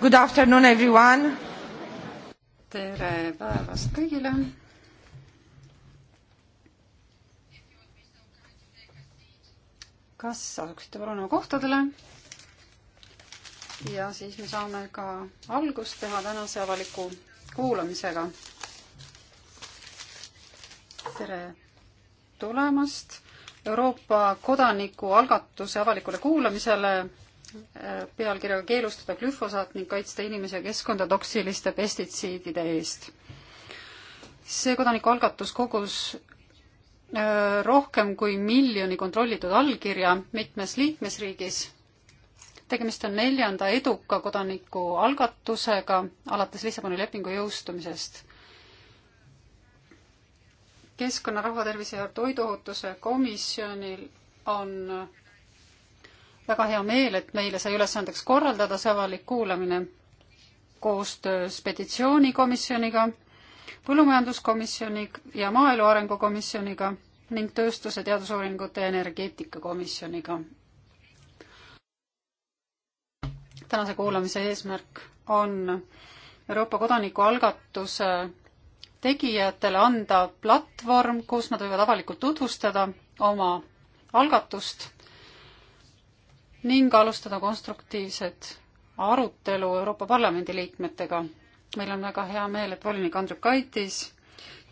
Good afternoon, everyone. tere päevast kõigile. kas asuksite palun oma kohtadele? ja siis me saame ka algust teha tänase avaliku kuulamisega. tere tulemast Euroopa kodanikualgatuse avalikule kuulamisele pealkirjaga keelustada glüfosaat ning kaitsta inimesi ja keskkonda toksiliste pestitsiidide eest. see kodanikualgatus kogus rohkem kui miljoni kontrollitud allkirja mitmes liikmesriigis. tegemist on neljanda eduka kodanikualgatusega alates Lissaboni lepingu jõustumisest. keskkonna, rahvatervise ja toiduohutuse komisjonil on väga hea meel, et meile sai ülesandeks korraldada see avalik kuulamine koostöös petitsioonikomisjoniga, põllumajanduskomisjoni ja maaelu arengu komisjoniga ning tööstuse, teadusuuringute ja energeetikakomisjoniga. tänase kuulamise eesmärk on Euroopa kodanikualgatuse tegijatele anda platvorm, kus nad võivad avalikult tutvustada oma algatust ning alustada konstruktiivset arutelu Euroopa Parlamendi liikmetega. meil on väga hea meel, et volinik Andrukaitis,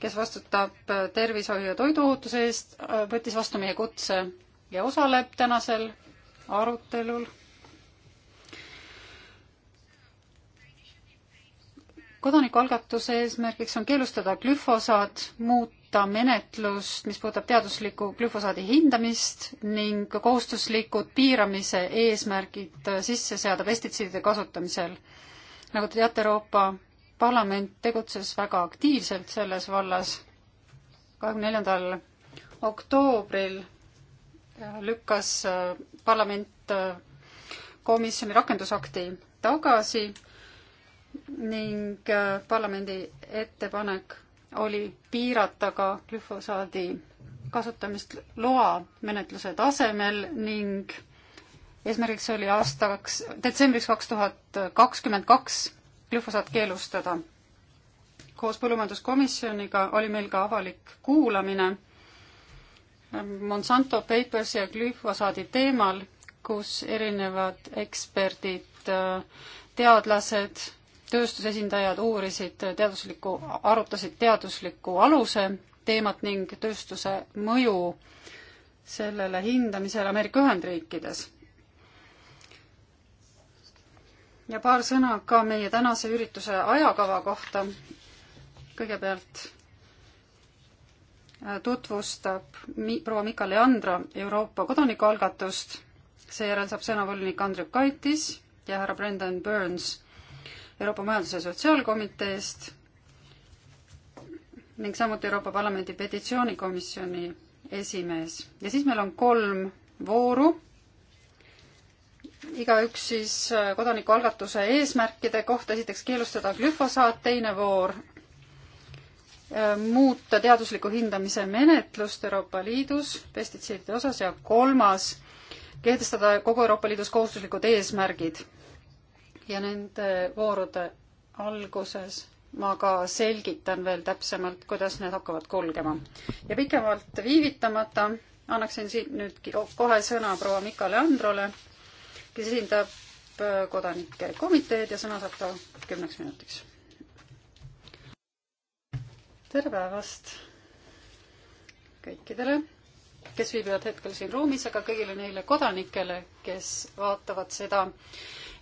kes vastutab tervishoiu ja toiduohutuse eest, võttis vastu meie kutse ja osaleb tänasel arutelul. kodanikualgatuse eesmärgiks on keelustada glüfosaat, muut-, muuta menetlust, mis puudutab teaduslikku glüfosaadi hindamist ning kohustuslikud piiramise eesmärgid sisse seada pestitsiidide kasutamisel. nagu te teate, Euroopa Parlament tegutses väga aktiivselt selles vallas. kahekümne neljandal oktoobril lükkas parlament komisjoni rakendusakti tagasi ning parlamendi ettepanek oli piirata ka glüfosaadi kasutamist loa menetluse tasemel ning eesmärgiks oli aastaks, detsembriks kaks tuhat kakskümmend kaks glüfosaat keelustada. koos põllumajanduskomisjoniga oli meil ka avalik kuulamine Monsanto Papers ja glüfosaadi teemal, kus erinevad eksperdid, teadlased tööstusesindajad uurisid teaduslikku, arutasid teadusliku aluse teemat ning tööstuse mõju sellele hindamisele Ameerika Ühendriikides. ja paar sõna ka meie tänase ürituse ajakava kohta. kõigepealt äh, tutvustab mi-, proua Mika Leandro Euroopa kodanikualgatust, seejärel saab sõna volinik Andrei Kaitis ja härra Brendan Burns Euroopa Majandus- ja Sotsiaalkomiteest ning samuti Euroopa Parlamendi petitsioonikomisjoni esimees. ja siis meil on kolm vooru, igaüks siis äh, kodanikualgatuse eesmärkide kohta, esiteks keelustada glüfosaat, teine voor äh, muuta teadusliku hindamise menetlust Euroopa Liidus pestitsiidide osas ja kolmas kehtestada kogu Euroopa Liidus kohustuslikud eesmärgid ja nende voorude alguses ma ka selgitan veel täpsemalt, kuidas need hakkavad kulgema. ja pikemalt viivitamata annaksin siit nüüd kohe sõna proua Mikale Androle, kes esindab äh, kodanike komiteed ja sõna saab ta kümneks minutiks. tere päevast kõikidele, kes viibivad hetkel siin ruumis, aga kõigile neile kodanikele, kes vaatavad seda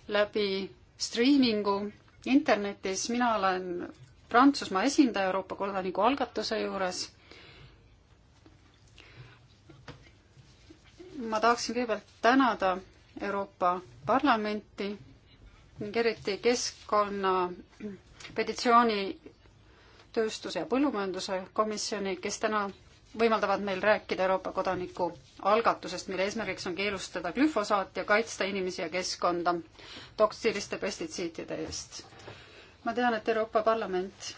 läbi striimingu internetis, mina olen Prantsusmaa esindaja Euroopa kodanikualgatuse juures. ma tahaksin kõigepealt tänada Euroopa Parlamenti ning eriti keskkonna petitsiooni tööstuse ja põllumajanduse komisjoni, kes täna võimaldavad meil rääkida Euroopa kodaniku algatusest, mille eesmärgiks on keelustada glüfosaat ja kaitsta inimesi ja keskkonda toksiliste pestitsiidide eest. ma tean, et Euroopa Parlament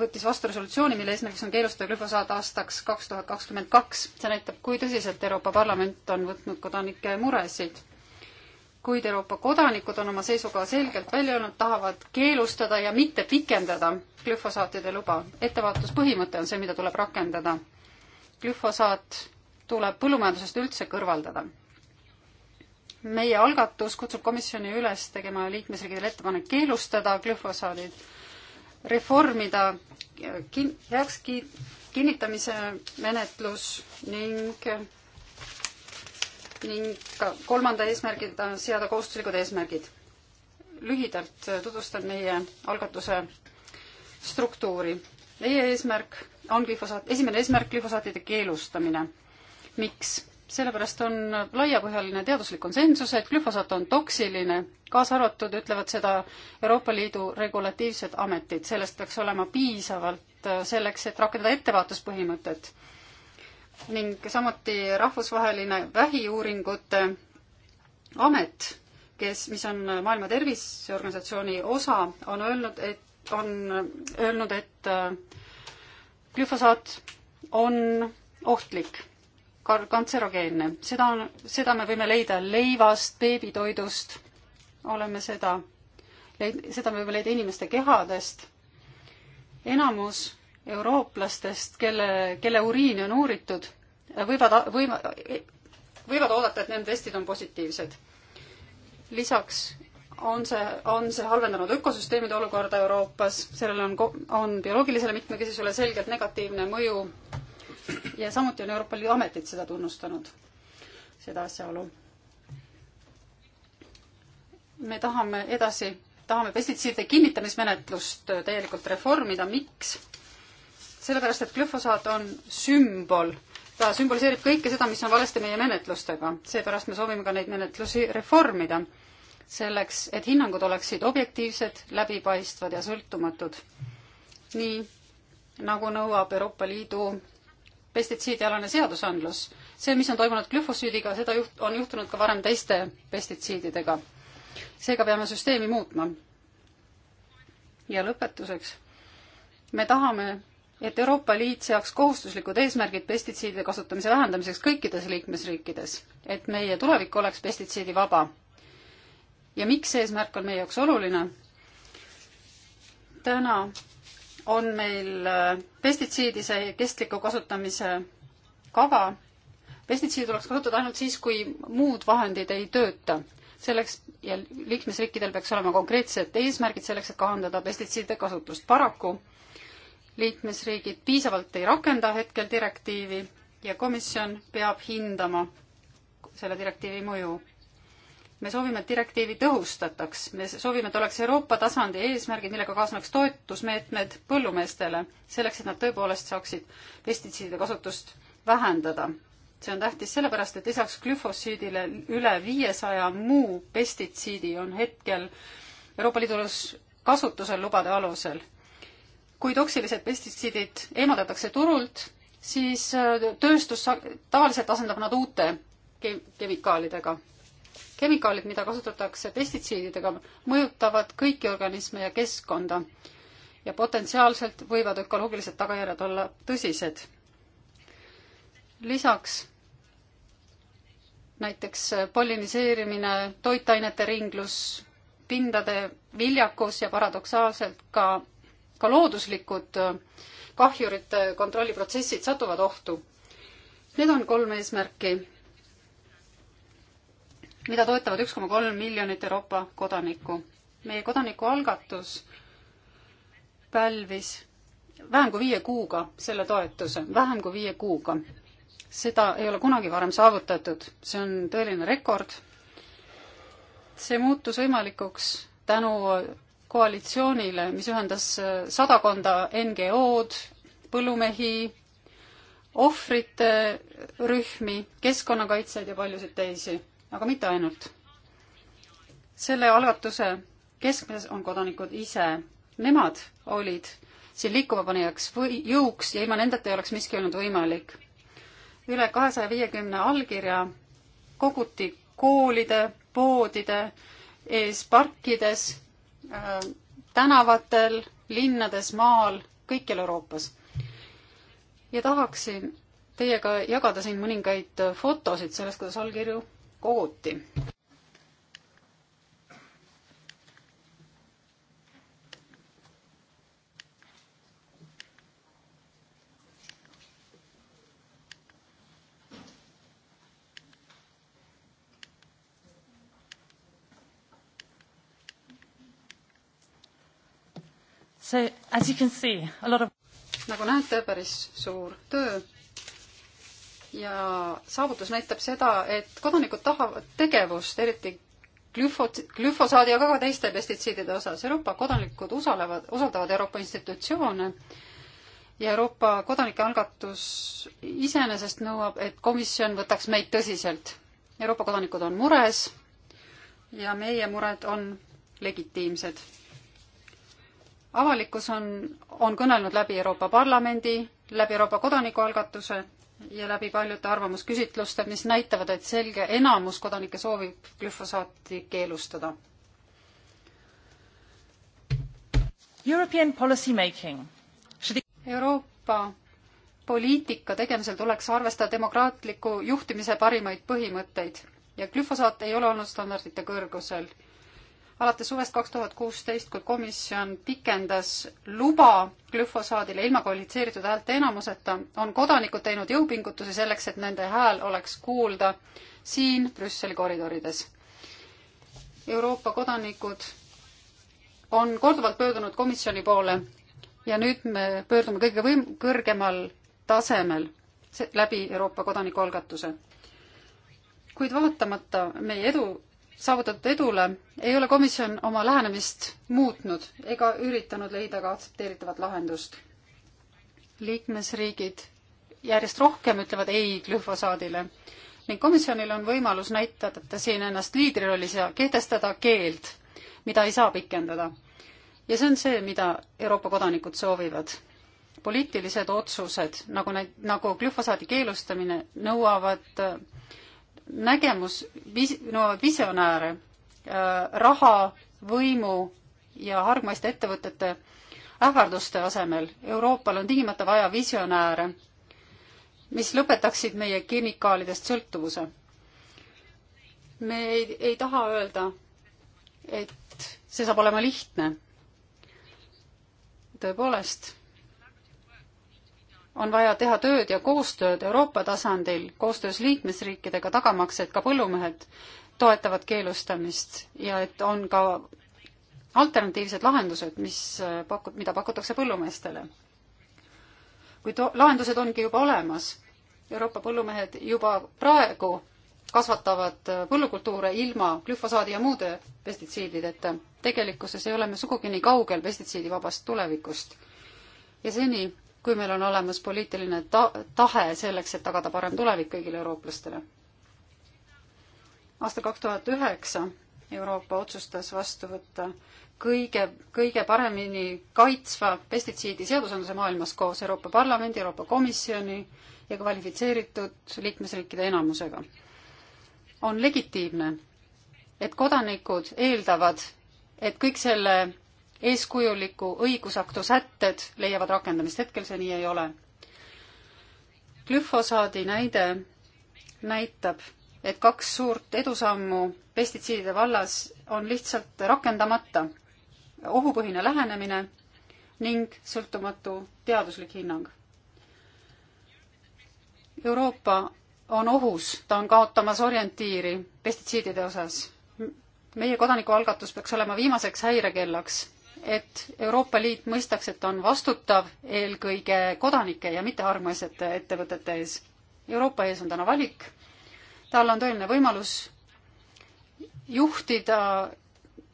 võttis vastu resolutsiooni, mille eesmärgiks on keelustada glüfosaat aastaks kaks tuhat kakskümmend kaks. see näitab, kui tõsiselt Euroopa Parlament on võtnud kodanike muresid kuid Euroopa kodanikud on oma seisukoha selgelt välja öelnud, tahavad keelustada ja mitte pikendada glüfosaatide luba. ettevaatuspõhimõte on see, mida tuleb rakendada. glüfosaat tuleb põllumajandusest üldse kõrvaldada. meie algatus kutsub komisjoni üles tegema liikmesriigidele ettepanek keelustada glüfosaadid, reformida kin-, heaks ki-, kinnitamise menetlus ning ning ka kolmanda eesmärgid on seada kohustuslikud eesmärgid. lühidalt tutvustan meie algatuse struktuuri. meie eesmärk on glüfosaat, esimene eesmärk glüfosaatide keelustamine. miks? sellepärast on laiapõhjaline teaduslik konsensus, et glüfosaat on toksiline, kaasa arvatud ütlevad seda Euroopa Liidu regulatiivsed ametid, sellest peaks olema piisavalt selleks, et rakendada ettevaatuspõhimõtet ning samuti rahvusvaheline vähiuuringute amet, kes, mis on Maailma Terviseorganisatsiooni osa, on öelnud, et, on öelnud, et äh, glüfosaat on ohtlik, kantserogeenne. seda on, seda me võime leida leivast, beebitoidust, oleme seda leid-, seda me võime leida inimeste kehadest. enamus eurooplastest, kelle, kelle uriini on uuritud, võivad, võima-, võivad oodata, et need testid on positiivsed. lisaks on see, on see halvendanud ökosüsteemide olukorda Euroopas, sellel on, on bioloogilisele mitmekesisusele selgelt negatiivne mõju ja samuti on Euroopa Liidu ametid seda tunnustanud, seda asjaolu. me tahame edasi, tahame pestitsiidide kinnitamismenetlust täielikult reformida, miks? sellepärast, et glüfosaat on sümbol. ta sümboliseerib kõike seda, mis on valesti meie menetlustega, seepärast me soovime ka neid menetlusi reformida. selleks, et hinnangud oleksid objektiivsed, läbipaistvad ja sõltumatud. nii nagu nõuab Euroopa Liidu pestitsiidialane seadusandlus. see, mis on toimunud glüfosüüdiga, seda juht-, on juhtunud ka varem teiste pestitsiididega. seega peame süsteemi muutma. ja lõpetuseks. me tahame et Euroopa Liit seaks kohustuslikud eesmärgid pestitsiidide kasutamise vähendamiseks kõikides liikmesriikides, et meie tulevik oleks pestitsiidivaba. ja miks see eesmärk on meie jaoks oluline? täna on meil äh, pestitsiidise kestliku kasutamise kava. pestitsiidi tuleks kasutada ainult siis, kui muud vahendid ei tööta. selleks ja liikmesriikidel peaks olema konkreetsed eesmärgid selleks, et kahandada pestitsiidide kasutust. paraku liikmesriigid piisavalt ei rakenda hetkel direktiivi ja komisjon peab hindama selle direktiivi mõju. me soovime, et direktiivi tõhustataks, me soovime, et oleks Euroopa tasandi eesmärgid, millega kaasneks toetusmeetmed põllumeestele, selleks et nad tõepoolest saaksid pestitsiidide kasutust vähendada. see on tähtis sellepärast, et lisaks glüfosiidile üle viiesaja muu pestitsiidi on hetkel Euroopa Liidus kasutusel lubade alusel kui toksilised pestitsiidid eemaldatakse turult, siis äh, tööstus tavaliselt asendab nad uute ke-, kemikaalidega. kemikaalid, mida kasutatakse pestitsiididega, mõjutavad kõiki organisme ja keskkonda ja potentsiaalselt võivad ökoloogilised tagajärjed olla tõsised. lisaks näiteks äh, polliniseerimine, toitainete ringlus, pindade viljakus ja paradoksaalselt ka ka looduslikud äh, kahjurite kontrolliprotsessid satuvad ohtu. Need on kolm eesmärki, mida toetavad üks koma kolm miljonit Euroopa kodanikku. meie kodanikualgatus pälvis vähem kui viie kuuga selle toetuse, vähem kui viie kuuga. seda ei ole kunagi varem saavutatud, see on tõeline rekord. see muutus võimalikuks tänu koalitsioonile, mis ühendas äh, sadakonda NGO-d, põllumehi, ohvrite rühmi, keskkonnakaitsjaid ja paljusid teisi, aga mitte ainult. selle algatuse keskmes on kodanikud ise. Nemad olid siin liikumapanijaks või jõuks ja ilma nendeta ei oleks miski olnud võimalik. üle kahesaja viiekümne allkirja koguti koolide, poodide ees, parkides Äh, tänavatel, linnades, maal, kõikjal Euroopas. ja tahaksin teiega jagada siin mõningaid fotosid sellest, kuidas allkirju koguti. So as you can see, a lot of nagu näete, päris suur töö. ja saavutus näitab seda, et kodanikud tahavad tegevust, eriti glüfot-, glüfosaadi, aga ka teiste pestitsiidide osas. Euroopa kodanikud usalevad, usaldavad Euroopa institutsioone ja Euroopa kodanike algatus iseenesest nõuab, et komisjon võtaks meid tõsiselt. Euroopa kodanikud on mures ja meie mured on legitiimsed avalikkus on, on kõnelnud läbi Euroopa Parlamendi, läbi Euroopa kodanikualgatuse ja läbi paljude arvamusküsitluste, mis näitavad, et selge enamus kodanikke soovib glüfosaati keelustada. European policy making. Euroopa poliitika tegemisel tuleks arvestada demokraatliku juhtimise parimaid põhimõtteid ja glüfosaat ei ole olnud standardite kõrgusel alates suvest kaks tuhat kuusteist, kui komisjon pikendas luba glüfosaadile ilma kvalifitseeritud häälte enamuseta, on kodanikud teinud jõupingutusi selleks, et nende hääl oleks kuulda siin Brüsseli koridorides. Euroopa kodanikud on korduvalt pöördunud komisjoni poole ja nüüd me pöördume kõige võim-, kõrgemal tasemel läbi Euroopa kodanikualgatuse. kuid vaatamata meie edu saavutatud edule ei ole komisjon oma lähenemist muutnud ega üritanud leida ka aktsepteeritavat lahendust. liikmesriigid järjest rohkem ütlevad ei glüfosaadile ning komisjonil on võimalus näidata siin ennast liidrirollis ja kehtestada keeld, mida ei saa pikendada. ja see on see, mida Euroopa kodanikud soovivad. poliitilised otsused, nagu näit-, nagu glüfosaadi keelustamine, nõuavad äh, nägemus vis-, nõuavad visionääre, äh, raha, võimu ja hargmaiste ettevõtete ähvarduste asemel. Euroopal on tingimata vaja visionääre, mis lõpetaksid meie kemikaalidest sõltuvuse. me ei, ei taha öelda, et see saab olema lihtne. tõepoolest on vaja teha tööd ja koostööd Euroopa tasandil koostöös liikmesriikidega, tagamaks, et ka põllumehed toetavad keelustamist ja et on ka alternatiivsed lahendused, mis äh, pakub, mida pakutakse põllumeestele. kuid lahendused ongi juba olemas. Euroopa põllumehed juba praegu kasvatavad äh, põllukultuure ilma glüfosaadi ja muude pestitsiidideta. tegelikkuses ei ole me sugugi nii kaugel pestitsiidivabast tulevikust. ja seni kui meil on olemas poliitiline ta-, tahe selleks, et tagada parem tulevik kõigile eurooplastele. aastal kaks tuhat üheksa Euroopa otsustas vastu võtta kõige, kõige paremini kaitsva pestitsiidi seadusandluse maailmas koos Euroopa Parlamendi, Euroopa Komisjoni ja kvalifitseeritud liikmesriikide enamusega. on legitiimne, et kodanikud eeldavad, et kõik selle eeskujuliku õigusaktu sätted leiavad rakendamist, hetkel see nii ei ole. glüfosaadi näide näitab, et kaks suurt edusammu pestitsiidide vallas on lihtsalt rakendamata. ohupõhine lähenemine ning sõltumatu teaduslik hinnang. Euroopa on ohus, ta on kaotamas orientiiri pestitsiidide osas. meie kodanikualgatus peaks olema viimaseks häirekellaks et Euroopa Liit mõistaks, et ta on vastutav eelkõige kodanike ja mitte armuasjate ettevõtete ees. Euroopa ees on täna valik, tal on tõeline võimalus juhtida,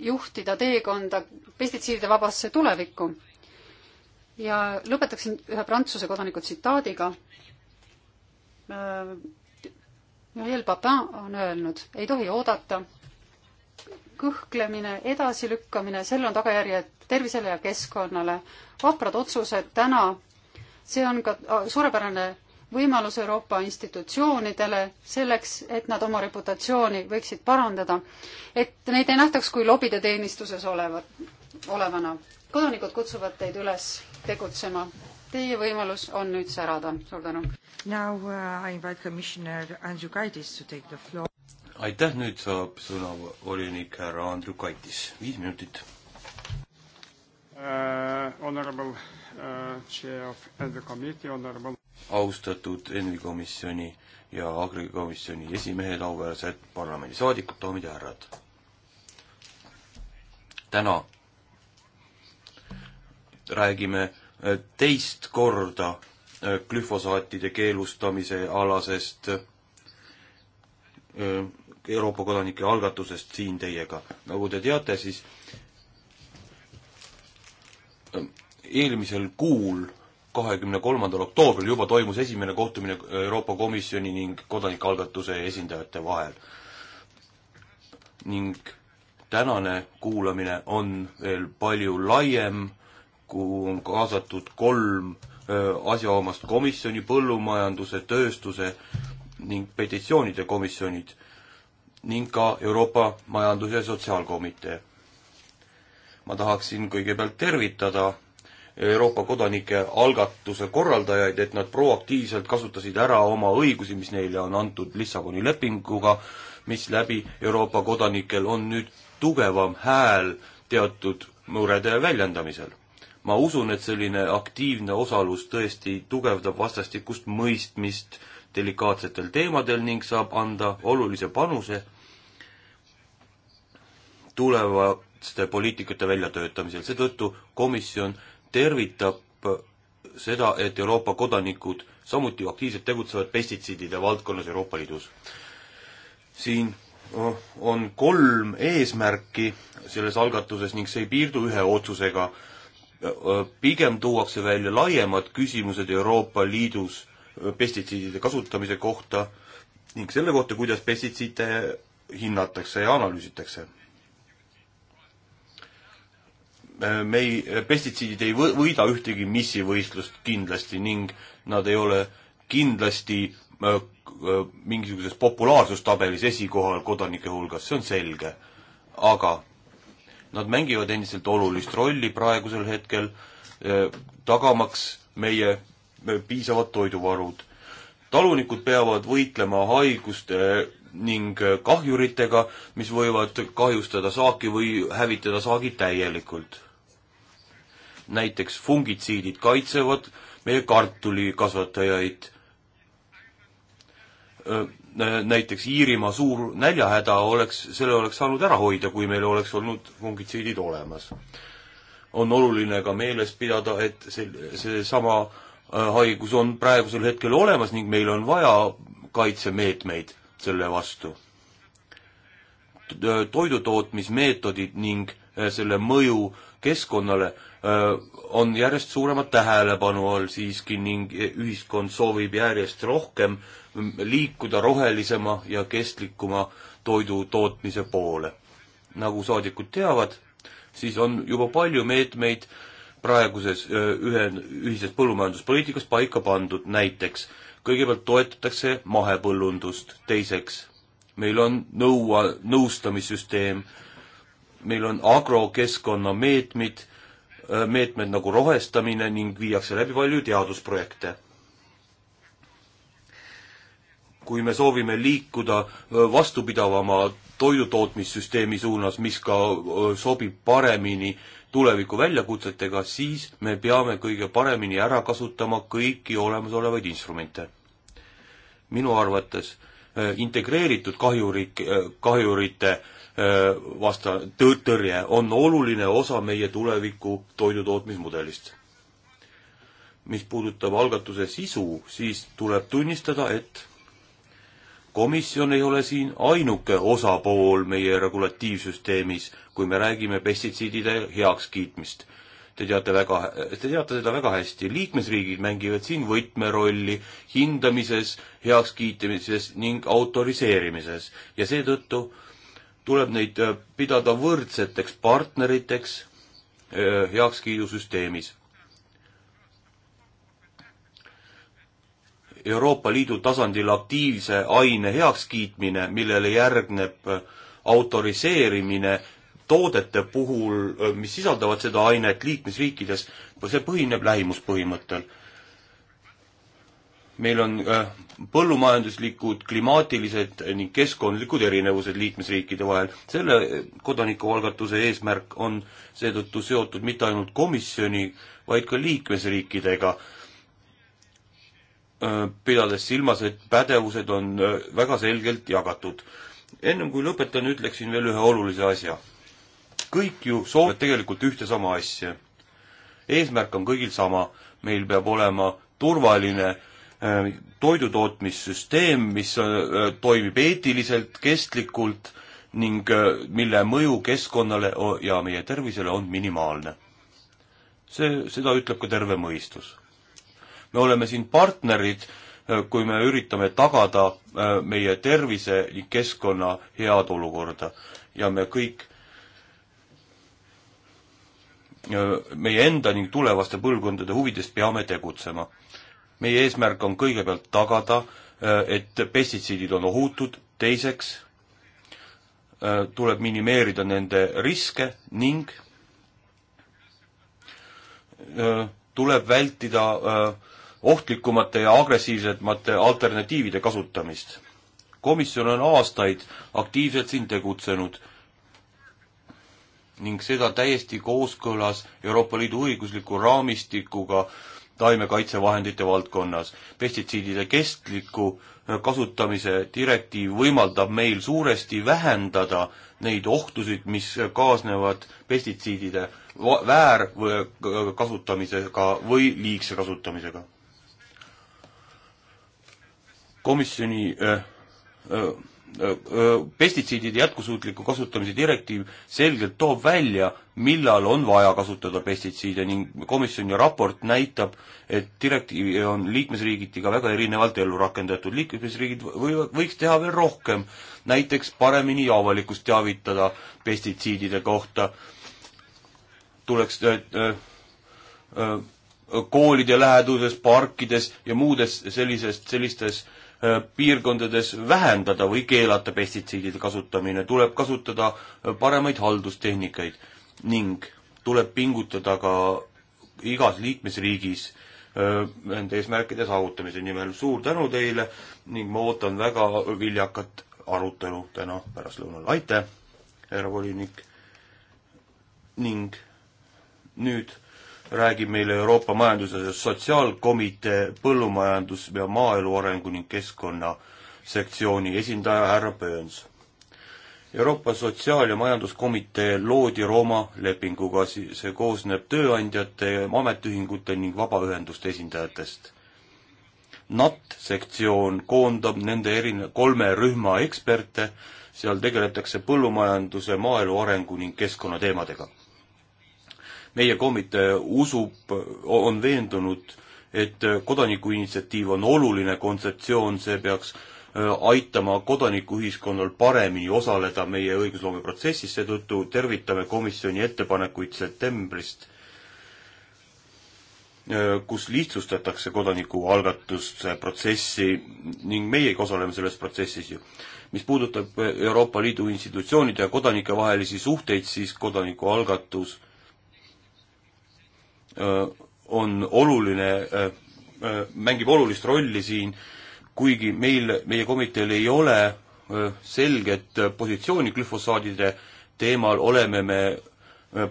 juhtida teekonda pestitsiidide vabasse tulevikku. ja lõpetaksin ühe Prantsuse kodaniku tsitaadiga. Muriel äh, Papin on öelnud, ei tohi oodata kõhklemine, edasilükkamine, sellel on tagajärjed tervisele ja keskkonnale. vaprad otsused täna, see on ka äh, suurepärane võimalus Euroopa institutsioonidele selleks, et nad oma reputatsiooni võiksid parandada, et neid ei nähtaks kui lobide teenistuses olevat, olevana. kodanikud kutsuvad teid üles tegutsema. Teie võimalus on nüüd särada. suur tänu. Now uh, I invite Commissioner Andrew Kaitis to take the floor aitäh, nüüd saab sõna volinik härra Andrukaitis, viis minutit uh,. Honorable uh, chair of the committee, honorable austatud ENVI komisjoni ja Agri komisjoni esimehed, auväärsed parlamendisaadikud, daamid ja härrad. täna räägime uh, teist korda uh, glüfosaatide keelustamise alasest uh, Euroopa kodanike algatusest siin teiega. nagu te teate, siis ähm, eelmisel kuul, kahekümne kolmandal oktoobril juba toimus esimene kohtumine Euroopa Komisjoni ning kodanikualgatuse esindajate vahel. ning tänane kuulamine on veel palju laiem, kuhu on kaasatud kolm äh, asjaomast komisjoni, põllumajanduse, tööstuse ning petitsioonide komisjonid ning ka Euroopa Majandus- ja Sotsiaalkomitee. ma tahaksin kõigepealt tervitada Euroopa kodanike algatuse korraldajaid, et nad proaktiivselt kasutasid ära oma õigusi, mis neile on antud Lissaboni lepinguga, mis läbi Euroopa kodanikel on nüüd tugevam hääl teatud murede väljendamisel. ma usun, et selline aktiivne osalus tõesti tugevdab vastastikust mõistmist delikaatsetel teemadel ning saab anda olulise panuse tulevaste poliitikate väljatöötamisel. seetõttu komisjon tervitab seda, et Euroopa kodanikud samuti aktiivselt tegutsevad pestitsiidide valdkonnas Euroopa Liidus. siin on kolm eesmärki selles algatuses ning see ei piirdu ühe otsusega. pigem tuuakse välja laiemad küsimused Euroopa Liidus pestitsiidide kasutamise kohta ning selle kohta, kuidas pestitsiide hinnatakse ja analüüsitakse. me ei, pestitsiidid ei võida ühtegi missivõistlust kindlasti ning nad ei ole kindlasti äh, äh, mingisuguses populaarsustabelis esikohal kodanike hulgas, see on selge. aga nad mängivad endiselt olulist rolli praegusel hetkel, äh, tagamaks meie piisavad toiduvarud. talunikud peavad võitlema haiguste ning äh, kahjuritega, mis võivad kahjustada saaki või hävitada saagi täielikult. näiteks fungitsiidid kaitsevad meie kartulikasvatajaid. Äh, näiteks Iirimaa suur näljahäda oleks, selle oleks saanud ära hoida, kui meil oleks olnud fungitsiidid olemas. on oluline ka meeles pidada, et see, seesama Äh, haigus on praegusel hetkel olemas ning meil on vaja kaitsemeetmeid selle vastu. Äh, toidutootmismeetodid ning äh, selle mõju keskkonnale on järjest suurema tähelepanu all siiski ning e, ühiskond soovib järjest rohkem liikuda rohelisema ja kestlikuma toidu tootmise poole. nagu saadikud teavad, siis on juba palju meetmeid praeguses ühe, ühises põllumajanduspoliitikas paika pandud, näiteks kõigepealt toetatakse mahepõllundust, teiseks meil on nõua, nõustamissüsteem, meil on agrokeskkonna meetmed, meetmed nagu rohestamine ning viiakse läbi palju teadusprojekte. kui me soovime liikuda vastupidavama toidutootmissüsteemi suunas, mis ka sobib paremini äh, tuleviku väljakutsetega, siis me peame kõige paremini ära kasutama kõiki olemasolevaid instrumente. minu arvates äh, integreeritud kahjurik, äh, kahjurite äh, vasta-, tõrje on oluline osa meie tuleviku toidutootmismudelist. mis puudutab algatuse sisu, siis tuleb tunnistada, et komisjon ei ole siin ainuke osapool meie regulatiivsüsteemis, kui me räägime pestitsiidide heakskiitmist. Te teate väga, te teate seda väga hästi, liikmesriigid mängivad siin võtmerolli hindamises, heakskiitmises ning autoriseerimises ja seetõttu tuleb neid äh, pidada võrdseteks partneriteks äh, heakskiidusüsteemis Euroopa Liidu tasandil aktiivse aine heakskiitmine, millele järgneb äh, autoriseerimine toodete puhul, äh, mis sisaldavad seda ainet liikmesriikides, see põhineb lähimuspõhimõttel. meil on äh, põllumajanduslikud, klimaatilised ning keskkondlikud erinevused liikmesriikide vahel. selle kodanikualgatuse eesmärk on seetõttu seotud mitte ainult komisjoni, vaid ka liikmesriikidega Äh, pidades silmas, et pädevused on äh, väga selgelt jagatud. ennem kui lõpetan, ütleksin veel ühe olulise asja. kõik ju soovivad tegelikult ühte sama asja. eesmärk on kõigil sama, meil peab olema turvaline äh, toidutootmissüsteem, mis toimib eetiliselt, kestlikult ning mille mõju keskkonnale ja meie tervisele on minimaalne. see, seda ütleb ka terve mõistus me oleme siin partnerid, äh, kui me üritame tagada äh, meie tervise ning keskkonna head olukorda ja me kõik äh, meie enda ning tulevaste põlvkondade huvides peame tegutsema. meie eesmärk on kõigepealt tagada, et pestitsiidid on ohutud, teiseks tuleb minimeerida nende riske ning tuleb vältida äh, ohtlikumate ja agressiivsemate alternatiivide kasutamist. komisjon on aastaid aktiivselt siin tegutsenud ning seda täiesti kooskõlas Euroopa Liidu õigusliku raamistikuga taimekaitsevahendite valdkonnas. pestitsiidide kestliku kasutamise direktiiv võimaldab meil suuresti vähendada neid ohtusid, mis kaasnevad pestitsiidide väärkasutamisega või liigse kasutamisega komisjoni äh äh, äh, äh, pestitsiidide jätkusuutliku kasutamise direktiiv selgelt toob välja, millal on vaja kasutada pestitsiide ning komisjoni raport näitab, et direktiivi on liikmesriigiti ka väga erinevalt ellu rakendatud. liikmesriigid võivad, võiks teha veel rohkem, näiteks paremini avalikkust teavitada pestitsiidide kohta, tuleks äh, äh, äh, koolide läheduses, parkides ja muudes sellises, sellistes Äh, piirkondades vähendada või keelata pestitsiidide kasutamine, tuleb kasutada äh, paremaid haldustehnikaid ning tuleb pingutada ka igas liikmesriigis äh, nende eesmärkide saavutamise nimel. suur tänu teile ning ma ootan väga viljakat arutelu täna pärastlõunal. aitäh, härra volinik! ning nüüd räägib meile Euroopa Majandus- ja Sotsiaalkomitee põllumajandus- ja maaelu arengu ning keskkonna sektsiooni esindaja härra Pööns. Euroopa Sotsiaal- ja Majanduskomitee loodi Rooma lepinguga, see koosneb tööandjate, ametiühingute ning vabaühenduste esindajatest. NAT-sektsioon koondab nende erine-, kolme rühma eksperte, seal tegeletakse põllumajanduse, maaelu arengu ning keskkonnateemadega meie komitee usub, on veendunud, et kodanikuinitsiatiiv on oluline kontseptsioon, see peaks äh, aitama kodanikuühiskonnal paremini osaleda meie õigusloomeprotsessis, seetõttu tervitame komisjoni ettepanekuid septembrist, äh, kus lihtsustatakse kodanikualgatuse protsessi ning meiegi osaleme selles protsessis ju. mis puudutab äh, Euroopa Liidu institutsioonide ja kodanike vahelisi suhteid, siis kodanikualgatus on oluline, mängib olulist rolli siin, kuigi meil, meie komiteel ei ole selget positsiooni glüfosaadide teemal, oleme me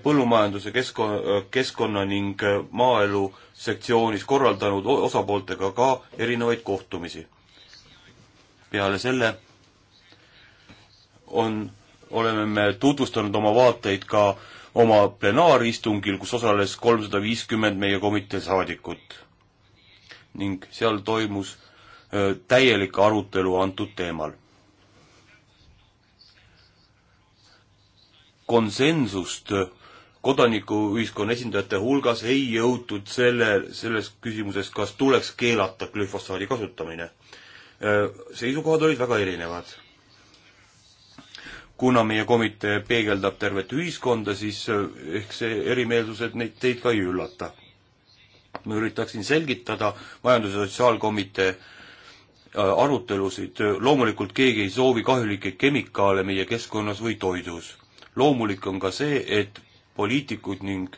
põllumajanduse keskkonna, keskkonna ning maaelu sektsioonis korraldanud osapooltega ka erinevaid kohtumisi. peale selle on, oleme me tutvustanud oma vaateid ka äh, oma plenaaristungil, kus osales kolmsada viiskümmend meie komitee saadikut. ning seal toimus täielik arutelu antud teemal. konsensust kodanikuühiskonna esindajate hulgas ei jõutud selle, selles küsimuses, kas tuleks keelata glüfosaadi kasutamine. seisukohad olid väga erinevad kuna meie komitee peegeldab tervet ühiskonda, siis äh, ehk see erimeelsused neid teid ka ei üllata. ma üritaksin selgitada Majandus- ja Sotsiaalkomitee äh, arutelusid, loomulikult keegi ei soovi kahjulikke kemikaale meie keskkonnas või toidus. loomulik on ka see, et poliitikud ning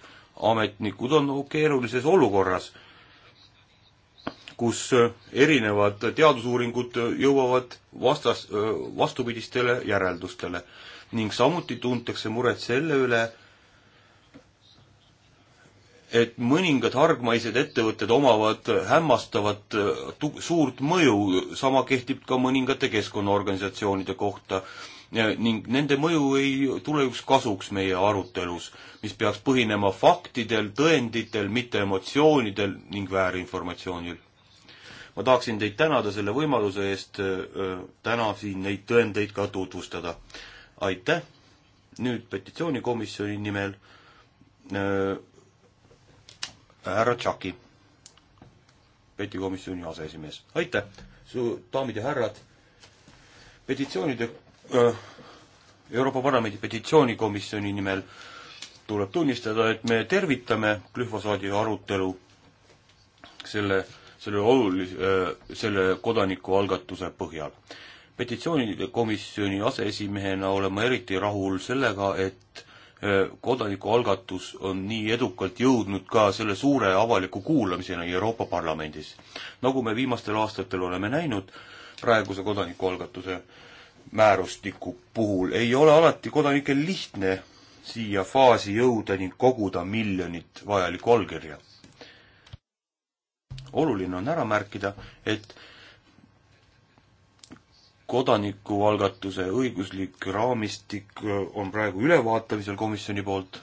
ametnikud on keerulises olukorras kus äh, erinevad teadusuuringud äh, jõuavad vastas, äh, vastupidistele järeldustele ning samuti tuntakse muret selle üle, et mõningad hargmaised ettevõtted omavad hämmastavat suurt mõju, sama kehtib ka mõningate keskkonnaorganisatsioonide kohta ning nende mõju ei tule üks kasuks meie arutelus, mis peaks põhinema faktidel, tõenditel, mitte emotsioonidel ning väärinformatsioonil ma tahaksin teid tänada selle võimaluse eest täna siin neid tõendeid ka tutvustada. aitäh, nüüd petitsioonikomisjoni nimel härra Tšaki, petikomisjoni aseesimees. aitäh, su daamid ja härrad, petitsioonide öö, Euroopa Parlamendi petitsioonikomisjoni nimel tuleb tunnistada, et me tervitame glüfosaadi arutelu selle selle olulise, äh, selle kodanikualgatuse põhjal. petitsioonide komisjoni aseesimehena olen ma eriti rahul sellega, et äh, kodanikualgatus on nii edukalt jõudnud ka selle suure avaliku kuulamiseni Euroopa Parlamendis. nagu me viimastel aastatel oleme näinud, praeguse kodanikualgatuse määrustiku puhul ei ole alati kodanikel lihtne siia faasi jõuda ning koguda miljonit vajalikku allkirja oluline on ära märkida, et kodanikualgatuse õiguslik raamistik äh, on praegu ülevaatamisel komisjoni poolt.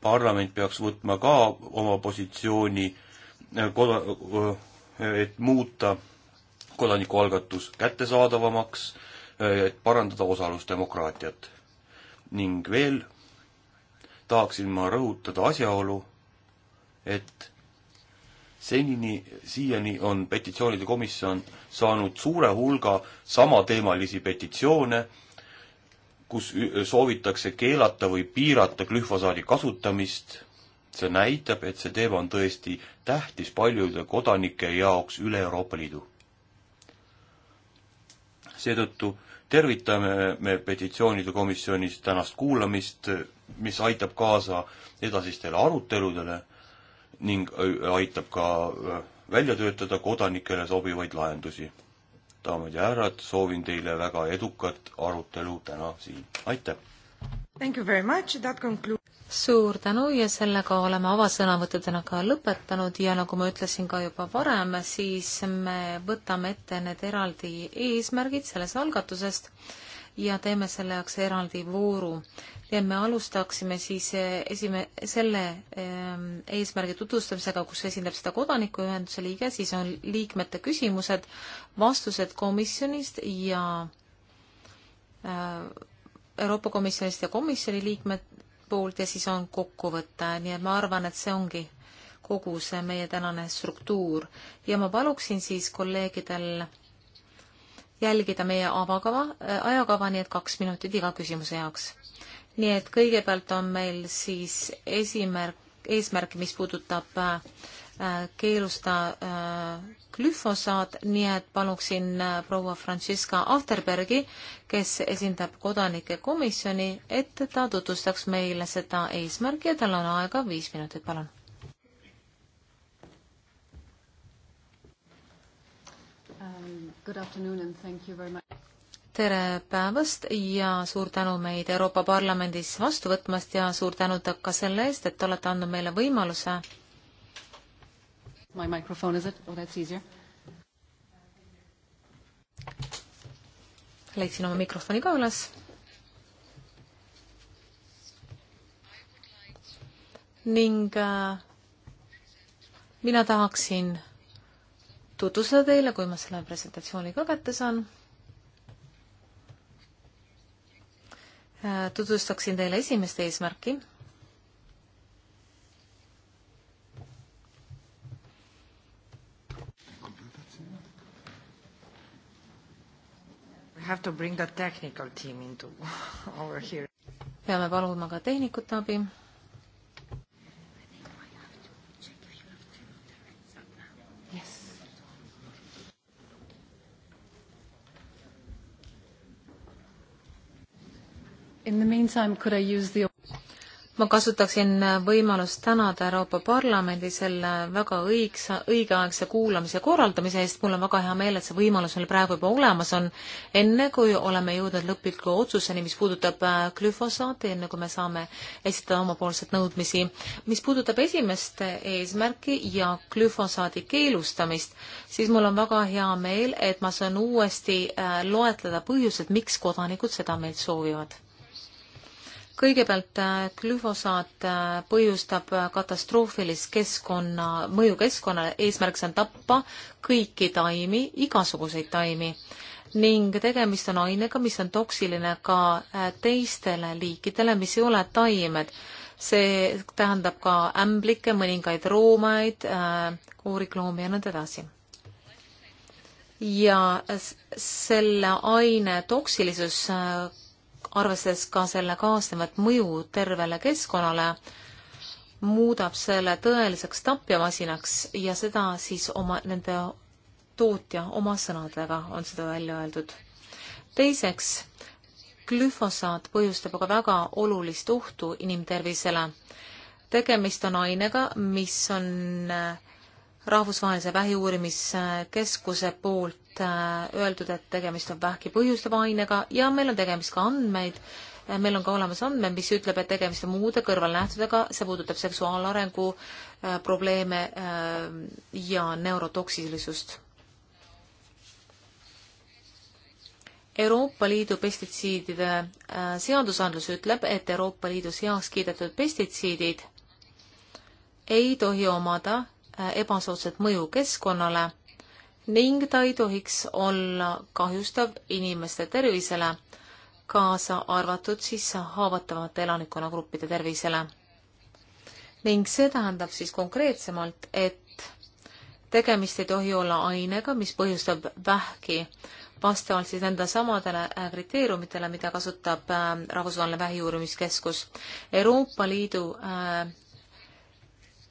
parlament peaks võtma ka oma positsiooni, äh, koda-, äh, et muuta kodanikualgatus kättesaadavamaks, et parandada osalusdemokraatiat. ning veel tahaksin ma rõhutada asjaolu, et senini, siiani on petitsioonide komisjon saanud suure hulga samateemalisi petitsioone, kus soovitakse keelata või piirata glüfosaadi kasutamist. see näitab, et see teema on tõesti tähtis paljude kodanike jaoks üle Euroopa Liidu. seetõttu tervitame me petitsioonide komisjonis tänast kuulamist, mis aitab kaasa edasistele aruteludele ning aitab ka välja töötada kodanikele sobivaid lahendusi. daamid ja härrad, soovin teile väga edukat arutelu täna siin, aitäh! suur tänu ja sellega oleme avasõnavõttudena ka lõpetanud ja nagu ma ütlesin ka juba varem, siis me võtame ette need eraldi eesmärgid sellest algatusest ja teeme selle jaoks eraldi vooru ja me alustaksime siis eh, esime-, selle ehm, eesmärgi tutvustamisega, kus esindab seda kodanikuühenduse liige, siis on liikmete küsimused, vastused komisjonist ja eh, Euroopa Komisjonist ja komisjoni liikmed poolt ja siis on kokkuvõte, nii et ma arvan, et see ongi kogu see meie tänane struktuur ja ma paluksin siis kolleegidel jälgida meie avakava, eh, ajakava, nii et kaks minutit iga küsimuse jaoks nii et kõigepealt on meil siis esimärk, eesmärk, mis puudutab äh, keelusta äh, glüfosaat, nii et paluksin äh, proua Franziska Afterbergi, kes esindab kodanike komisjoni, et ta tutvustaks meile seda eesmärki ja tal on aega viis minutit, palun. Um, tere päevast ja suur tänu meid Euroopa Parlamendis vastu võtmast ja suur tänu ka selle eest, et olete andnud meile võimaluse. My microphone is it? Oh, that's easier. leidsin oma mikrofoni ka üles. ning äh, mina tahaksin tutvustada teile, kui ma selle presentatsiooni ka kätte saan Äh, tutvustaksin teile esimest eesmärki. peame paluma ka tehnikute abi The... ma kasutaksin võimalust tänada Euroopa Parlamendi selle väga õigsa, õigeaegse kuulamise korraldamise eest, mul on väga hea meel, et see võimalus meil praegu juba olemas on, enne kui oleme jõudnud lõpliku otsuseni, mis puudutab äh, glüfosaati, enne kui me saame esitada omapoolseid nõudmisi. mis puudutab esimest eesmärki ja glüfosaadi keelustamist, siis mul on väga hea meel, et ma saan uuesti äh, loetleda põhjused, miks kodanikud seda meilt soovivad kõigepealt äh, glüfosaat äh, põhjustab äh, katastroofilist keskkonna, mõju keskkonnale, eesmärk on tappa kõiki taimi, igasuguseid taimi ning tegemist on ainega, mis on toksiline ka teistele liikidele, mis ei ole taimed. see tähendab ka ämblikke, mõningaid roomaid, kuurikloomi ja nõnda edasi ja selle aine toksilisus arvestades ka selle kaasnevat mõju tervele keskkonnale, muudab selle tõeliseks tapjamasinaks ja seda siis oma, nende tootja oma sõnadega on seda välja öeldud. teiseks, glüfosaat põhjustab aga väga olulist ohtu inimtervisele. tegemist on ainega, mis on äh, rahvusvahelise vähiuurimiskeskuse poolt äh, öeldud, et tegemist on vähki põhjustava ainega ja meil on tegemist ka andmeid, äh, meil on ka olemas andmed, mis ütleb, et tegemist on muude kõrvalnähtudega, see puudutab seksuaalarengu äh, probleeme ja neurotoksilisust. Euroopa Liidu pestitsiidide seadusandlus ütleb, et Euroopa Liidus heaks kiidetud pestitsiidid ei tohi omada Äh, ebasoodsat mõju keskkonnale ning ta ei tohiks olla kahjustav inimeste tervisele, kaasa arvatud siis haavatavate elanikkonnagruppide tervisele. ning see tähendab siis konkreetsemalt, et tegemist ei tohi olla ainega, mis põhjustab vähki, vastavalt siis nende samadele äh, kriteeriumitele, mida kasutab äh, Rahvusvaheline Vähiuurimiskeskus. Euroopa Liidu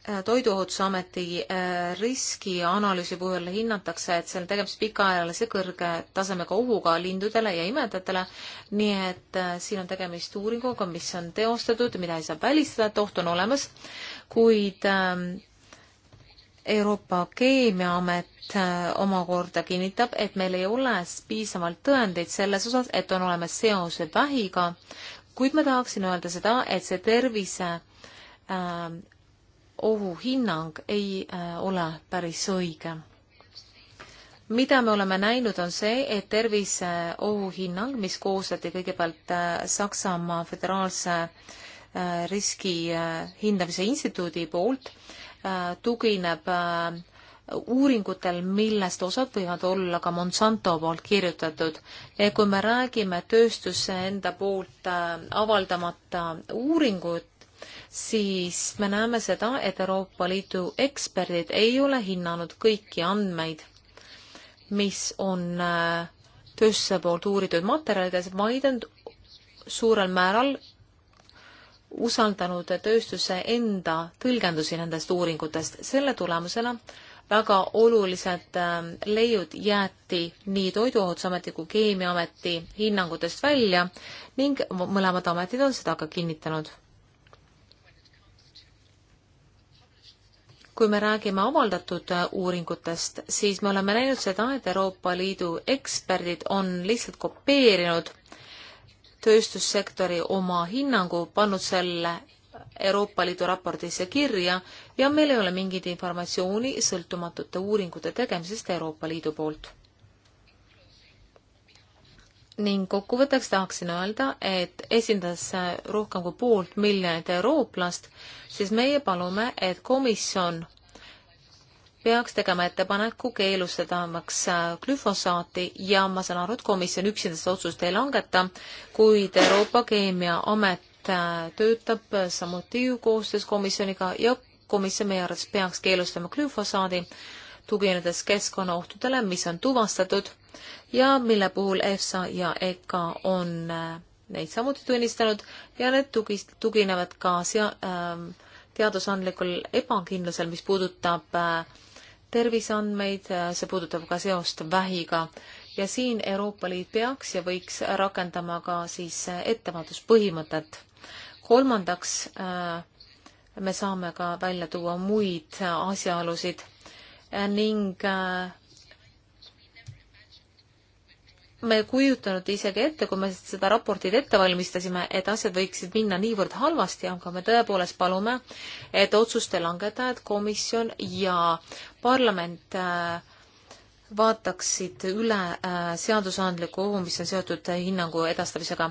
Äh, toiduohutusameti äh, riskianalüüsi puhul hinnatakse, et seal on tegemist pikaajalise kõrge tasemega ohuga lindudele ja imedajatele, nii et äh, siin on tegemist uuringuga, mis on teostatud, mida ei saa välistada, et oht on olemas, kuid ähm, Euroopa Keemiaamet omakorda kinnitab, et meil ei ole piisavalt tõendeid selles osas, et on olemas seos vähiga, kuid ma tahaksin öelda seda, et see tervise äh, ohuhinnang ei äh, ole päris õige. mida me oleme näinud, on see, et tervise äh, ohuhinnang, mis koostati kõigepealt äh, Saksamaa Föderaalse riski hindamise instituudi poolt, tugineb uuringutel, millest osad võivad olla ka Monsanto poolt kirjutatud. kui me räägime tööstuse enda poolt avaldamata uuringut, siis me näeme seda, et Euroopa Liidu eksperdid ei ole hinnanud kõiki andmeid, mis on äh, tööstuse poolt uuritud materjalides, vaid on suurel määral usaldanud tööstuse enda tõlgendusi nendest uuringutest. selle tulemusena väga olulised äh, leiud jäeti nii Toiduohutusameti kui Keemiaameti hinnangutest välja ning mõlemad ametid on seda ka kinnitanud kui me räägime avaldatud äh, uuringutest, siis me oleme näinud seda, et Euroopa Liidu eksperdid on lihtsalt kopeerinud tööstussektori oma hinnangu, pannud selle Euroopa Liidu raportisse kirja ja meil ei ole mingit informatsiooni sõltumatute uuringute tegemisest Euroopa Liidu poolt ning kokkuvõtteks tahaksin öelda, et esindas rohkem kui poolt miljonit eurooplast, siis meie palume, et komisjon peaks tegema ettepaneku keelustamaks äh, glüfosaati ja ma saan aru, et komisjon üksinda seda otsust ei langeta, kuid Euroopa Keemiaamet äh, töötab äh, samuti ju koostöös komisjoniga ja komisjon meie arvates peaks keelustama glüfosaadi, tuginedes keskkonnaohtudele, mis on tuvastatud ja mille puhul EFSA ja EKA on äh, neid samuti tunnistanud ja need tugi, tuginevad ka sea- äh,, teadusandlikul ebakindlusel, mis puudutab äh, terviseandmeid, äh, see puudutab ka seost vähiga ja siin Euroopa Liit peaks ja võiks rakendama ka siis äh, ettevaatuspõhimõtet. kolmandaks, me saame ka välja tuua muid asjaolusid ning me ei kujutanud isegi ette, kui me seda raportit ette valmistasime, et asjad võiksid minna niivõrd halvasti, aga me tõepoolest palume, et otsuste langetajad, komisjon ja parlament äh, vaataksid üle äh, seadusandliku ohu, mis on seotud hinnangu edastamisega.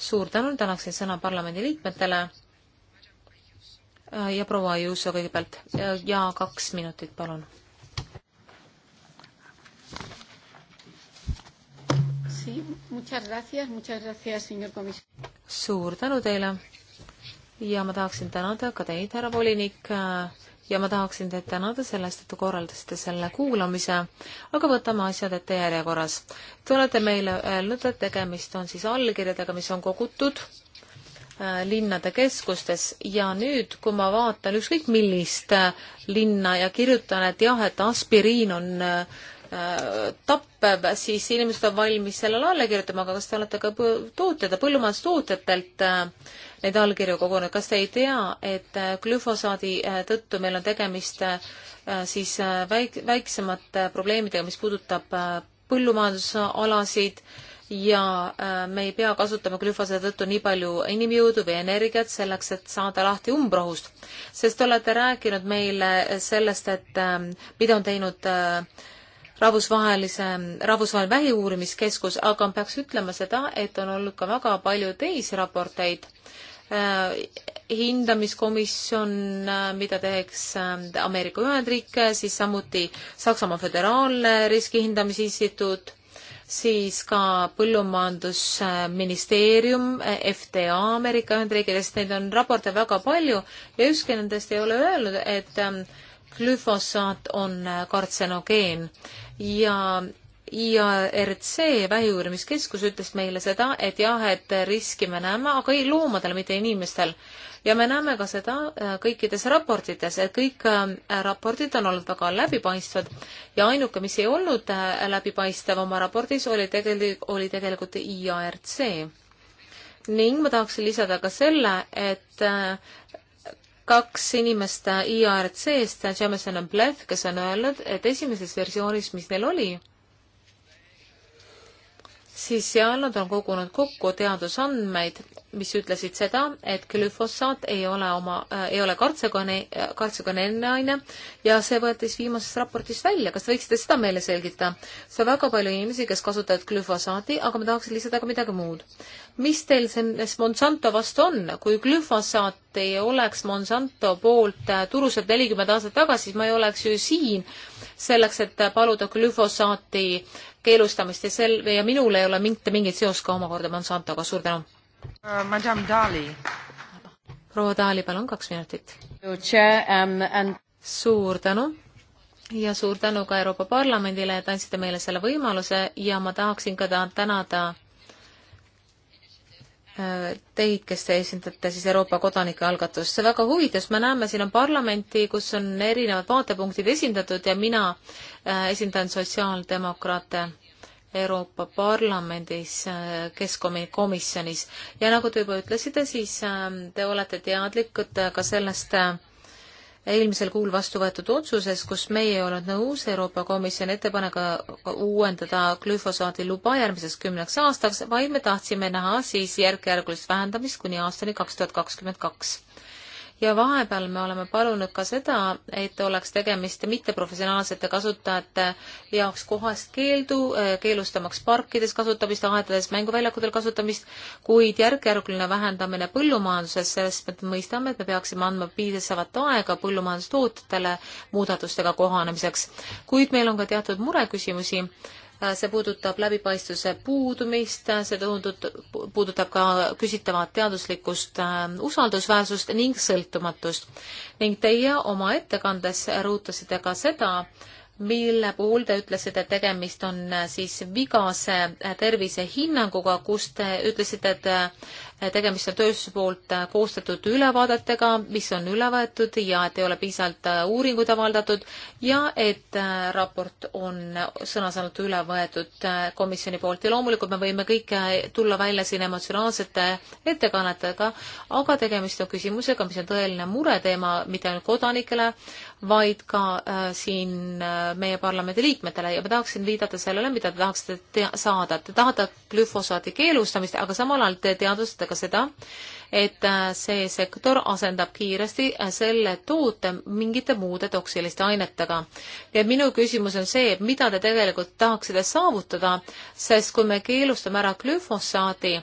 suur tänu, tänaksin sõna parlamendi liikmetele äh, ja proua Juuso kõigepealt ja kaks minutit, palun Sí, muchas gracias, muchas gracias, senor komis-. suur tänu teile ja ma tahaksin tänada ka teid, härra volinik, ja ma tahaksin teid tänada selle eest, et te korraldasite selle kuulamise, aga võtame asjad ette järjekorras. Te olete meile öelnud, et tegemist on siis allkirjadega, mis on kogutud äh, linnade keskustes ja nüüd, kui ma vaatan ükskõik millist äh, linna ja kirjutan, et jah, et aspiriin on äh, Äh, tappev, siis inimesed on valmis sellele alla kirjutama, aga kas te olete ka tootjad ja põllumajandustootjatelt äh, neid allkirju kogunud, kas te ei tea, et äh, glüfosaadi tõttu meil on tegemist siis väik-, väiksemate probleemidega, mis puudutab põllumajandusalasid ja me ei pea kasutama glüfosaadi tõttu nii palju inimjõudu või energiat selleks, et saada lahti umbrohust. sest te olete rääkinud meile sellest, et mida on teinud äh, rahvusvahelise, rahvusvaheline vähiuurimiskeskus, aga peaks ütlema seda, et on olnud ka väga palju teisi raporteid äh,, hindamiskomisjon, äh, mida teeks äh, Ameerika Ühendriike, siis samuti Saksamaa Föderaalne Riskihindamise Instituut, siis ka Põllumajandusministeerium, äh, FTA Ameerika Ühendriikidest, neid on raporte väga palju ja ükski nendest ei ole öelnud, et äh, glüfosaat on äh, kartsenogeen ja IRC Vähiuurimiskeskus ütles meile seda, et jah, et riski me näeme, aga ei loomadel, mitte inimestel. ja me näeme ka seda äh, kõikides raportites, et kõik äh, raportid on olnud väga läbipaistvad ja ainuke, mis ei olnud äh, läbipaistev oma raportis, oli tegelikult, oli tegelikult IRC. ning ma tahaksin lisada ka selle, et kaks inimest IRC-st, Jameson ja Bleff, kes on öelnud, et esimeses versioonis, mis neil oli, siis seal nad on kogunud kokku teadusandmeid mis ütlesid seda, et glüfosaat ei ole oma äh,, ei ole kartsakone, äh, kartsakoneelne aine ja see võeti siis viimasest raportist välja. kas te võiksite seda meile selgitada? see on väga palju inimesi, kes kasutavad glüfosaati, aga ma tahaksin lisada ka midagi muud. mis teil selles Monsanto vastu on? kui glüfosaat ei oleks Monsanto poolt äh, turuselt nelikümmend aastat tagasi, siis ma ei oleks ju siin selleks, et äh, paluda glüfosaati keelustamist ja sel, ja minul ei ole mitte mingit seost ka omakorda Monsantoga. suur tänu! Uh, Madame Dali. proua Dali, palun kaks minutit. Um, suur tänu ja suur tänu ka Euroopa Parlamendile, et andsite meile selle võimaluse ja ma tahaksin ka tänada äh, teid, kes te esindate siis Euroopa kodanike algatust. see väga huvitas, me näeme, siin on parlamenti, kus on erinevad vaatepunktid esindatud ja mina äh, esindan sotsiaaldemokraate Euroopa Parlamendis äh, keskkomisjonis ja nagu te juba ütlesite, siis ähm, te olete teadlikud äh, ka sellest äh, eelmisel kuul vastu võetud otsuses, kus meie ei olnud nõus Euroopa Komisjoni ettepanekuga uuendada glüfosaadi luba järgmiseks kümneks aastaks, vaid me tahtsime näha siis järk-järgulist vähendamist kuni aastani kaks tuhat kakskümmend kaks ja vahepeal me oleme palunud ka seda, et oleks tegemist mitteprofessionaalsete kasutajate jaoks kohast keeldu, eh, keelustamaks parkides kasutamist, aedades, mänguväljakutel kasutamist, kuid järk-järguline vähendamine põllumajanduses, sest me mõistame, et me peaksime andma piisavat aega põllumajandustootjatele muudatustega kohanemiseks. kuid meil on ka teatud mureküsimusi see puudutab läbipaistvuse puudumist, see puudutab ka küsitavat teaduslikust ähm, usaldusväärsust ning sõltumatust. ning teie oma ettekandes rõhutasite ka seda, mille puhul te ütlesite, et tegemist on äh, siis vigase äh, tervisehinnanguga, kus te ütlesite, et äh, tegemist on tööstuse poolt äh, koostatud ülevaadetega, mis on üle võetud ja et ei ole piisavalt äh, uuringuid avaldatud ja et äh, raport on sõna-sõnalt üle võetud komisjoni poolt ja loomulikult me võime kõik tulla välja siin emotsionaalsete ettekannetega, aga tegemist on küsimusega, mis on tõeline mureteema mitte ainult kodanikele, vaid ka äh, siin äh, meie parlamendi liikmetele ja ma tahaksin viidata sellele, mida te tahaksite te saada. Te tahate glüfosaadi keelustamist, aga samal ajal te teadvustate ka seda, et äh, see sektor asendab kiiresti äh, selle toote mingite muude toksiliste ainetega. ja minu küsimus on see, mida te tegelikult tahaksite saavutada, sest kui me keelustame ära glüfosaadi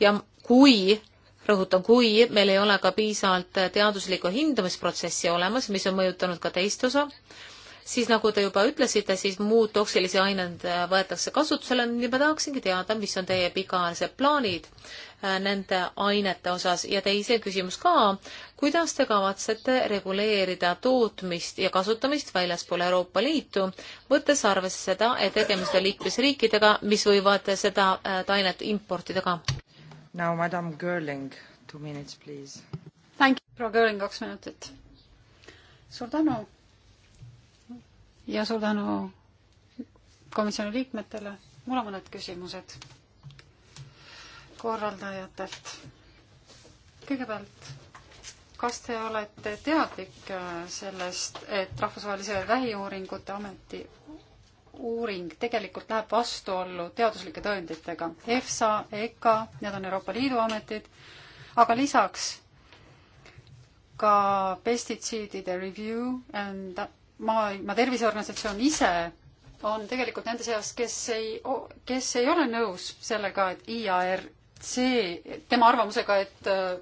ja kui rõhutan, kui meil ei ole ka piisavalt teaduslikku hindamisprotsessi olemas, mis on mõjutanud ka teist osa, siis nagu te juba ütlesite, siis muud toksilisi aineid võetakse kasutusele, nii ma tahaksingi teada, mis on teie pikaajalised plaanid äh, nende ainete osas ja teise küsimus ka, kuidas te kavatsete reguleerida tootmist ja kasutamist väljaspool Euroopa Liitu, võttes arvesse seda, et tegemist on liikmesriikidega, mis võivad seda äh, ainet importida ka? Now Madam Girling, two minutes please. Thank you, proua Girling, kaks minutit. suur tänu ja suur tänu komisjoni liikmetele. mul on mõned küsimused korraldajatelt. kõigepealt, kas te olete teadlik sellest, et Rahvusvahelise Vähiuuringute Ameti uuring tegelikult läheb vastuollu teaduslike tõenditega. EFSA, EKA, need on Euroopa Liidu ametid, aga lisaks ka pestitsiidide review and maailma terviseorganisatsioon ise on tegelikult nende seas, kes ei, kes ei ole nõus sellega, et IARC, tema arvamusega, et äh,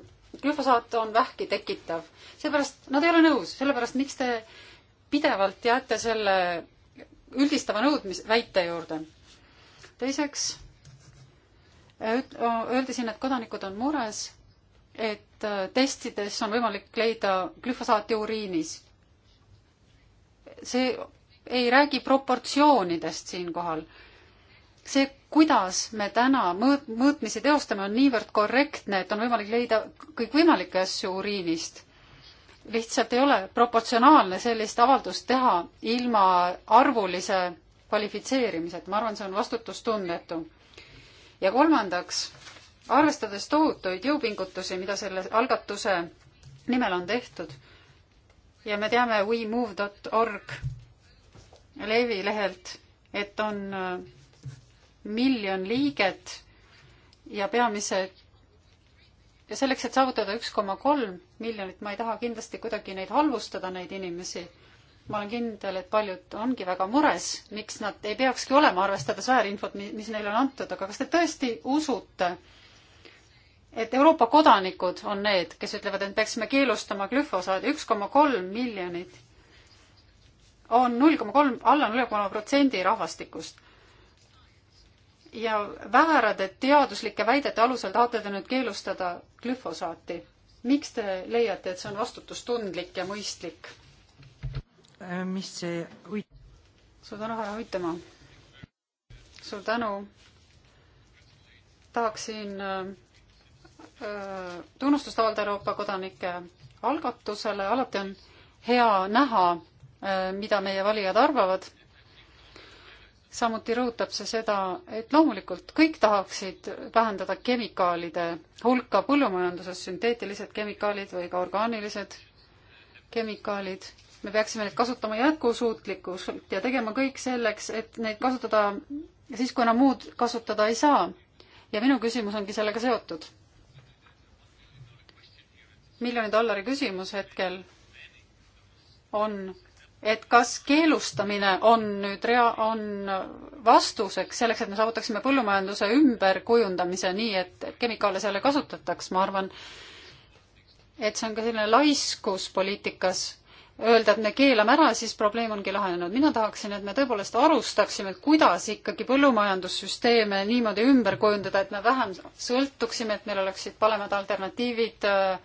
glüfosaat on vähki tekitav. seepärast nad ei ole nõus, sellepärast miks te pidevalt jääte selle üldistava nõudmise, väite juurde. teiseks öeldi siin, et kodanikud on mures, et äh, testides on võimalik leida glüfosaati uriinis. see ei räägi proportsioonidest siinkohal. see, kuidas me täna mõõt-, mõõtmisi teostame, on niivõrd korrektne, et on võimalik leida kõikvõimalikke asju uriinist lihtsalt ei ole proportsionaalne sellist avaldust teha ilma arvulise kvalifitseerimiseta, ma arvan, see on vastutustundetu. ja kolmandaks, arvestades tohutuid jõupingutusi, mida selle algatuse nimel on tehtud ja me teame wemove.org levilehelt, et on äh, miljon liiget ja peamised ja selleks, et saavutada üks koma kolm miljonit, ma ei taha kindlasti kuidagi neid halvustada, neid inimesi. ma olen kindel, et paljud ongi väga mures, miks nad ei peakski olema, arvestades väärinfot, mis neile on antud, aga kas te tõesti usute, et Euroopa kodanikud on need, kes ütlevad, et peaksime keelustama glüfosaadi üks koma kolm miljonit on null koma kolm, alla null koma protsendi rahvastikust ja väärade teaduslike väidete alusel tahate te nüüd keelustada glüfosaati. miks te leiate, et see on vastutustundlik ja mõistlik? Äh, mis see uit-? suur tänu, härra Uitemaa! suur tänu! tahaksin äh, äh, tunnustust avaldada Euroopa kodanike algatusele, alati on hea näha äh,, mida meie valijad arvavad samuti rõhutab see seda, et loomulikult kõik tahaksid vähendada kemikaalide hulka põllumajanduses, sünteetilised kemikaalid või ka orgaanilised kemikaalid. me peaksime neid kasutama jätkusuutlikult ja tegema kõik selleks, et neid kasutada siis, kui enam muud kasutada ei saa. ja minu küsimus ongi sellega seotud. miljoni dollari küsimus hetkel on et kas keelustamine on nüüd rea-, on vastuseks selleks, et me saavutaksime põllumajanduse ümberkujundamise nii, et kemikaale seal ei kasutataks, ma arvan, et see on ka selline laiskus poliitikas, öelda, et me keelame ära, siis probleem ongi lahenenud. mina tahaksin, et me tõepoolest alustaksime, kuidas ikkagi põllumajandussüsteeme niimoodi ümber kujundada, et me vähem sõltuksime, et meil oleksid paremad alternatiivid, äh,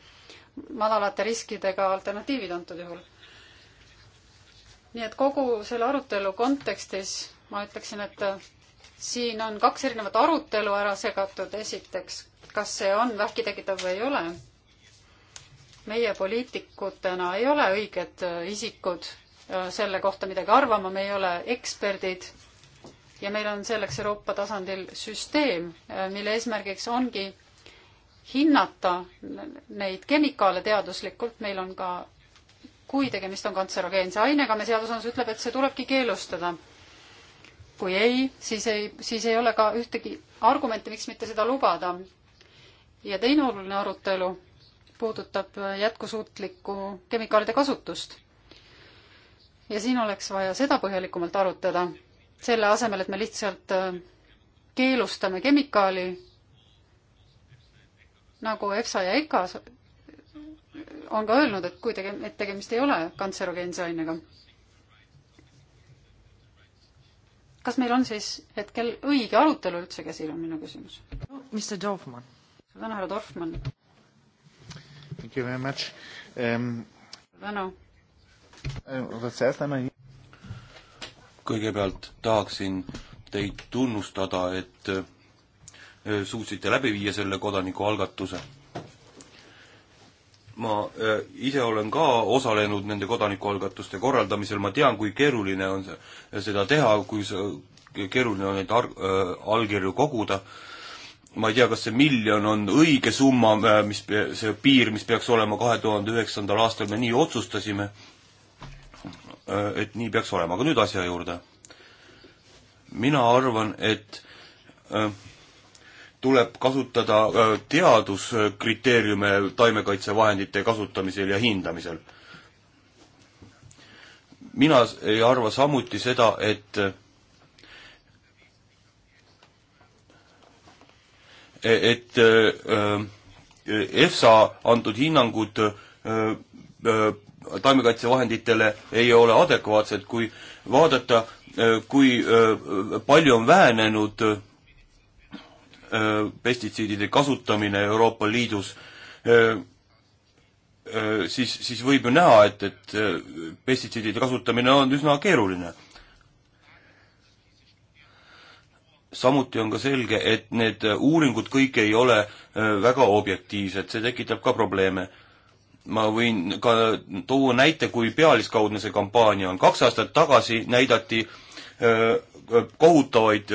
madalate riskidega alternatiivid antud juhul nii et kogu selle arutelu kontekstis ma ütleksin, et äh, siin on kaks erinevat arutelu ära segatud, esiteks, kas see on vähki tekitav või ei ole. meie poliitikutena ei ole õiged äh, isikud äh, selle kohta midagi arvama, me ei ole eksperdid ja meil on selleks Euroopa tasandil süsteem, mille eesmärgiks ongi hinnata neid kemikaale teaduslikult, meil on ka kui tegemist on kantserogeense ainega, me seadusandlus ütleb, et see tulebki keelustada. kui ei, siis ei, siis ei ole ka ühtegi argumenti, miks mitte seda lubada. ja teine oluline arutelu puudutab jätkusuutlikku kemikaalide kasutust. ja siin oleks vaja seda põhjalikumalt arutada, selle asemel, et me lihtsalt äh, keelustame kemikaali, nagu EFSA ja EKA on ka öelnud, et kui tege-, et tegemist ei ole kantserogeense ainega. kas meil on siis hetkel õige arutelu üldse käsil, on minu küsimus. Mr Dorfmann. suur tänu, härra Dorfmann. Thank you very much um.... suur tänu uh, kõigepealt tahaksin teid tunnustada, et uh, suutsite läbi viia selle kodanikualgatuse ma äh, ise olen ka osalenud nende kodanikualgatuste korraldamisel, ma tean, kui keeruline on seda teha, kui keeruline on neid äh, allkirju koguda. ma ei tea, kas see miljon on õige summa, äh, mis see piir, mis peaks olema kahe tuhande üheksandal aastal, me nii otsustasime. et nii peaks olema, aga nüüd asja juurde. mina arvan, et äh, tuleb kasutada äh, teaduskriteeriume taimekaitsevahendite kasutamisel ja hindamisel. mina ei arva samuti seda, et et äh, EFSA antud hinnangud äh, taimekaitsevahenditele ei ole adekvaatsed, kui vaadata, kui palju on vähenenud Äh, pestitsiidide kasutamine Euroopa Liidus, äh, äh, siis, siis võib ju näha, et, et pestitsiidide kasutamine on üsna keeruline. samuti on ka selge, et need uuringud kõik ei ole väga objektiivsed, see tekitab ka probleeme ma võin ka tuua näite, kui pealiskaudne see kampaania on. kaks aastat tagasi näidati öö, kohutavaid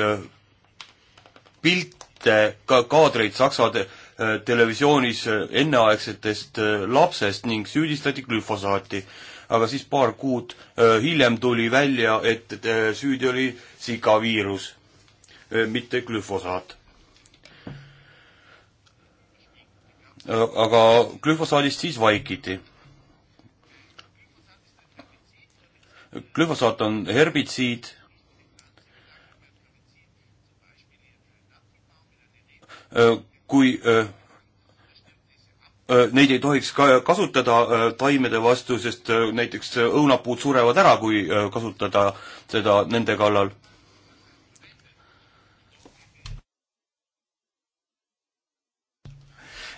pilte pilte, äh, ka kaadreid Saksa te äh, televisioonis äh, enneaegsetest lapsest ning süüdistati glüfosaati. aga siis paar kuud hiljem tuli välja, et süüdi oli Zika viirus, mitte glüfosaat aga glüfosaadist siis vaikiti. glüfosaat on herbitsiid, Äh, kui äh, äh, neid ei tohiks ka kasutada taimede vastu, sest näiteks õunapuud surevad ära, kui kasutada seda nende kallal.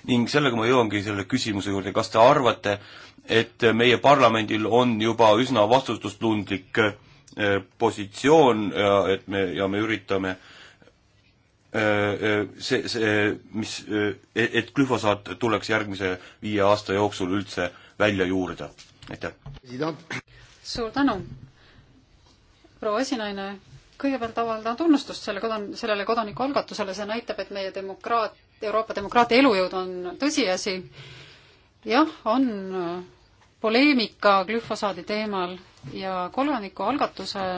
ning sellega ma jõuangi selle küsimuse juurde, kas te arvate, et meie parlamendil on juba üsna vastutustundlik positsioon ja et me, ja me üritame äh, Äh, äh, see, see, äh, mis, et glüfosaat tuleks järgmise viie aasta jooksul üldse välja juurida. aitäh! suur tänu! proua esinaine, kõigepealt avaldan tunnustust selle kodan-, sellele kodanikualgatusele, see näitab, et meie demokraat, Euroopa demokraatia elujõud on tõsiasi. jah, on poleemika glüfosaadi teemal ja kodanikualgatuse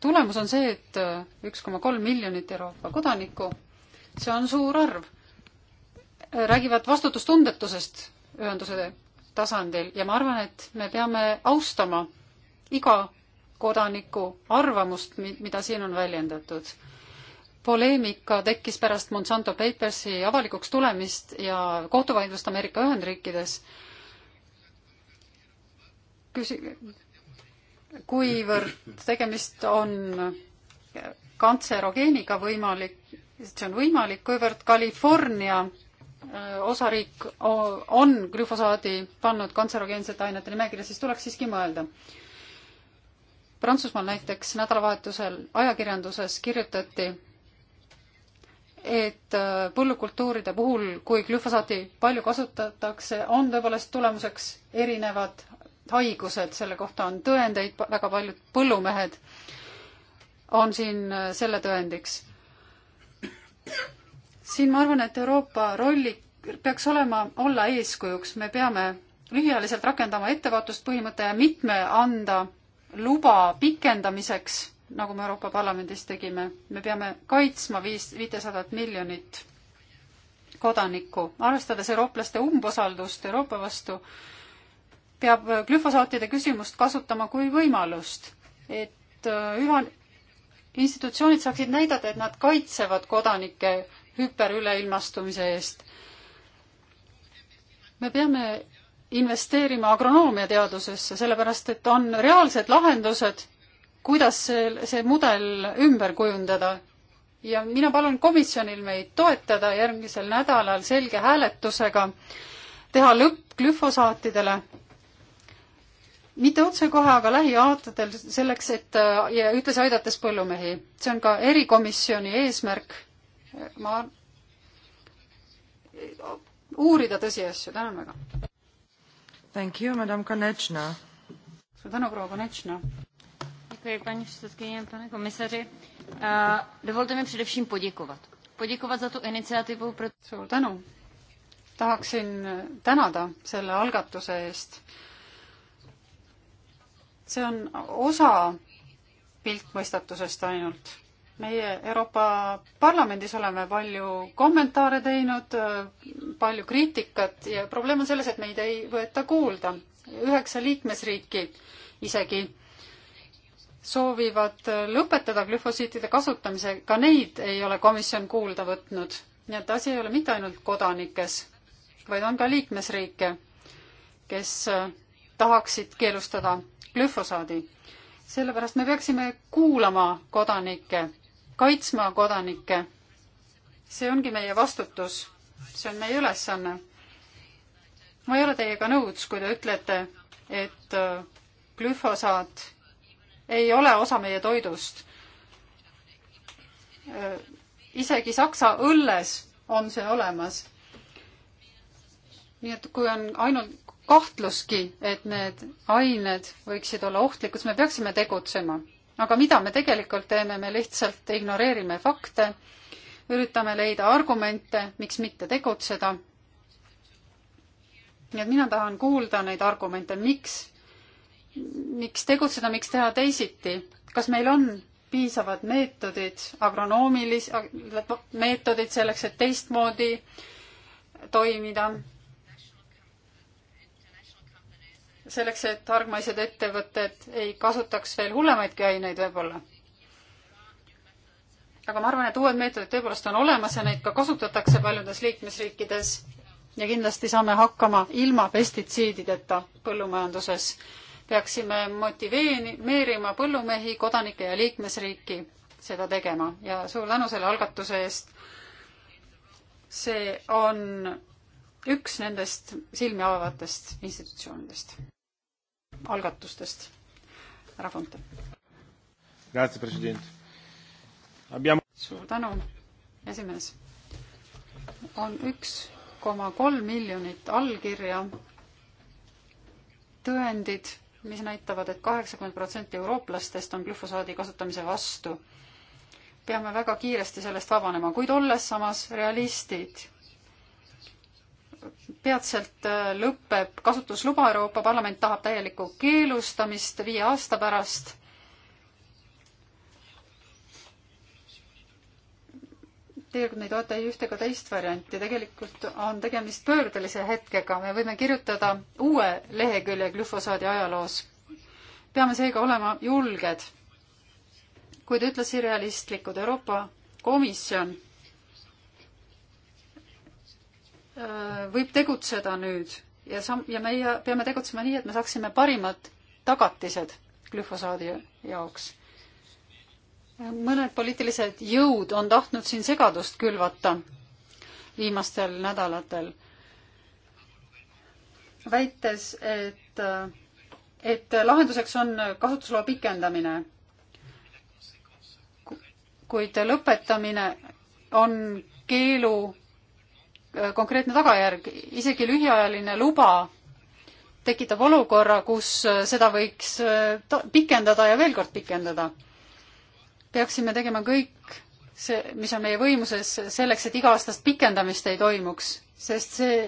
tulemus on see, et äh, üks koma kolm miljonit Euroopa kodanikku, see on suur arv, äh, räägivad vastutustundetusest ühenduse tasandil ja ma arvan, et me peame austama iga kodaniku arvamust, mida siin on väljendatud. poleemika tekkis pärast Monsanto Papersi avalikuks tulemist ja kohtuvaidlust Ameerika Ühendriikides küsi-, kuivõrd tegemist on kantserogeeniga võimalik, see on võimalik, kuivõrd California äh, osariik on glüfosaadi pannud kantserogeensete ainete nimekirja, siis tuleks siiski mõelda. Prantsusmaal näiteks nädalavahetusel ajakirjanduses kirjutati, et äh, põllukultuuride puhul, kui glüfosaati palju kasutatakse, on tõepoolest tulemuseks erinevad haigused, selle kohta on tõendeid, väga paljud põllumehed on siin äh, selle tõendiks. siin ma arvan, et Euroopa rolli peaks olema olla eeskujuks, me peame lühiajaliselt rakendama ettevaatuspõhimõte ja mitme anda luba pikendamiseks, nagu me Euroopa Parlamendis tegime. me peame kaitsma viis, viitesadat miljonit kodanikku, arvestades eurooplaste umbusaldust Euroopa vastu peab glüfosaatide küsimust kasutama kui võimalust, et hüva, äh, institutsioonid saaksid näidata, et nad kaitsevad kodanikke hüperüleilmastumise eest. me peame investeerima agronoomiateadusesse, teadusesse, sellepärast et on reaalsed lahendused, kuidas see, see mudel ümber kujundada. ja mina palun komisjonil meid toetada järgmisel nädalal selge hääletusega, teha lõpp glüfosaatidele mitte otsekohe, aga lähiaastatel selleks, et ja ühtlasi aidates põllumehi. see on ka erikomisjoni eesmärk. ma uurida tõsiasju, tänan väga. Thank you, madam Konechna. suur tänu, proua Konechna. Děkuji, paní předsedkyně, pane komisaři. Eh, dovolte mi především poděkovat. Poděkovat za tu iniciativu. Pro... Suur tänu. Tahaksin tänada selle algatuse eest see on osa piltmõistatusest ainult. meie Euroopa Parlamendis oleme palju kommentaare teinud, palju kriitikat ja probleem on selles, et meid ei võeta kuulda. üheksa liikmesriiki isegi soovivad lõpetada glüfosiitide kasutamise, ka neid ei ole komisjon kuulda võtnud. nii et asi ei ole mitte ainult kodanikes, vaid on ka liikmesriike, kes tahaksid keelustada glüfosaadi. sellepärast me peaksime kuulama kodanikke, kaitsma kodanikke. see ongi meie vastutus, see on meie ülesanne. ma ei ole teiega nõus, kui te ütlete, et äh, glüfosaat ei ole osa meie toidust. Äh, isegi Saksa õlles on see olemas. nii et kui on ainult kahtlustki, et need ained võiksid olla ohtlikud, siis me peaksime tegutsema. aga mida me tegelikult teeme, me lihtsalt ignoreerime fakte, üritame leida argumente, miks mitte tegutseda. nii et mina tahan kuulda neid argumente, miks, miks tegutseda, miks teha teisiti, kas meil on piisavad meetodid, agronoomilis-, meetodid selleks, et teistmoodi toimida selleks, et hargmaised ettevõtted ei kasutaks veel hullemaidki aineid võib-olla. aga ma arvan, et uued meetodid tõepoolest on olemas ja neid ka kasutatakse paljudes liikmesriikides ja kindlasti saame hakkama ilma pestitsiidideta põllumajanduses. peaksime motiveerima põllumehi, kodanikke ja liikmesriiki seda tegema ja suur tänu selle algatuse eest. see on üks nendest silmi avavatest institutsioonidest algatustest. härra Fonte. suur tänu, esimees. on üks koma kolm miljonit allkirja, tõendid, mis näitavad et, et kaheksakümmend protsenti eurooplastest on glüfosaadi kasutamise vastu. peame väga kiiresti sellest vabanema, kuid olles samas realistid peatselt äh, lõpeb kasutusluba, Euroopa Parlament tahab täielikku keelustamist viie aasta pärast. tegelikult me ei toeta ei ühte ega teist varianti, tegelikult on tegemist pöördelise hetkega, me võime kirjutada uue lehekülje glüfosaadi ajaloos. peame seega olema julged, kuid ühtlasi realistlikud, Euroopa Komisjon Äh, võib tegutseda nüüd ja sam-, ja meie peame tegutsema nii, et me saaksime parimad tagatised glüfosaadi jaoks. Äh, mõned poliitilised jõud on tahtnud siin segadust külvata viimastel nädalatel, väites, et, äh, et lahenduseks on kasutusloa pikendamine. kuid lõpetamine on keelu Äh, konkreetne tagajärg, isegi lühiajaline luba tekitab olukorra, kus äh, seda võiks äh, pikendada ja veel kord pikendada. peaksime tegema kõik see, mis on meie võimuses, selleks, et iga-aastast pikendamist ei toimuks, sest see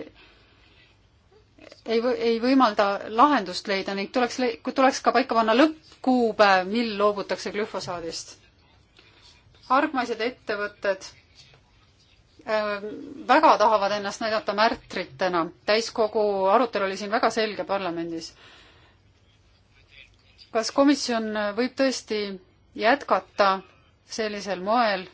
ei, ei võimalda lahendust leida ning tuleks, tuleks ka paika panna lõppkuupäev, mil loobutakse glüfosaadist. hargmaised ettevõtted Äh, väga tahavad ennast näidata märtritena. täiskogu arutelu oli siin väga selge parlamendis. kas komisjon võib tõesti jätkata sellisel moel,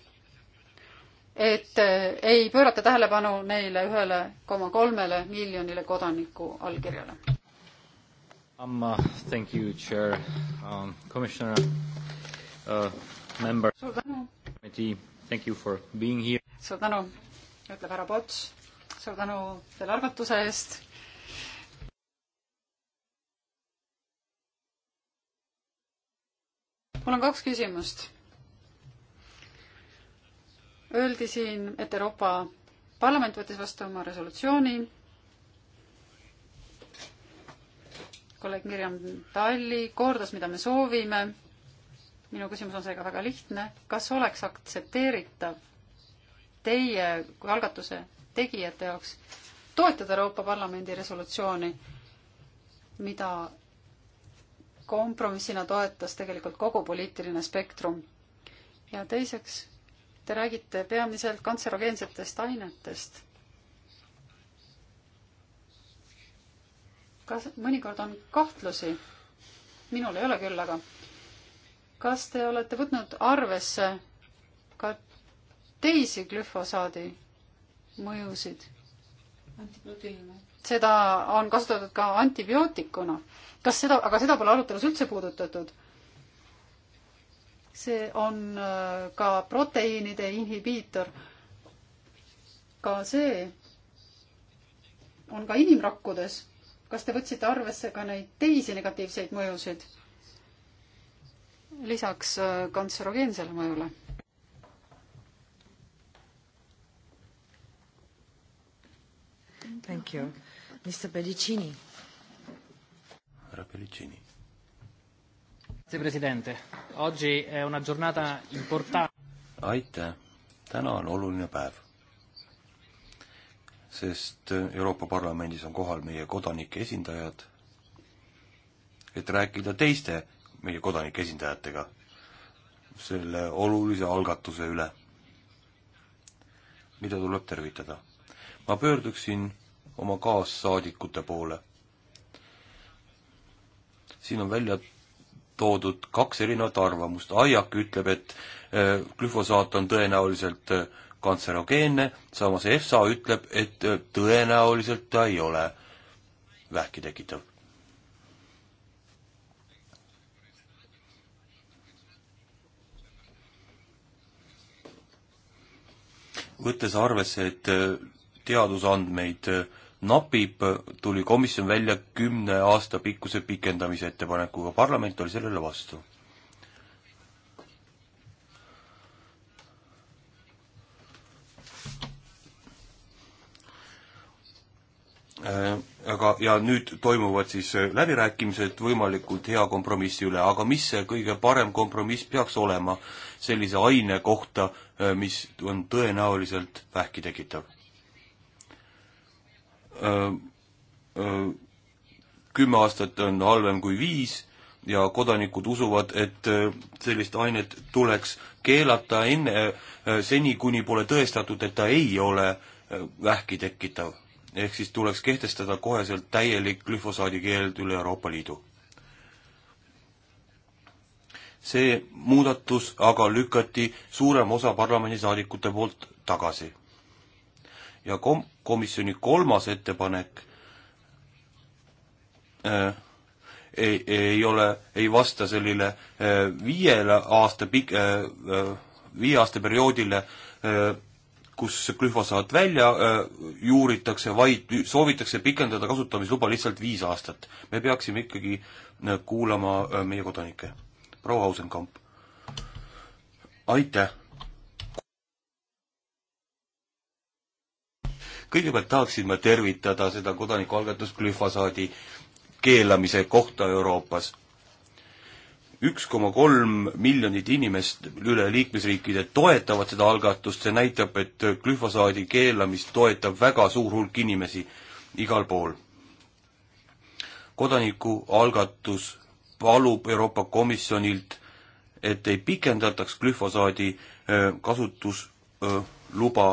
et äh, ei pöörata tähelepanu neile ühele koma kolmele miljonile kodaniku allkirjale? Um, uh, thank you, Chair. Um, Commissioner, uh, member. Suur tänu thank you for being here. suur tänu, ütleb härra Pots. suur tänu selle arvutuse eest. mul on kaks küsimust. Öeldi siin, et Euroopa Parlament võttis vastu oma resolutsiooni kolleeg Mirjam Talli kordas, mida me soovime minu küsimus on seega väga lihtne, kas oleks aktsepteeritav teie kui algatuse tegijate jaoks toetada Euroopa Parlamendi resolutsiooni, mida kompromissina toetas tegelikult kogu poliitiline spektrum. ja teiseks, te räägite peamiselt kantserogeensetest ainetest. kas mõnikord on kahtlusi? minul ei ole küll, aga kas te olete võtnud arvesse ka teisi glüfosaadi mõjusid? seda on kasutatud ka antibiootikuna. kas seda, aga seda pole arutelus üldse puudutatud? see on äh, ka proteiinide inhibiitor. ka see on ka inimrakkudes. kas te võtsite arvesse ka neid teisi negatiivseid mõjusid? lisaks äh, kantserogeensele mõjule Thank you. Mr. Pedicini. Ora Pedicini. Grazie Presidente. Oggi è una giornata importante. Aitäh. Täna on oluline päev, sest Euroopa Parlamendis on kohal meie kodanike esindajad, et rääkida teiste meie kodanike esindajatega selle olulise algatuse üle, mida tuleb tervitada. ma pöörduksin oma kaassaadikute poole. siin on välja toodud kaks erinevat arvamust, Aiak ütleb, et äh, glüfosaat on tõenäoliselt äh, kantserogeenne, samas EFSA ütleb, et äh, tõenäoliselt ta ei ole vähki tekitav. võttes arvesse, et äh, teadusandmeid äh, napib, tuli komisjon välja kümne aasta pikkuse pikendamise ettepanekuga, parlament oli sellele vastu Äh, aga, ja nüüd toimuvad siis äh, läbirääkimised võimalikult hea kompromissi üle, aga mis see kõige parem kompromiss peaks olema sellise aine kohta, äh, mis on tõenäoliselt vähki tekitav? kümme aastat on halvem kui viis ja kodanikud usuvad, et sellist ainet tuleks keelata enne, seni kuni pole tõestatud, et ta ei ole vähki tekitav ehk siis tuleks kehtestada koheselt täielik glüfosaadi keeld üle Euroopa Liidu. see muudatus aga lükati suurem osa parlamendisaadikute poolt tagasi. ja kom-, komisjoni kolmas ettepanek äh, ei, ei ole, ei vasta sellele äh, viiele aasta pik- äh,, äh viie aasta perioodile äh, kus glüfosaat välja äh, juuritakse, vaid soovitakse pikendada kasutamisluba lihtsalt viis aastat. me peaksime ikkagi äh, kuulama äh, meie kodanikke. proua Ausenkamp. aitäh! kõigepealt tahaksin ma tervitada seda kodanikualgatust glüfosaadi keelamise kohta Euroopas üks koma kolm miljonit inimest üle liikmesriikide toetavad seda algatust, see näitab, et glüfosaadi keelamist toetab väga suur hulk inimesi igal pool. kodanikualgatus palub Euroopa Komisjonilt, et ei pikendataks glüfosaadi äh, kasutusluba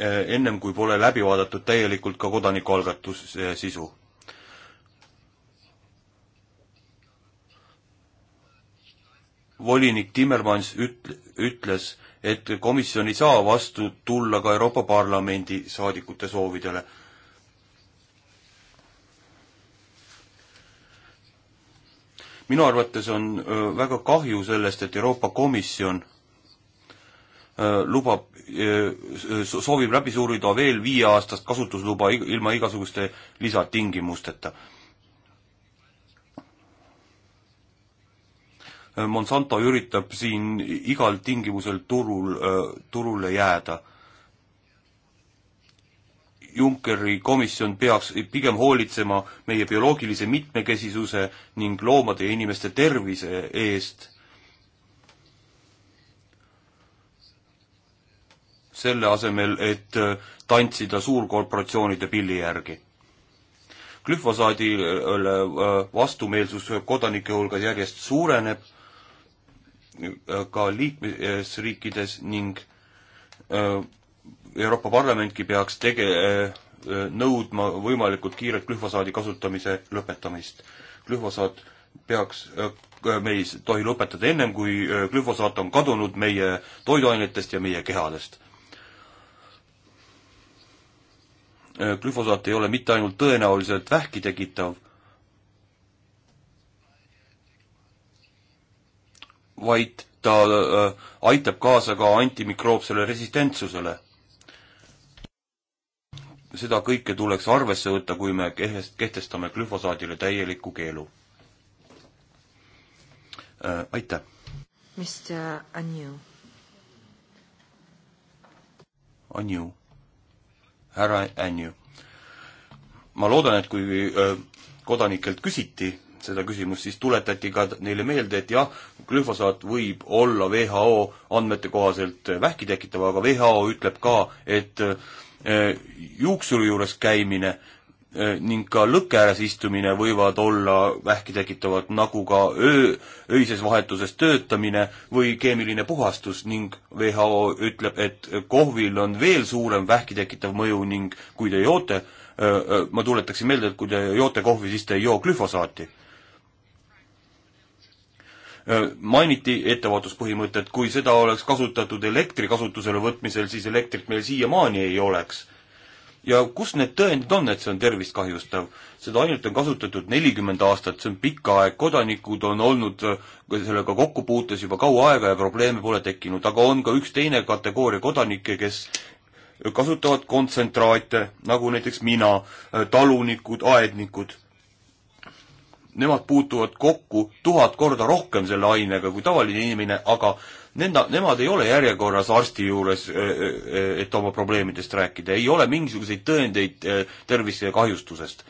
äh, ennem, kui pole läbi vaadatud täielikult ka kodanikualgatuse sisu volinik Timmermans üt-, ütles, et komisjon ei saa vastu tulla ka Euroopa Parlamendi saadikute soovidele. minu arvates on väga kahju sellest, et Euroopa Komisjon lubab, soovib läbi surida veel viieaastast kasutusluba ilma igasuguste lisatingimusteta Äh, Monsanto üritab siin igal tingimusel turul, äh, turule jääda. Junckeri komisjon peaks pigem hoolitsema meie bioloogilise mitmekesisuse ning loomade ja inimeste tervise eest. selle asemel, et äh, tantsida suurkorporatsioonide pilli järgi glüfosaadile vastumeelsus kodanike hulgas järjest suureneb ka liikmesriikides ning äh, Euroopa Parlamentki peaks tege-, äh, nõudma võimalikult kiiret glühfosaadi kasutamise lõpetamist. glühfosaat peaks, äh, me ei tohi lõpetada ennem, kui glühfosaat on kadunud meie toiduainetest ja meie kehadest. glühfosaat ei ole mitte ainult tõenäoliselt vähki tekitav vaid ta äh, aitab kaasa ka antimikroopsele resistentsusele. seda kõike tuleks arvesse võtta, kui me kehtestame glüfosaadile täieliku keelu. Äh, aitäh. Mr Anju. Anju, härra Anju. ma loodan, et kui äh, kodanikelt küsiti seda küsimust, siis tuletati ka neile meelde, et jah, glüfosaat võib olla WHO andmete kohaselt vähki tekitav, aga WHO ütleb ka, et eh, juuksuri juures käimine eh, ning ka lõkke ääres istumine võivad olla vähki tekitavad, nagu ka öö, öises vahetuses töötamine või keemiline puhastus ning WHO ütleb, et kohvil on veel suurem vähki tekitav mõju ning kui te joote, eh, ma tuletaksin meelde, et kui te joote kohvi, siis te ei joo glüfosaati Äh, mainiti ettevaatuspõhimõtet, kui seda oleks kasutatud elektri kasutusele võtmisel, siis elektrit meil siiamaani ei oleks. ja kus need tõendid on, et see on tervist kahjustav? seda ainult on kasutatud nelikümmend aastat, see on pikk aeg, kodanikud on olnud äh, sellega kokkupuutes juba kaua aega ja probleeme pole tekkinud, aga on ka üks teine kategooria kodanikke, kes kasutavad kontsentraate, nagu näiteks mina, äh, talunikud, aednikud nemad puutuvad kokku tuhat korda rohkem selle ainega kui tavaline inimene, aga nenda, nemad ei ole järjekorras arsti juures, eh, eh, eh, et oma probleemidest rääkida, ei ole mingisuguseid tõendeid tervisekahjustusest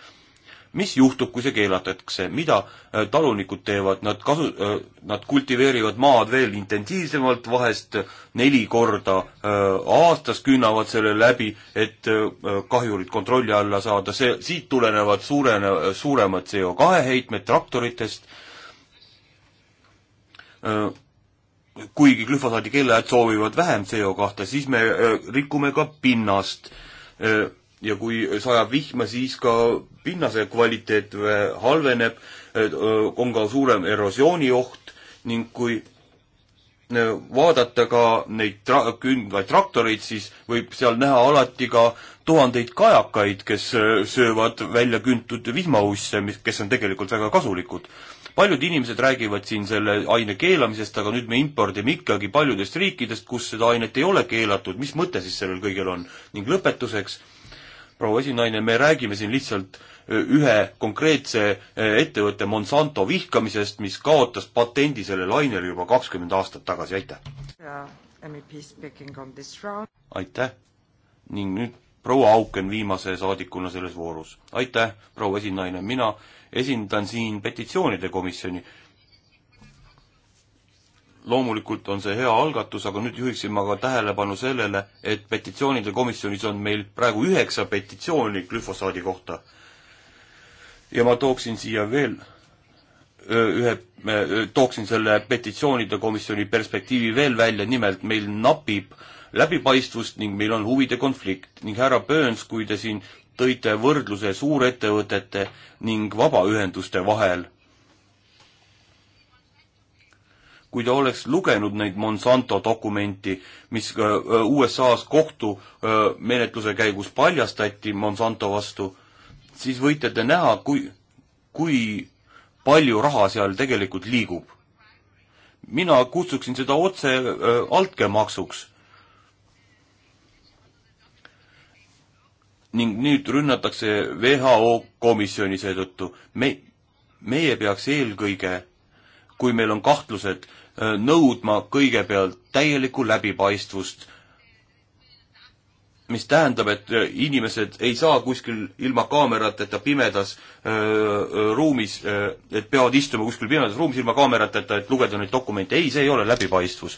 mis juhtub, kui see keelatakse, mida äh, talunikud teevad, nad kasu-, äh, nad kultiveerivad maad veel intensiivsemalt, vahest neli korda äh, aastas künnavad selle läbi, et kahjurid kontrolli alla saada, see, siit tulenevad suurene, suuremad CO2 heitmed traktoritest, kuigi glüfosaadi keelajad soovivad vähem CO2, siis me rikume ka pinnast ja kui sajab vihma, siis ka pinnase kvaliteet halveneb, on ka suurem erosioonioht ning kui vaadata ka neid tra-, kündvaid traktoreid, siis võib seal näha alati ka tuhandeid kajakaid, kes söövad välja küntud vihmausse, mis, kes on tegelikult väga kasulikud. paljud inimesed räägivad siin selle aine keelamisest, aga nüüd me impordime ikkagi paljudest riikidest, kus seda ainet ei ole keelatud, mis mõte siis sellel kõigel on? ning lõpetuseks proua esinaine, me räägime siin lihtsalt ühe konkreetse ettevõtte Monsanto vihkamisest, mis kaotas patendi sellele lainele juba kakskümmend aastat tagasi, aitäh! E aitäh! ning nüüd proua Auken viimase saadikuna selles voorus. aitäh, proua esinaine, mina esindan siin petitsioonide komisjoni loomulikult on see hea algatus, aga nüüd juhiksin ma ka tähelepanu sellele, et petitsioonide komisjonis on meil praegu üheksa petitsiooni glüfosaadi kohta. ja ma tooksin siia veel ühe, tooksin selle petitsioonide komisjoni perspektiivi veel välja, nimelt meil napib läbipaistvust ning meil on huvide konflikt ning härra Burns, kui te siin tõite võrdluse suurettevõtete ning vabaühenduste vahel kui ta oleks lugenud neid Monsanto dokumenti, mis äh, äh, USA-s kohtumenetluse äh, käigus paljastati Monsanto vastu, siis võite te näha, kui, kui palju raha seal tegelikult liigub. mina kutsuksin seda otse altkäemaksuks. ning nüüd rünnatakse WHO komisjoni seetõttu. me, meie peaks eelkõige, kui meil on kahtlused, Äh, nõudma kõigepealt täielikku läbipaistvust, mis tähendab, et äh, inimesed ei saa kuskil ilma kaamerateta pimedas öö, äh, ruumis, et peavad istuma kuskil pimedas ruumis ilma kaamerateta, et lugeda neid dokumente, ei, see ei ole läbipaistvus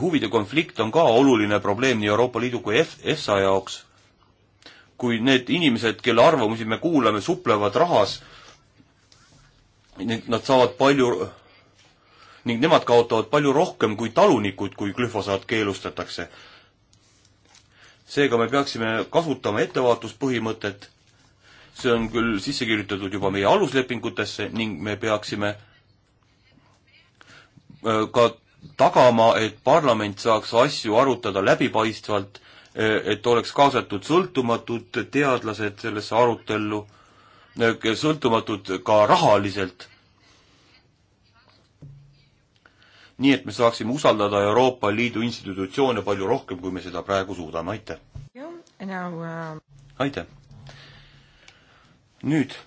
huvide konflikt on ka oluline probleem nii Euroopa Liidu kui EFSA jaoks. kui need inimesed, kelle arvamusi me kuulame, suplevad rahas, ning nad saavad palju, ning nemad kaotavad palju rohkem kui talunikud, kui glüfosaat keelustatakse. seega me peaksime kasutama ettevaatuspõhimõtet, see on küll sisse kirjutatud juba meie aluslepingutesse ning me peaksime äh, ka tagama, et parlament saaks asju arutada läbipaistvalt, äh, et oleks kaasatud sõltumatud teadlased sellesse arutellu Äh, sõltumatud ka rahaliselt. nii et me saaksime usaldada Euroopa Liidu institutsioone palju rohkem, kui me seda praegu suudame, aitäh! aitäh! nüüd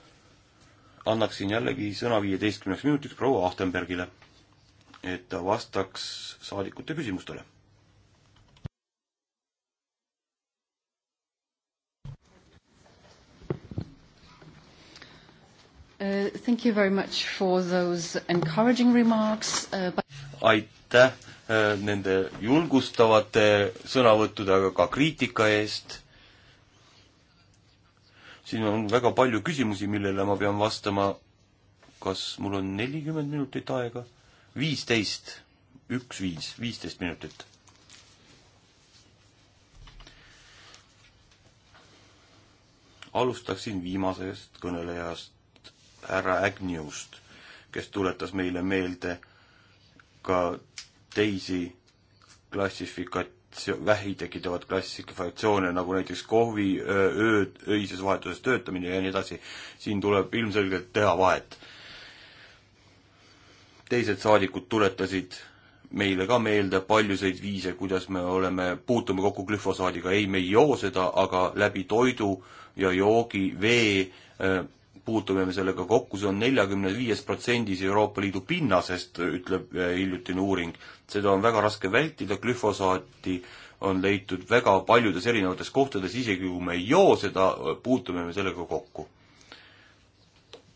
annaksin jällegi sõna viieteistkümneks minutiks proua Ahtenbergile, et ta vastaks saadikute küsimustele Uh, thank you very much for those encouraging remarks uh,. But... aitäh uh, nende julgustavate sõnavõttude, aga ka kriitika eest. siin on väga palju küsimusi, millele ma pean vastama. kas mul on nelikümmend minutit aega? viisteist, üks viis, viisteist minutit. alustaksin viimasest kõnelejast härra Agnewst, kes tuletas meile meelde ka teisi klassifikatsioon, vähi tekitavad klassifikatsioone, nagu näiteks kohvi, ööd, öises vahetuses töötamine ja nii edasi. siin tuleb ilmselgelt teha vahet. teised saadikud tuletasid meile ka meelde paljusid viise, kuidas me oleme, puutume kokku glüfosaadiga, ei, me ei joo seda, aga läbi toidu ja joogi, vee äh, puutume me sellega kokku, see on neljakümne viies protsendis Euroopa Liidu pinnasest, ütleb eh, hiljutine uuring. seda on väga raske vältida, glüfosaati on leitud väga paljudes erinevates kohtades, isegi kui me ei joo seda, eh, puutume me sellega kokku.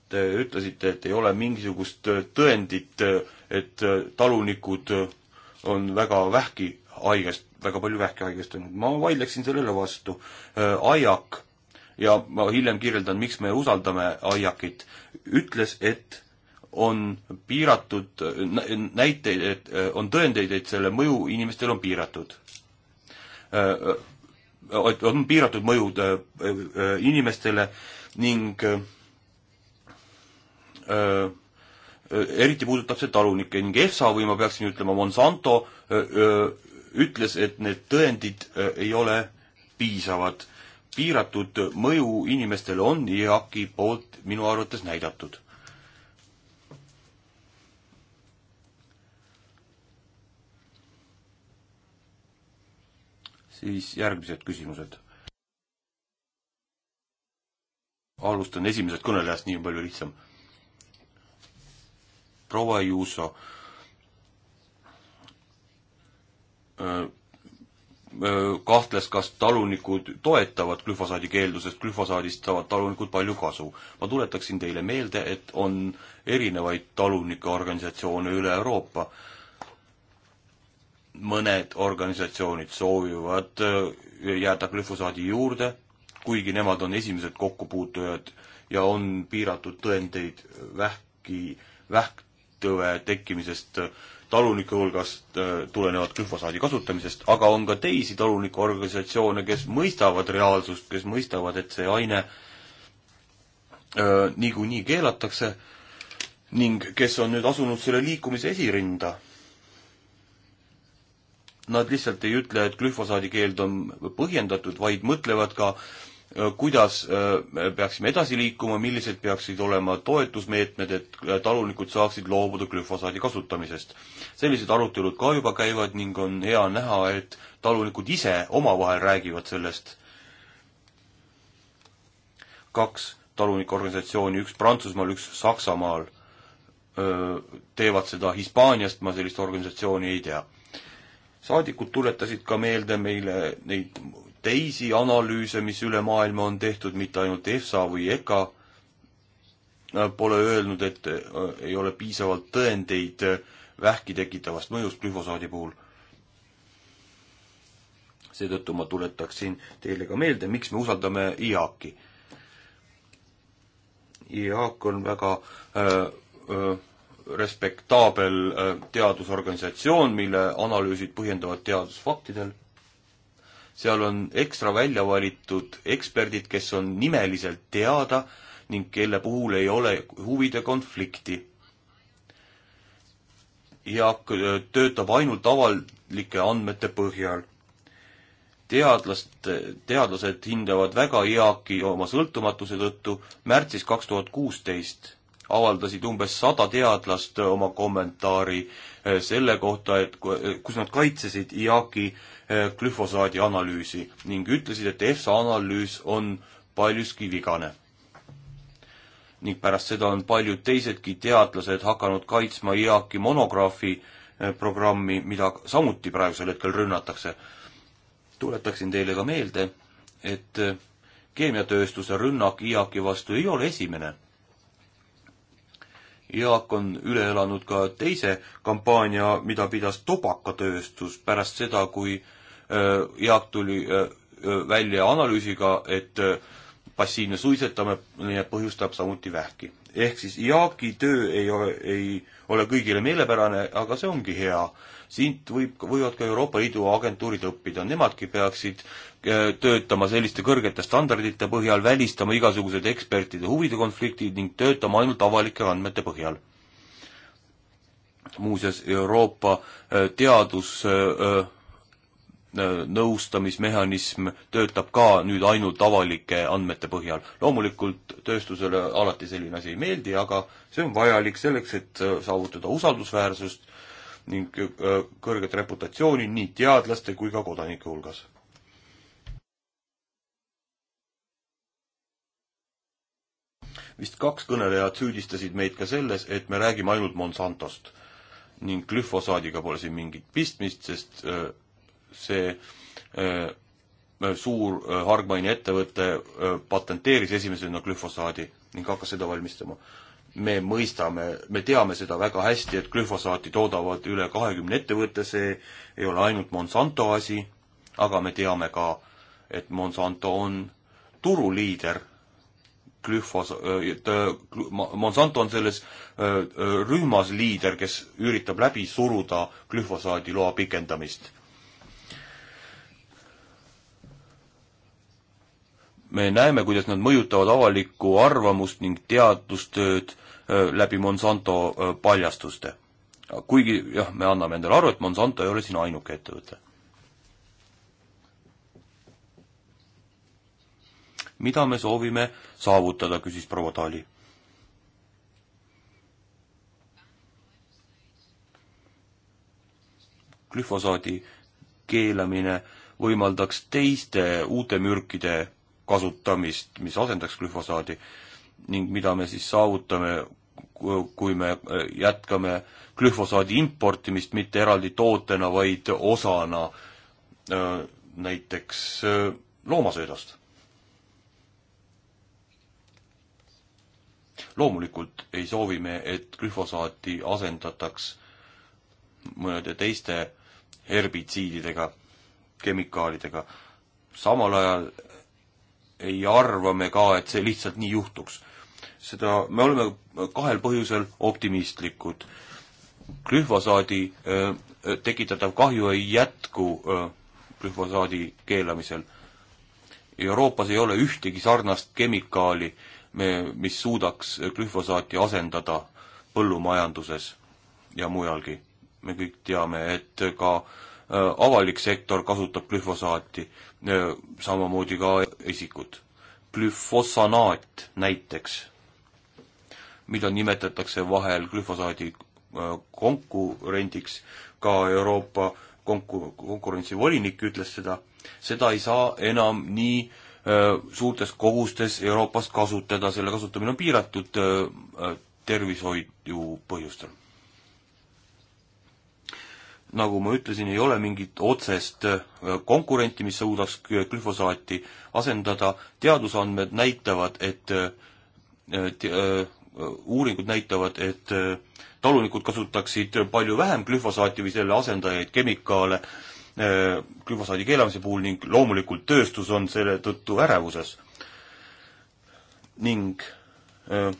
Te ütlesite, et ei ole mingisugust eh, tõendit, et talunikud on väga vähki haigest, väga palju vähki haigestunud. ma vaidleksin sellele vastu. aiak ja ma hiljem kirjeldan, miks me usaldame Aiakit, ütles, et on piiratud näiteid, et äh, on tõendeid, et selle mõju inimestel on piiratud. et äh, äh, on piiratud mõjud inimestele ning eriti puudutab see talunikke ning EFSA või ma peaksin ütlema Monsanto ütles, et need tõendid ei ole piisavad piiratud mõju inimestele on Iraaki poolt minu arvates näidatud. siis järgmised küsimused. alustan esimesest kõnelejast, nii on palju lihtsam. proua Juuso äh, kahtles, kas talunikud toetavad glüfosaadi keeldu, sest glüfosaadist saavad talunikud palju kasu. ma tuletaksin teile meelde, et on erinevaid talunike organisatsioone üle Euroopa. mõned organisatsioonid soovivad jääda glüfosaadi juurde, kuigi nemad on esimesed kokkupuutujad ja on piiratud tõendeid vähki, vähktõve tekkimisest talunike hulgast äh, tulenevat glüfosaadi kasutamisest, aga on ka teisi talunikuorganisatsioone, kes mõistavad reaalsust, kes mõistavad, et see aine äh, niikuinii keelatakse ning kes on nüüd asunud selle liikumise esirinda. Nad lihtsalt ei ütle, et glüfosaadi keeld on põhjendatud, vaid mõtlevad ka äh, Äh, kuidas äh, me peaksime edasi liikuma, millised peaksid olema toetusmeetmed, et äh, talunikud saaksid loobuda glüfosaadi kasutamisest. sellised arutelud ka juba käivad ning on hea näha, et talunikud ise omavahel räägivad sellest. kaks talunikuorganisatsiooni, üks Prantsusmaal, üks Saksamaal, teevad seda, Hispaaniast ma sellist organisatsiooni ei tea saadikud tuletasid ka meelde meile neid teisi analüüse, mis üle maailma on tehtud, mitte ainult EFSA või EKA, äh, pole öelnud, et äh, ei ole piisavalt tõendeid äh, vähki tekitavast mõjust glüfosaadi puhul. seetõttu ma tuletaksin teile ka meelde, miks me usaldame IAK-i. IAK on väga öö, öö, respektaabel teadusorganisatsioon, mille analüüsid põhjendavad teadusfaktidel seal on ekstra välja valitud eksperdid, kes on nimeliselt teada ning kelle puhul ei ole huvide konflikti. ja töötab ainult avalike andmete põhjal. teadlast, teadlased hindavad väga EAK-i oma sõltumatuse tõttu märtsis kaks tuhat kuusteist avaldasid umbes sada teadlast oma kommentaari eh, selle kohta, et kus nad kaitsesid IAK-i Äh, glüfosaadi analüüsi ning ütlesid, et EFSA analüüs on paljuski vigane. ning pärast seda on paljud teisedki teadlased hakanud kaitsma IAK-i monograafi äh, programmi, mida samuti praegusel hetkel rünnatakse. tuletaksin teile ka meelde, et äh, keemiatööstuse rünnak IAK-i vastu ei ole esimene EAK on üle elanud ka teise kampaania, mida pidas tubakatööstus pärast seda, kui EAK äh, tuli äh, äh, välja analüüsiga, et passiivne suitsetamine põhjustab samuti vähki. ehk siis EAK-i töö ei ole, ei ole kõigile meelepärane, aga see ongi hea siit võib, võivad ka Euroopa Liidu agentuurid õppida, nemadki peaksid äh, töötama selliste kõrgete standardite põhjal, välistama igasugused ekspertide huvide konfliktid ning töötama ainult avalike andmete põhjal. muuseas, Euroopa äh, teadus äh, nõustamismehhanism töötab ka nüüd ainult avalike andmete põhjal. loomulikult tööstusele alati selline asi ei meeldi, aga see on vajalik selleks, et saavutada usaldusväärsust ning äh, kõrget reputatsiooni nii teadlaste kui ka kodanike hulgas. vist kaks kõnelejat süüdistasid meid ka selles, et me räägime ainult Monsantost ning glüfosaadiga pole siin mingit pistmist, sest äh, see äh, suur hargmaine ettevõte patenteeris esimesena glüfosaadi ning hakkas seda valmistama me mõistame, me teame seda väga hästi, et glüfosaati toodavad üle kahekümne ettevõtte, see ei ole ainult Monsanto asi, aga me teame ka, et Monsanto on turuliider glüfos-, äh, äh, Monsanto on selles äh, rühmas liider, kes üritab läbi suruda glüfosaadi loa pikendamist. me näeme, kuidas nad mõjutavad avalikku arvamust ning teadustööd Äh, läbi Monsanto äh, paljastuste. kuigi jah, me anname endale aru, et Monsanto ei ole siin ainuke ettevõte. mida me soovime saavutada, küsis proua Tali. glüfosaadi keelamine võimaldaks teiste uute mürkide kasutamist, mis asendaks glüfosaadi äh, ning mida me siis saavutame, kui me jätkame glüfosaadi importimist mitte eraldi tootena, vaid osana äh, näiteks äh, loomasöödast. loomulikult ei soovi me, et glüfosaati asendataks mõnede teiste herbitsiididega, kemikaalidega. samal ajal ei arva me ka, et see lihtsalt nii juhtuks. seda, me oleme kahel põhjusel optimistlikud. glühfosaadi äh, tekitatav kahju ei jätku äh, glühfosaadi keelamisel. Euroopas ei ole ühtegi sarnast kemikaali, me, mis suudaks glühfosaati asendada põllumajanduses ja mujalgi. me kõik teame, et ka äh, Äh, avalik sektor kasutab glüfosaati, äh, samamoodi ka isikud. glüfosanaat näiteks, mida nimetatakse vahel glüfosaadi äh, konkurendiks, ka Euroopa konku-, konkurentsivolinik ütles seda, seda ei saa enam nii suurtes kogustes Euroopas kasutada, selle kasutamine on piiratud tervishoiu põhjustel nagu ma ütlesin, ei ole mingit otsest äh, konkurenti, mis suudaks glüfosaati asendada, teadusandmed näitavad, et äh, äh, uuringud näitavad, et talunikud kasutaksid palju vähem glüfosaati või selle asendajaid, kemikaale glüfosaadi keelamise puhul ning loomulikult tööstus on selle tõttu ärevuses. ning öö,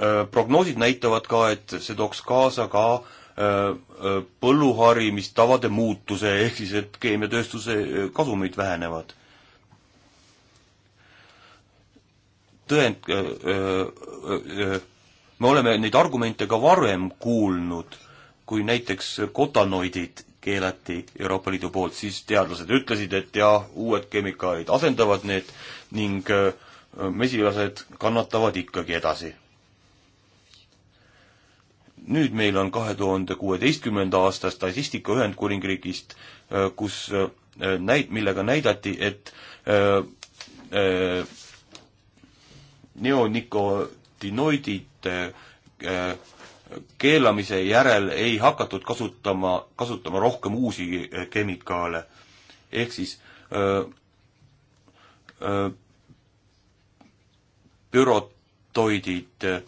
öö, prognoosid näitavad ka, et see tooks kaasa ka öö, Äh, äh, põlluharimistavade muutuse, ehk siis et keemiatööstuse äh, kasumid vähenevad. tõend, me oleme neid argumente ka varem kuulnud, kui näiteks kotanoidid keelati Euroopa Liidu poolt, siis teadlased ütlesid, et jah, uued kemikaalid asendavad need ning mesilased kannatavad ikkagi edasi nüüd meil on kahe tuhande kuueteistkümnenda aasta statistika Ühendkuningriigist, äh, kus äh, näid-, millega näidati, et äh, neonikotinoidide keelamise järel ei hakatud kasutama, kasutama rohkem uusi kemikaale. ehk siis öö, öö, bürotoidid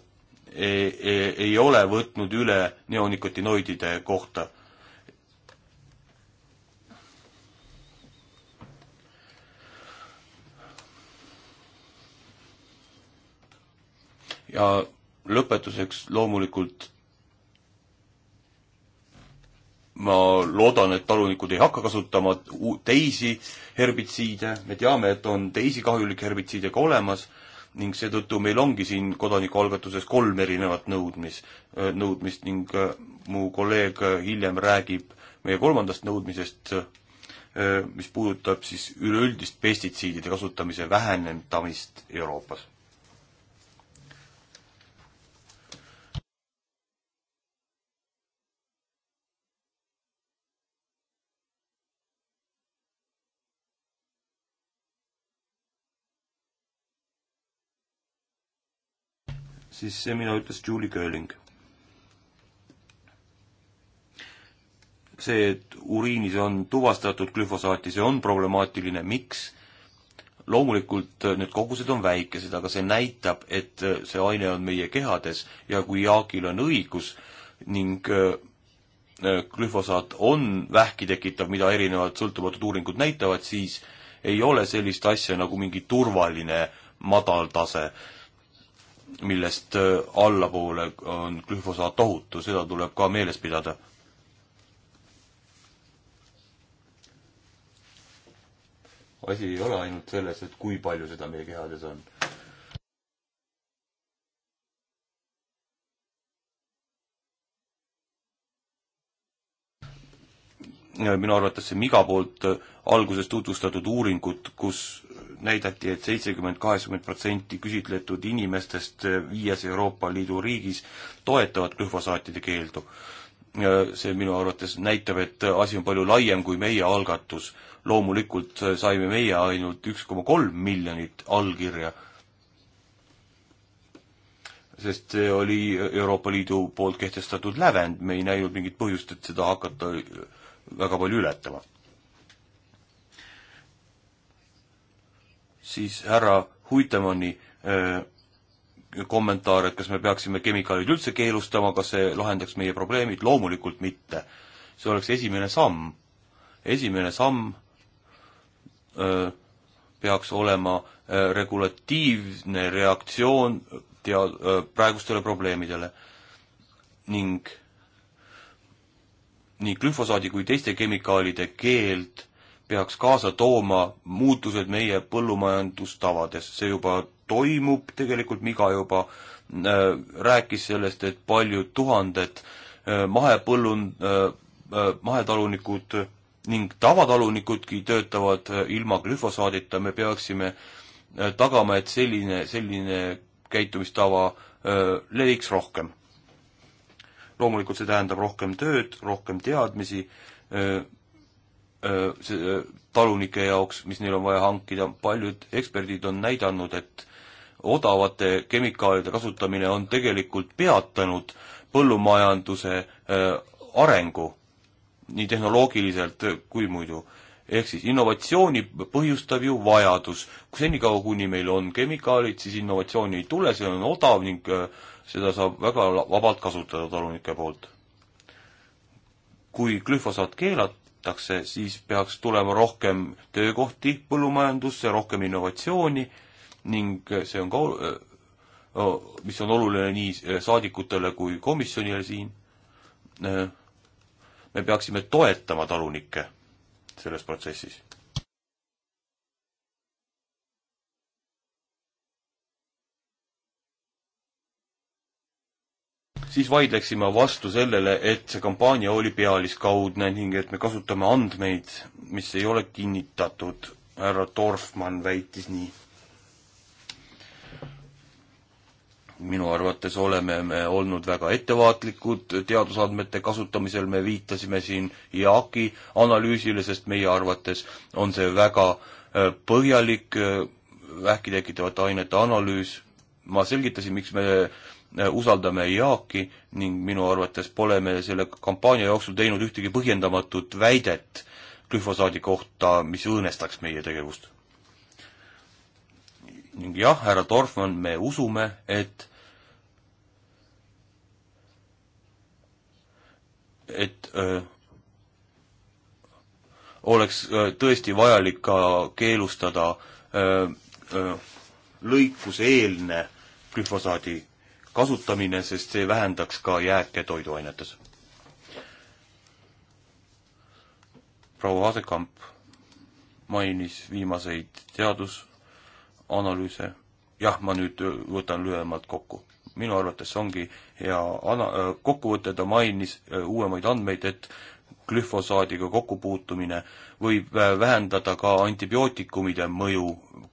ei, ei, ei ole võtnud üle neonikotinoidide kohta. ja lõpetuseks loomulikult ma loodan, et talunikud ei hakka kasutama teisi herbitsiide, me teame, et on teisi kahjulikke herbitsiide ka olemas ning seetõttu meil ongi siin kodanikualgatuses kolm erinevat nõudmis, äh, nõudmist ning äh, mu kolleeg äh, hiljem räägib meie kolmandast nõudmisest, mis puudutab siis üleüldist pestitsiidide kasutamise vähenemist Euroopas siis see, mida ütles Julie Curling. see, et uriinis on tuvastatud glüfosaati, see on problemaatiline, miks? loomulikult äh, need kogused on väikesed, aga see näitab, et äh, see aine on meie kehades ja kui Jaagil on õigus ning äh, glüfosaat on vähki tekitav, mida erinevad sõltumatud uuringud näitavad, siis ei ole sellist asja nagu mingi turvaline madal tase millest äh, allapoole on glüfosaat ohutu, seda tuleb ka meeles pidada. asi ei ole ainult selles, et kui palju seda meie kehades on. minu arvates see Miga poolt äh, alguses tutvustatud uuringut, kus näidati et, et seitsekümmend, kaheksakümmend protsenti küsitletud inimestest viies Euroopa Liidu riigis toetavad glüfosaatide keeldu. see minu arvates näitab, et asi on palju laiem kui meie algatus. loomulikult saime meie ainult üks koma kolm miljonit allkirja, sest see oli Euroopa Liidu poolt kehtestatud lävend, me ei näinud mingit põhjust, et seda hakata väga palju ületama siis härra Huitemanni äh, kommentaar, et kas me peaksime kemikaalid üldse keelustama, kas see lahendaks meie probleemid, loomulikult mitte. see oleks esimene samm. esimene samm öö, äh, peaks olema öö, äh, regulatiivne reaktsioon tead-, praegustele probleemidele ning nii glüfosaadi kui teiste kemikaalide keeld peaks kaasa tooma muutused meie põllumajandustavades. see juba toimub, tegelikult Miga juba äh, rääkis sellest, et paljud tuhanded äh, mahepõllun- äh,, äh mahetalunikud ning tavatalunikud töötavad äh, ilma glüfosaadita, me peaksime äh, tagama, et selline, selline käitumistava leviks rohkem. loomulikult see tähendab rohkem tööd, rohkem teadmisi, Äh, äh, talunike jaoks, mis neil on vaja hankida, paljud eksperdid on näidanud, et odavate kemikaalide kasutamine on tegelikult peatanud põllumajanduse äh, arengu nii tehnoloogiliselt kui muidu. ehk siis innovatsiooni põhjustab ju vajadus. senikaua, kuni meil on kemikaalid, siis innovatsiooni ei tule, see on odav ning seda saab väga vabalt kasutada talunike poolt. kui glüfosaat keelata, tahetakse, siis peaks tulema rohkem töökohti põllumajandusse, rohkem innovatsiooni ning see on ka, mis on oluline nii saadikutele kui komisjonile siin, me peaksime toetama talunikke selles protsessis. siis vaidleksin ma vastu sellele, et see kampaania oli pealiskaudne ning et me kasutame andmeid, mis ei ole kinnitatud. härra Dorfmann väitis nii. minu arvates oleme me olnud väga ettevaatlikud teadusandmete kasutamisel, me viitasime siin IAAC-i analüüsile, sest meie arvates on see väga äh, põhjalik äh, vähki tekitavate ainete analüüs, ma selgitasin, miks me usaldame Iraaki ning minu arvates pole me selle kampaania jooksul teinud ühtegi põhjendamatut väidet glüfosaadi kohta, mis õõnestaks meie tegevust. ning jah, härra Dorfmann, me usume, et et öö, äh, oleks öö, äh, tõesti vajalik ka keelustada öö, äh, öö, lõikuseelne glüfosaadi kasutamine, sest see vähendaks ka jääke toiduainetes. proua Asekamp mainis viimaseid teadusanalüüse, jah, ma nüüd võtan lühemalt kokku. minu arvates see ongi hea ana-, äh, kokkuvõte, ta mainis äh, uuemaid andmeid, et glüfosaadiga kokkupuutumine võib äh, vähendada ka antibiootikumide mõju,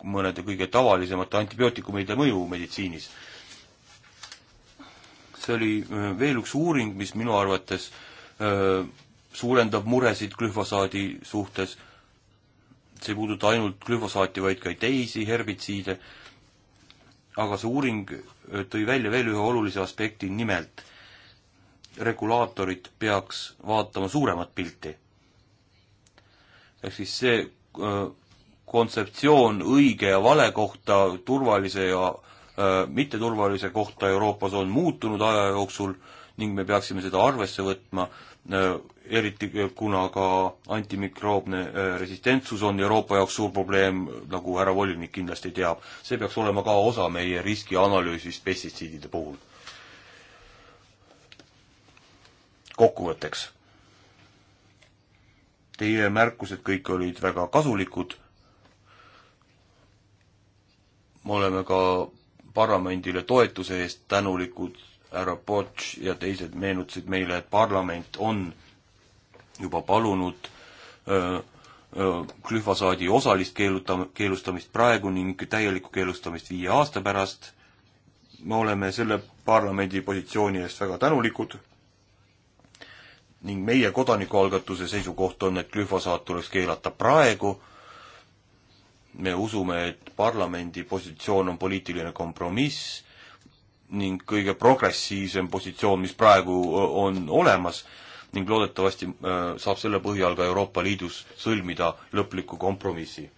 mõnede kõige tavalisemate antibiootikumide mõju meditsiinis see oli äh, veel üks uuring, mis minu arvates öö, äh, suurendab muresid glüfosaadi suhtes. see ei puuduta ainult glüfosaati, vaid ka teisi herbitsiide. aga see uuring äh, tõi välja veel ühe olulise aspekti, nimelt regulaatorid peaks vaatama suuremat pilti. ehk siis see öö, kontseptsioon õige ja vale kohta, turvalise ja Äh, mitteturvalisuse kohta Euroopas on muutunud aja jooksul ning me peaksime seda arvesse võtma, äh, eriti äh, kuna ka antimikroobne resistentsus on Euroopa jaoks suur probleem, nagu härra volinik kindlasti teab. see peaks olema ka osa meie riskianalüüsist pestitsiidide puhul. kokkuvõtteks. Teie märkused kõik olid väga kasulikud. me oleme ka parlamendile toetuse eest tänulikud, härra Potš ja teised meenutasid meile, et parlament on juba palunud öö, öö, glüfosaadi osalist keeluta-, keelustamist praegu ning täielikku keelustamist viie aasta pärast. me oleme selle parlamendi positsiooni eest väga tänulikud ning meie kodanikualgatuse seisukoht on, et glüfosaat tuleks keelata praegu me usume, et parlamendi positsioon on poliitiline kompromiss ning kõige progressiivsem positsioon, mis praegu on olemas, ning loodetavasti saab selle põhjal ka Euroopa Liidus sõlmida lõpliku kompromissi.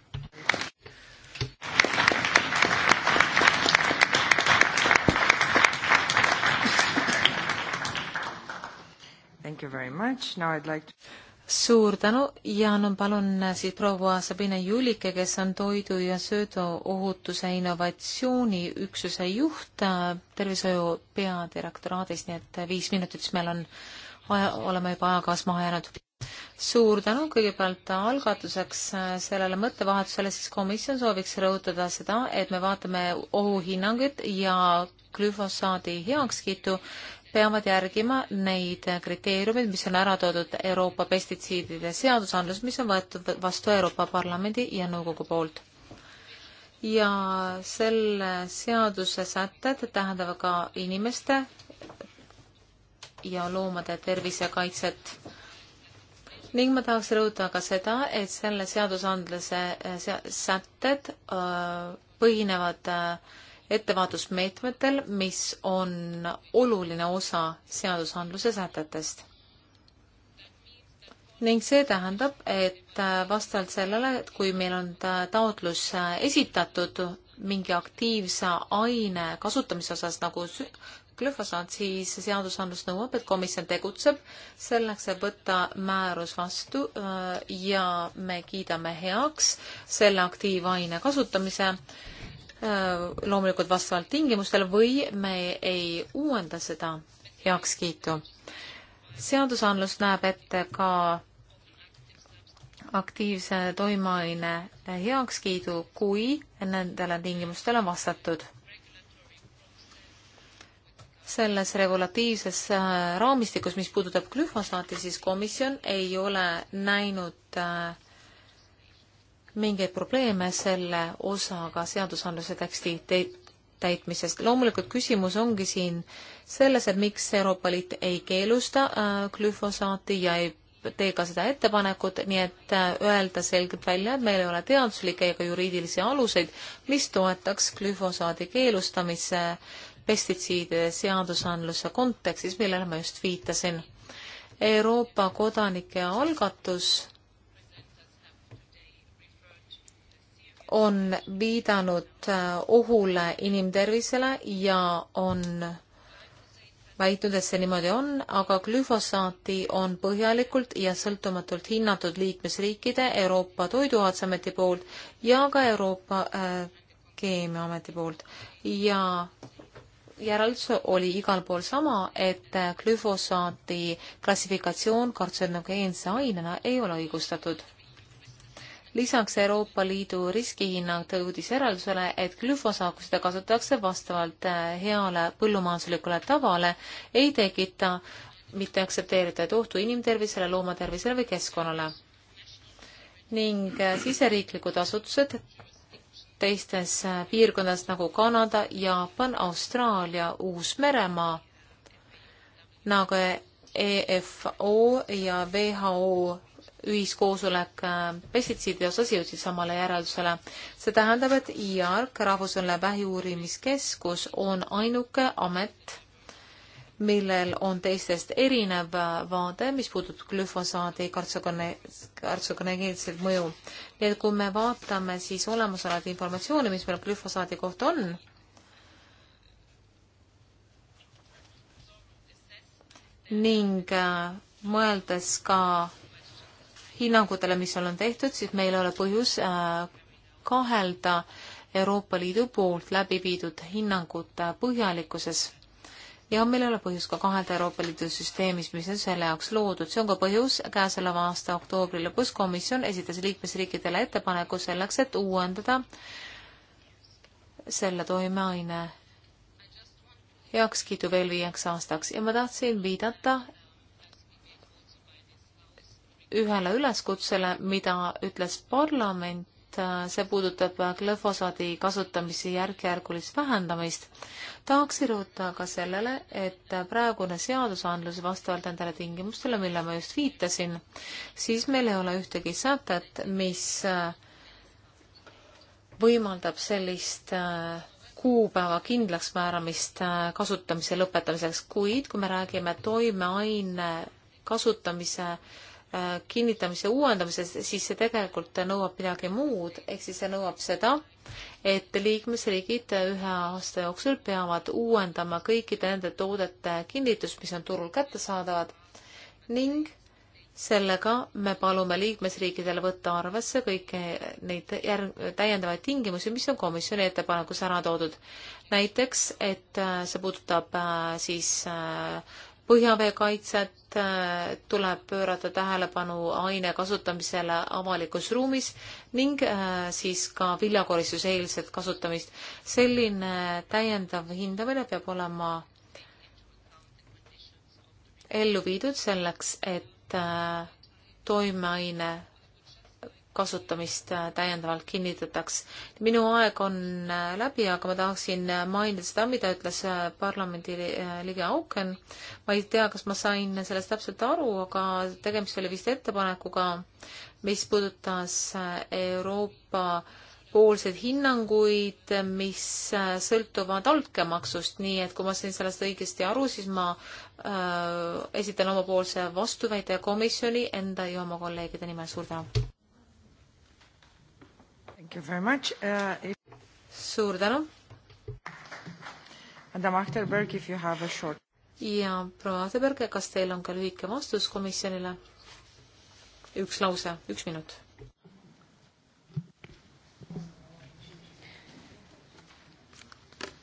Thank you very much, now I'd like to suur tänu ja annan palun äh, siis proua Sabine Julike, kes on toidu ja sööduohutuse innovatsiooniüksuse juht äh, tervishoiu peadirektoraadis, nii et äh, viis minutit, siis meil on aja, oleme juba ajakavas maha jäänud. suur tänu kõigepealt algatuseks sellele mõttevahetusele, siis komisjon sooviks rõhutada seda, et me vaatame ohuhinnanguid ja glüfosaadi heakskiitu peavad järgima neid kriteeriumeid, mis on ära toodud Euroopa pestitsiidide seadusandlus, mis on võetud vastu Euroopa Parlamendi ja nõukogu poolt. ja selle seaduse sätted tähendavad ka inimeste ja loomade tervisekaitset ning ma tahaks rõhutada ka seda, et selle seadusandluse äh, sätted äh, põhinevad äh, ettevaatusmeetmetel, mis on oluline osa seadusandluse sätetest. ning see tähendab, et vastavalt sellele, et kui meil on taotlus esitatud mingi aktiivse aine kasutamise osas nagu glüfosaat, siis seadusandlus nõuab, et komisjon tegutseb selleks, et võtta määrus vastu äh, ja me kiidame heaks selle aktiivaine kasutamise äh, Äh, loomulikult vastavalt tingimustele või me ei uuenda seda heakskiitu. seadusandlus näeb ette ka aktiivse toimeaine heakskiidu, kui nendele tingimustele on vastatud. selles regulatiivses äh, raamistikus, mis puudutab glüfosaati, siis komisjon ei ole näinud äh, mingeid probleeme selle osaga seadusandluse teksti täitmisest. loomulikult küsimus ongi siin selles, et miks Euroopa Liit ei keelusta äh, glüfosaati ja ei tee ka seda ettepanekut, nii et äh, öelda selgelt välja, et meil ei ole teaduslikke ega juriidilisi aluseid, mis toetaks glüfosaadi keelustamise pestitsiidide seadusandluse kontekstis, millele ma just viitasin. Euroopa kodanike algatus on viidanud äh, ohule inimtervisele ja on väitnud, et see niimoodi on, aga glüfosaati on põhjalikult ja sõltumatult hinnatud liikmesriikide Euroopa Toiduaatsameti poolt ja ka Euroopa äh, Keemiaameti poolt ja järeldus oli igal pool sama, et äh, glüfosaati klassifikatsioon kartsenogeense ainena ei ole õigustatud lisaks Euroopa Liidu riskihinnang tõudis järeldusele, et glüfosaak, kui seda kasutatakse vastavalt äh, heale põllumajanduslikule tavale, ei tekita mitte aktsepteeritavat ohtu inimtervisele, loomatervisele või keskkonnale. ning äh, siseriiklikud asutused teistes äh, piirkondades nagu Kanada, Jaapan, Austraalia, Uus-Meremaa, nagu EFO ja WHO ühiskoosolek äh, pestitsiidide osas jõudsid samale järeldusele. see tähendab, et IARC, Rahvusvaheline Vähiuurimiskeskus, on ainuke amet, millel on teistest erinev äh, vaade, mis puudutab glüfosaadi kartsogeneerilisel mõju. nii et kui me vaatame siis olemasolevat informatsiooni, mis meil glüfosaadi kohta on, ning äh, mõeldes ka hinnangutele, mis on tehtud, siis meil ei ole põhjus äh, kahelda Euroopa Liidu poolt läbi viidud hinnangute põhjalikkuses ja meil ei ole põhjust ka kahelda Euroopa Liidu süsteemis, mis on selle jaoks loodud. see on ka põhjus, käesoleva aasta oktoobri lõpus komisjon esitas liikmesriikidele ettepaneku selleks, et uuendada selle toimeaine heakskiidu veel viieks aastaks ja ma tahtsin viidata, ühele üleskutsele, mida ütles parlament, äh, see puudutab glüfosaadi kasutamise järk-järgulist vähendamist. tahaksin rõhutada ka sellele, et praegune seadusandlus vastavalt nendele tingimustele, mille ma just viitasin, siis meil ei ole ühtegi sätet, mis äh, võimaldab sellist äh, kuupäeva kindlaksmääramist kasutamise lõpetamiseks, kuid kui me räägime toimeaine kasutamise äh, Äh, kinnitamise uuendamises, siis see tegelikult nõuab midagi muud, ehk siis see nõuab seda, et liikmesriigid ühe aasta jooksul peavad uuendama kõikide nende toodete kinnitust, mis on turul kättesaadavad ning sellega me palume liikmesriikidele võtta arvesse kõiki neid järg-, täiendavaid tingimusi, mis on komisjoni ettepanekus ära toodud. näiteks, et äh, see puudutab äh, siis äh, põhjaveekaitset, äh, tuleb pöörata tähelepanu aine kasutamisele avalikus ruumis ning äh, siis ka viljakoristuseelset kasutamist. selline täiendav hindamine peab olema ellu viidud selleks, et äh, toimeaine kasutamist äh, täiendavalt kinnitataks. minu aeg on äh, läbi, aga ma tahaksin äh, mainida seda, mida ütles parlamendi liige Auken. ma ei tea, kas ma sain sellest täpselt aru, aga tegemist oli vist ettepanekuga, mis puudutas Euroopa poolseid hinnanguid, mis sõltuvad altkäemaksust, nii et kui ma sain sellest õigesti aru, siis ma äh, esitan omapoolse vastuväite komisjoni enda ja oma kolleegide nimel. suur tänu! Uh, if... suur tänu. Madam Achterberg, if you have a short. ja proua Achterberg, kas teil on ka lühike vastus komisjonile? üks lause, üks minut.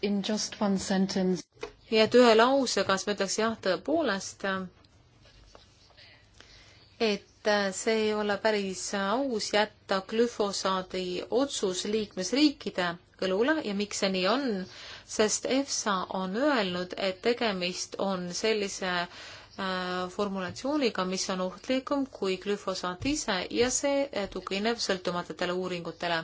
In just one sentence. nii et ühe lausega, siis ma ütleks jah, tõepoolest, et see ei ole päris aus jätta glüfosaadi otsus liikmesriikide õlule ja miks see nii on, sest EFSA on öelnud, et tegemist on sellise äh, formulatsiooniga, mis on ohtlikum kui glüfosaat ise ja see tugineb sõltumatutele uuringutele.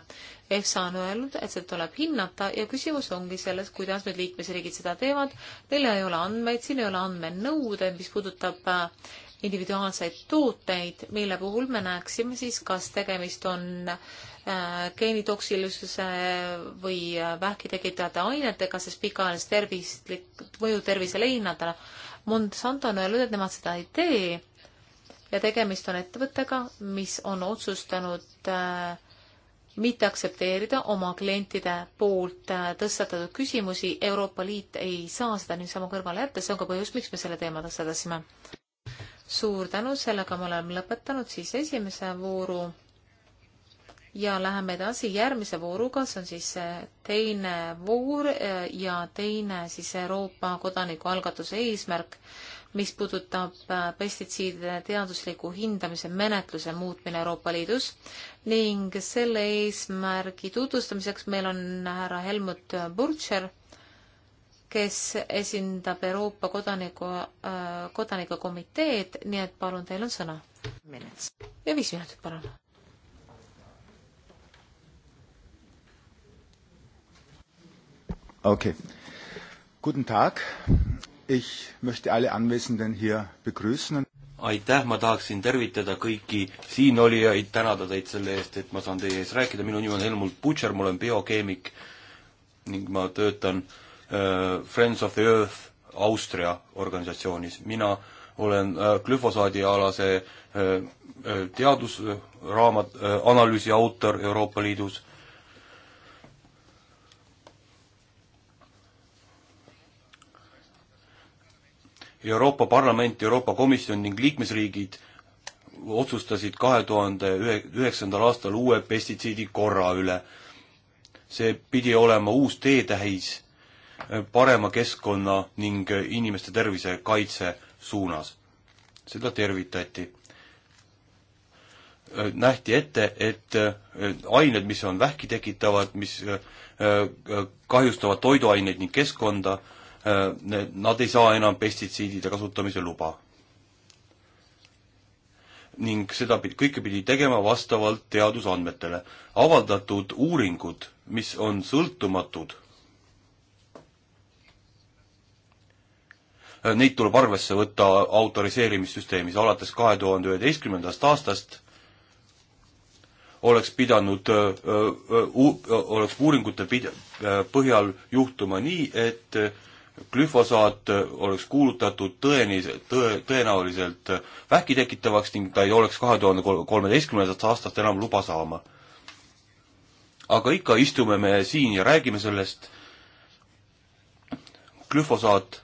EFSA on öelnud, et seda tuleb hinnata ja küsimus ongi selles, kuidas need liikmesriigid seda teevad. Neil ei ole andmeid, siin ei ole andmenõude, mis puudutab äh, individuaalseid tooteid, mille puhul me näeksime siis, kas tegemist on äh, geenitoksilisuse või äh, vähki tekitajate ainetega, sest pikaajalist tervislik mõju tervisele hinnata. Monsanto on öelnud, et nemad seda ei tee ja tegemist on ettevõttega, mis on otsustanud äh, mitte aktsepteerida oma klientide poolt äh, tõstatatud küsimusi. Euroopa Liit ei saa seda niisama kõrvale jätta, see on ka põhjus, miks me selle teema tõstatasime suur tänu, sellega me oleme lõpetanud siis esimese vooru ja läheme edasi järgmise vooruga, see on siis eh, teine voor eh, ja teine siis Euroopa kodanikualgatuse eesmärk, mis puudutab eh, pestitsiidide teadusliku hindamise menetluse muutmine Euroopa Liidus ning selle eesmärgi tutvustamiseks meil on härra Helmut Burtšer kes esindab Euroopa kodaniku, äh, kodanikukomiteed, nii et palun, teil on sõna. ja viis minutit, palun. Okay. Guten Tag. Ich möchte alle Anwesenden hier begrüßen. aitäh, ma tahaksin tervitada kõiki siinolijaid, tänada teid selle eest, et ma saan teie ees rääkida, minu nimi on Helmut Butšer, ma olen biokeemik ning ma töötan äh, Äh, Friends of the Earth Austria organisatsioonis. mina olen äh, glüfosaadialase äh, teadusraamat, analüüsi autor Euroopa Liidus. Euroopa Parlament, Euroopa Komisjon ning liikmesriigid otsustasid kahe tuhande üheksandal aastal uue pestitsiidi korra üle. see pidi olema uus teetähis parema keskkonna ning inimeste tervise kaitse suunas. seda tervitati. nähti ette, et ained, mis on vähki tekitavad, mis äh, kahjustavad toiduaineid ning keskkonda, äh, nad ei saa enam pestitsiidide kasutamise luba ning seda pidi, kõike pidi tegema vastavalt teadusandmetele. avaldatud uuringud, mis on sõltumatud, Äh, neid tuleb arvesse võtta autoriseerimissüsteemis. alates kahe tuhande üheteistkümnendast aastast oleks pidanud, äh, äh, oleks uuringute pid-, põhjal juhtuma nii, et glüfosaat oleks kuulutatud tõenise, tõe, tõenäoliselt vähki tekitavaks ning ta ei oleks kahe tuhande kolmeteistkümnendast aastast enam luba saama. aga ikka istume me siin ja räägime sellest, glüfosaat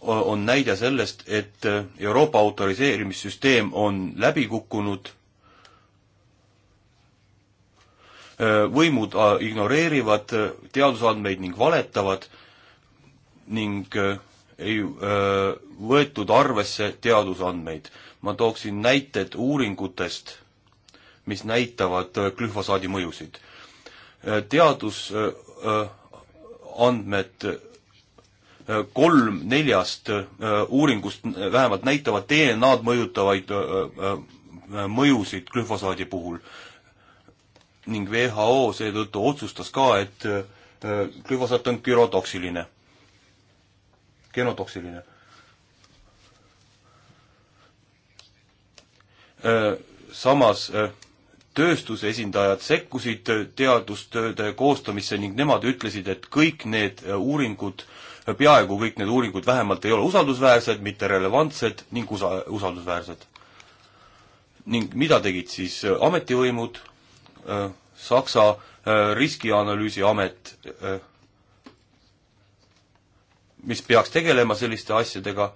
on näide sellest, et Euroopa autoriseerimissüsteem on läbi kukkunud, võimud ignoreerivad teadusandmeid ning valetavad ning ei äh, võetud arvesse teadusandmeid. ma tooksin näited uuringutest, mis näitavad äh, glüfosaadi mõjusid. Äh, teadusandmed kolm neljast äh, uuringust vähemalt näitavad DNA-d mõjutavaid äh, äh, mõjusid glüfosaadi puhul. ning WHO seetõttu otsustas ka, et glüfosaat on gürotoksiline, genotoksiline. samas tööstuse esindajad sekkusid teadustööde koostamisse ning nemad ütlesid, et kõik need uuringud äh, peaaegu kõik need uuringud vähemalt ei ole usaldusväärsed, mitte relevantsed ning usa-, usaldusväärsed. ning mida tegid siis äh, ametivõimud, äh, Saksa äh, riskianalüüsi amet, mis peaks tegelema selliste asjadega,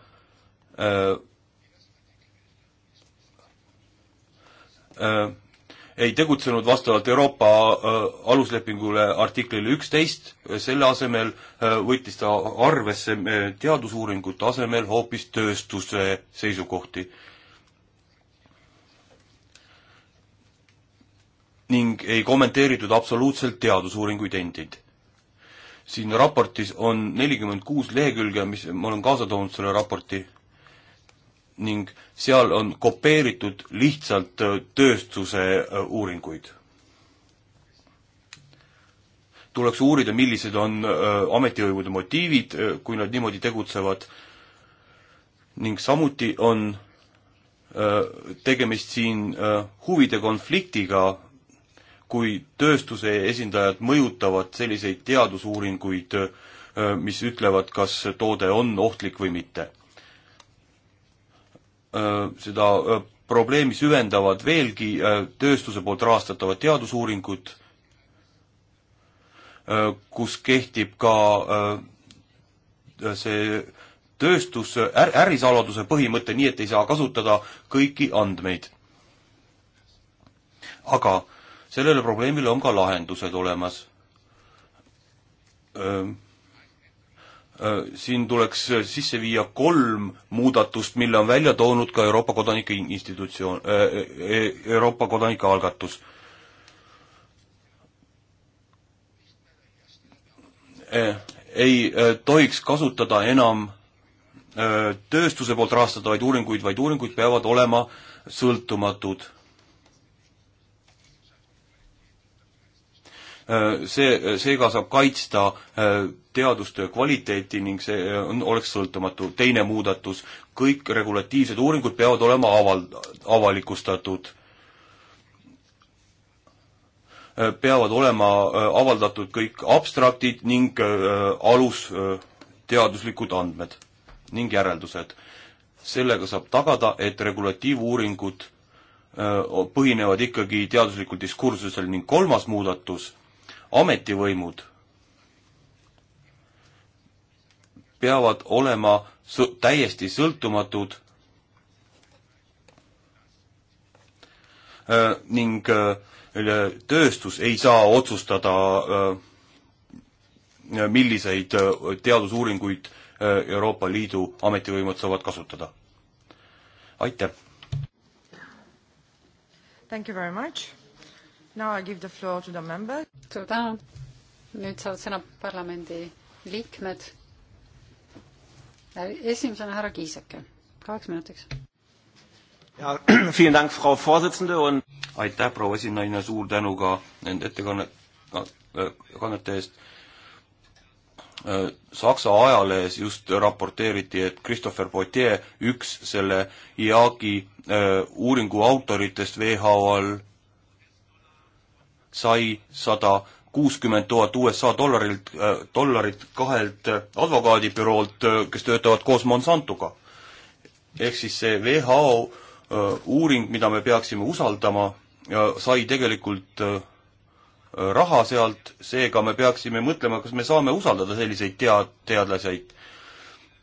ei tegutsenud vastavalt Euroopa äh, aluslepingule artiklile üksteist, selle asemel äh, võttis ta arvesse äh, teadusuuringute asemel hoopis tööstuse seisukohti. ning ei kommenteeritud absoluutselt teadusuuringuid endid. siin raportis on nelikümmend kuus lehekülge, mis, ma olen kaasa toonud selle raporti ning seal on kopeeritud lihtsalt äh, tööstuse äh, uuringuid. tuleks uurida, millised on äh, ametivõimude motiivid, kui nad niimoodi tegutsevad ning samuti on tegemist siin huvide konfliktiga, kui tööstuse esindajad mõjutavad selliseid teadusuuringuid, mis ütlevad, kas toode on ohtlik või mitte Äh, seda äh, probleemi süvendavad veelgi äh, tööstuse poolt rahastatavad teadusuuringud, kus kehtib ka see tööstus är,, ärisaladuse põhimõte, nii et ei saa kasutada kõiki andmeid. aga sellele probleemile on ka lahendused olemas. Äh, siin tuleks äh, sisse viia kolm muudatust, mille on välja toonud ka Euroopa Kodanike Institutsioon, äh, Euroopa Kodanike Algatus. ei tohiks kasutada enam tööstuse poolt rahastatavaid uuringuid, vaid uuringuid peavad olema sõltumatud Äh, see, seega saab kaitsta äh, teadustöö kvaliteeti ning see äh, on, oleks sõltumatu. teine muudatus, kõik regulatiivsed uuringud peavad olema aval-, avalikustatud. peavad olema avaldatud kõik abstraktid ning alusteaduslikud andmed ning järeldused. sellega saab tagada, et regulatiivuuringud põhinevad ikkagi teaduslikul diskursusel ning kolmas muudatus ametivõimud peavad olema sõ täiesti sõltumatud öö, äh, ning öö, äh, tööstus ei saa otsustada, äh, milliseid teadusuuringuid Euroopa Liidu ametivõimud saavad kasutada. aitäh! Thank you very much. Now I give the floor to the member. suur tänu. nüüd saavad sõna parlamendi liikmed. esimesena härra Kiiseke, kaheks minutiks. Ja, vielen Dank, Frau Vorsitzende und aitäh, proua esinaine, suur tänu ka nende ettekannete äh, eest. Äh, Saksa ajalehes just raporteeriti, et Christopher Poitier, üks selle IAGi äh, uuringu autoritest WHO-l sai sada kuuskümmend tuhat USA dollarilt, äh, dollarit kahelt äh, advokaadibüroolt, äh, kes töötavad koos Monsantoga. ehk siis see WHO uuring, mida me peaksime usaldama, sai tegelikult raha sealt, seega me peaksime mõtlema, kas me saame usaldada selliseid tead-, teadlaseid,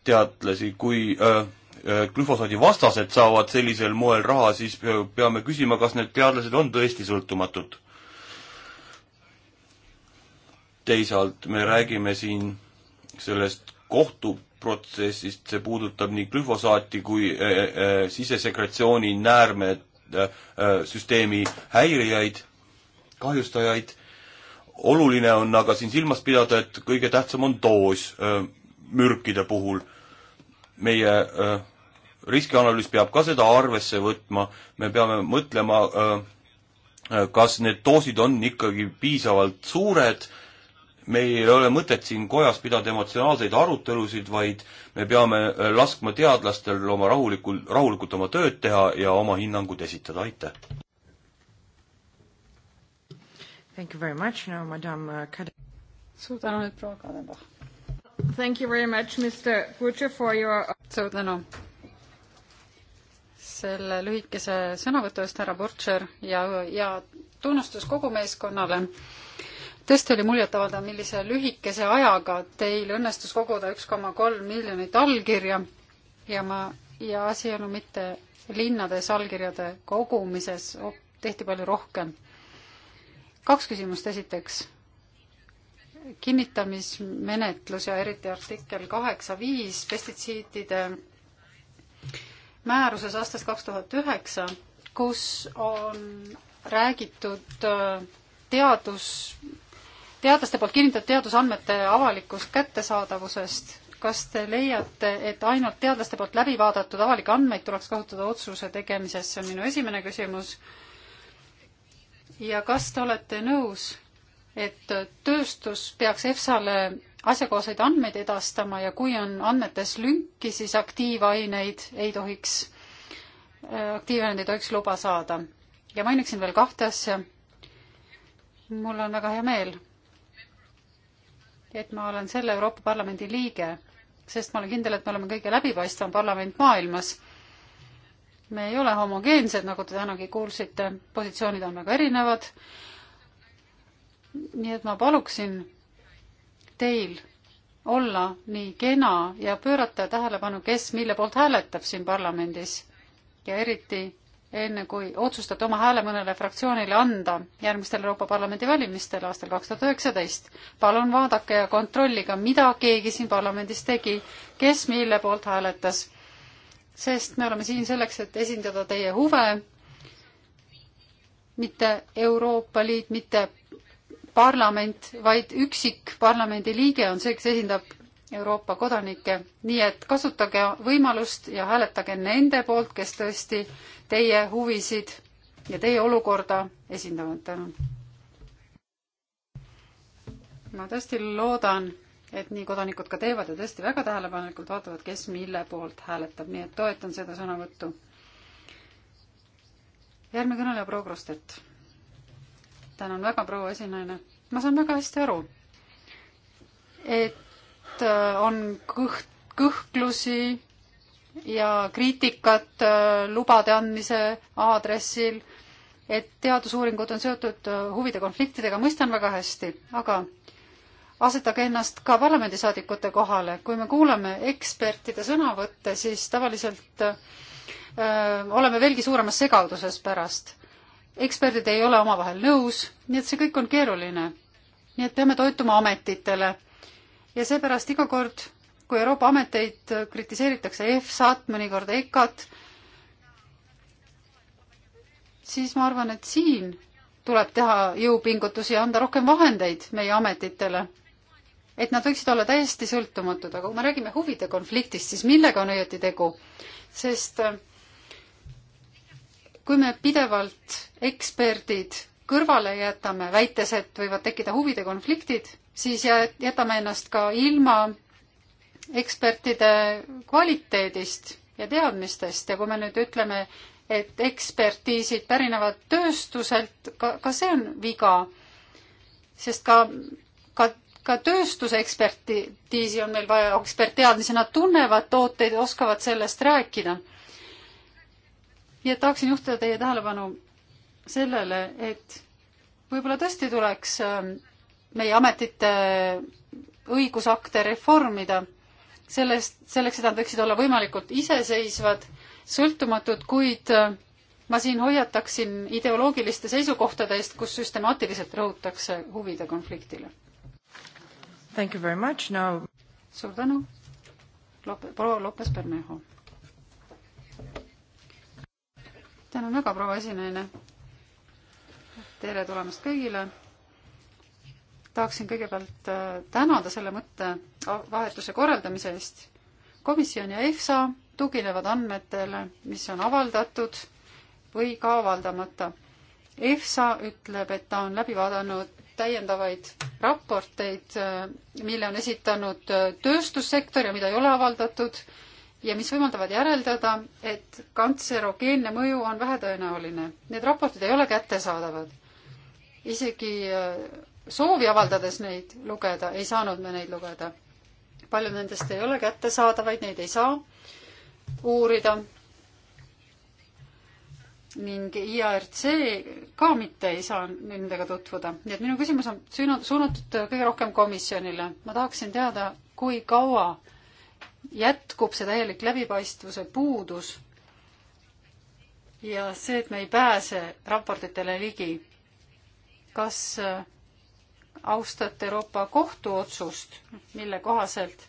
teadlasi, kui glüfosaadi vastased saavad sellisel moel raha, siis peame küsima, kas need teadlased on tõesti sõltumatud teisalt me räägime siin sellest kohtuprotsessist, see puudutab nii glüfosaati kui äh, äh, sisesekretsiooni näärmesüsteemi äh, äh häirijaid, kahjustajaid. oluline on aga siin silmas pidada, et kõige tähtsam on doos äh, mürkide puhul. meie äh, riskianalüüs peab ka seda arvesse võtma, me peame mõtlema, kas need doosid on ikkagi piisavalt suured meil ei ole mõtet siin kojas pidada emotsionaalseid arutelusid, vaid me peame äh, laskma teadlastel oma rahulikul, rahulikult oma tööd teha ja oma hinnangud esitada, aitäh! Thank you very much, now madam uh, Kade-. suur tänu nüüd, proua Kadenbach! Thank you very much, Mr Butcher for your suur tänu! selle lühikese sõnavõtu eest, härra Butcher, ja, ja tunnustus kogu meeskonnale tõesti oli muljetavaldav, millise lühikese ajaga teil õnnestus koguda üks koma kolm miljonit allkirja ja ma, ja asi ei olnud mitte linnades allkirjade kogumises, tehti palju rohkem. kaks küsimust, esiteks kinnitamismenetlus ja eriti artikkel kaheksa viis pestitsiidide määruses aastast kaks tuhat üheksa, kus on räägitud äh, teadus teadlaste poolt kinnitatud teadusandmete avalikust kättesaadavusest. kas te leiate, et ainult teadlaste poolt läbi vaadatud avalikke andmeid tuleks kasutada otsuse tegemises, see on minu esimene küsimus. ja kas te olete nõus, et tööstus peaks EFSA-le asjakohaseid andmeid edastama ja kui on andmetes lünki, siis aktiivaineid ei tohiks, aktiivaineid ei tohiks luba saada. ja mainiksin veel kahte asja. mul on väga hea meel et ma olen selle Euroopa Parlamendi liige, sest ma olen kindel, et me oleme kõige läbipaistvam parlament maailmas. me ei ole homogeensed, nagu te tänagi kuulsite, positsioonid on väga erinevad. nii et ma paluksin teil olla nii kena ja pöörata tähelepanu, kes mille poolt hääletab siin parlamendis ja eriti enne kui otsustate oma hääle mõnele fraktsioonile anda järgmistel Euroopa Parlamendi valimistel aastal kaks tuhat üheksateist. palun vaadake ja kontrollige, mida keegi siin parlamendis tegi, kes mille poolt hääletas. sest me oleme siin selleks, et esindada teie huve, mitte Euroopa Liit, mitte parlament, vaid üksik parlamendiliige on see, kes esindab Euroopa kodanikke, nii et kasutage võimalust ja hääletage nende poolt, kes tõesti teie huvisid ja teie olukorda esindavad. tänan. ma tõesti loodan, et nii kodanikud ka teevad ja tõesti väga tähelepanelikult vaatavad, kes mille poolt hääletab, nii et toetan seda sõnavõttu. järgmine kõneleja proua Krustet. tänan väga, proua esinaine. ma saan väga hästi aru, et äh, on kõht, kõhklusi ja kriitikat äh, lubade andmise aadressil, et teadusuuringud on seotud äh, huvide konfliktidega, mõistan väga hästi, aga asetage ennast ka parlamendisaadikute kohale, kui me kuulame ekspertide sõnavõtte, siis tavaliselt öö, äh, oleme veelgi suuremas segaduses pärast. eksperdid ei ole omavahel nõus, nii et see kõik on keeruline. nii et peame toetuma ametitele. ja seepärast iga kord kui Euroopa ameteid kritiseeritakse EFSA-t, mõnikord EKA-t, siis ma arvan, et siin tuleb teha jõupingutusi ja anda rohkem vahendeid meie ametitele, et nad võiksid olla täiesti sõltumatud, aga kui me räägime huvide konfliktist, siis millega on õieti tegu? sest äh, kui me pidevalt eksperdid kõrvale jätame, väites, et võivad tekkida huvide konfliktid, siis jätame ennast ka ilma ekspertide kvaliteedist ja teadmistest ja kui me nüüd ütleme, et ekspertiisid pärinevad tööstuselt, ka, ka see on viga. sest ka, ka, ka tööstuse ekspertiisi on meil vaja, ekspertteadmisi, nad tunnevad tooteid, oskavad sellest rääkida. ja tahaksin juhtida teie tähelepanu sellele, et võib-olla tõesti tuleks ähm, meie ametite õigusakte reformida sellest, selleks, et nad võiksid olla võimalikult iseseisvad, sõltumatud, kuid äh, ma siin hoiataksin ideoloogiliste seisukohtade eest, kus süstemaatiliselt rõhutakse huvide konfliktile. Thank you very much, no suur tänu, Lope, proua Lopes Bermejo. tänan väga, proua esinaine. tere tulemast kõigile. tahaksin kõigepealt äh, tänada selle mõtte andmevahetuse korraldamise eest. komisjon ja EFSA tuginevad andmetele, mis on avaldatud või ka avaldamata. EFSA ütleb, et ta on läbi vaadanud täiendavaid raporteid, äh, mille on esitanud äh, tööstussektor ja mida ei ole avaldatud ja mis võimaldavad järeldada, et kantserogeenne mõju on vähetõenäoline. Need raportid ei ole kättesaadavad. isegi äh, soovi avaldades neid lugeda, ei saanud me neid lugeda paljud nendest ei ole kättesaadavaid, neid ei saa uurida. ning IARC ka mitte ei saa nendega tutvuda, nii et minu küsimus on suunatud kõige rohkem komisjonile. ma tahaksin teada, kui kaua jätkub see täielik läbipaistvuse puudus ja see, et me ei pääse raportitele ligi. kas äh, austate Euroopa Kohtu otsust, mille kohaselt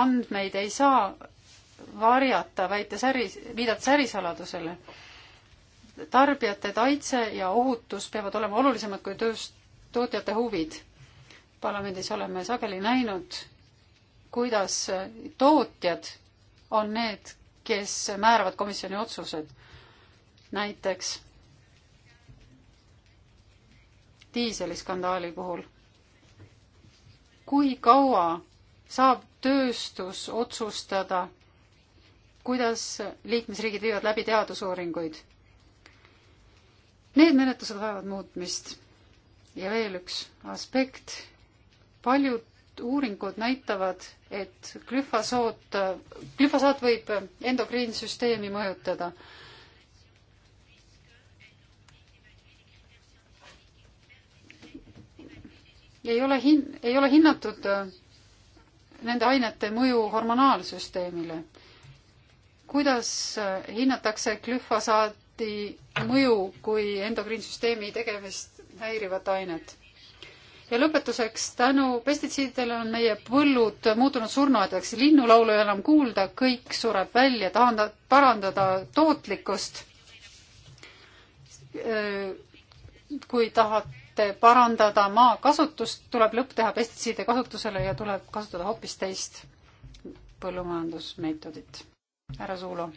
andmeid ei saa varjata, väites äri, viidates ärisaladusele. tarbijate kaitse ja ohutus peavad olema olulisemad kui tööst-, tootjate huvid. parlamendis oleme sageli näinud, kuidas tootjad on need, kes määravad komisjoni otsused. näiteks diiseliskandaali puhul. kui kaua saab tööstus otsustada, kuidas liikmesriigid viivad läbi teadusuuringuid? Need menetlused vajavad muutmist. ja veel üks aspekt. paljud uuringud näitavad, et glüfosoot, glüfosaat võib endokriinsüsteemi mõjutada ei ole hin-, ei ole hinnatud äh, nende ainete mõju hormonaalsüsteemile. kuidas äh, hinnatakse glüfosaati mõju kui endokriinsüsteemi tegemist häirivat ainet? ja lõpetuseks, tänu pestitsiididele on meie põllud muutunud surnuaedadeks, linnulaulu ei enam kuulda, kõik sureb välja, tahanda-, parandada tootlikkust, äh, kui tahad et parandada maa kasutust, tuleb lõpp teha pestitsiide kasutusele ja tuleb kasutada hoopis teist põllumajandusmeetodit. härra Suulo,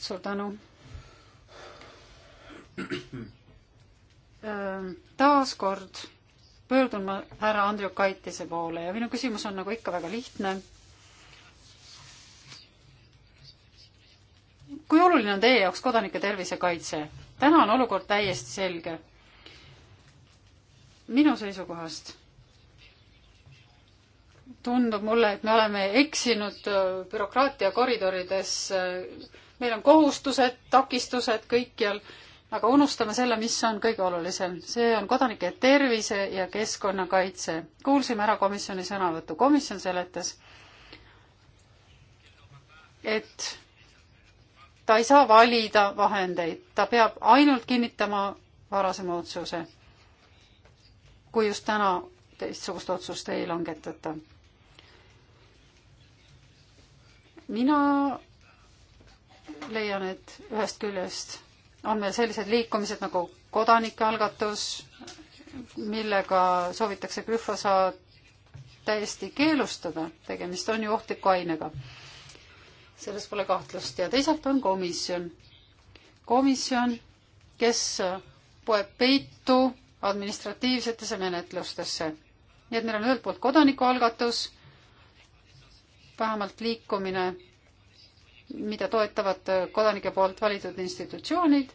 suur tänu. taaskord pöördun ma härra Andriukaitise poole ja minu küsimus on nagu ikka väga lihtne kui oluline on teie jaoks kodanike tervise kaitse? täna on olukord täiesti selge minu seisukohast tundub mulle, et me oleme eksinud äh, bürokraatia koridorides. Äh, meil on kohustused, takistused kõikjal, aga unustame selle, mis on kõige olulisem. see on kodanike tervise ja keskkonnakaitse. kuulsime ära komisjoni sõnavõttu. komisjon seletas, et ta ei saa valida vahendeid, ta peab ainult kinnitama varasema otsuse kui just täna teistsugust otsust ei langetata. mina leian, et ühest küljest on meil sellised liikumised nagu kodanikealgatus, millega soovitakse glüfosaat täiesti keelustada, tegemist on ju ohtliku ainega. selles pole kahtlust ja teisalt on komisjon. komisjon, kes poeb peitu administratiivsetesse menetlustesse. nii et meil on ühelt poolt kodanikualgatus, vähemalt liikumine, mida toetavad kodanike poolt valitud institutsioonid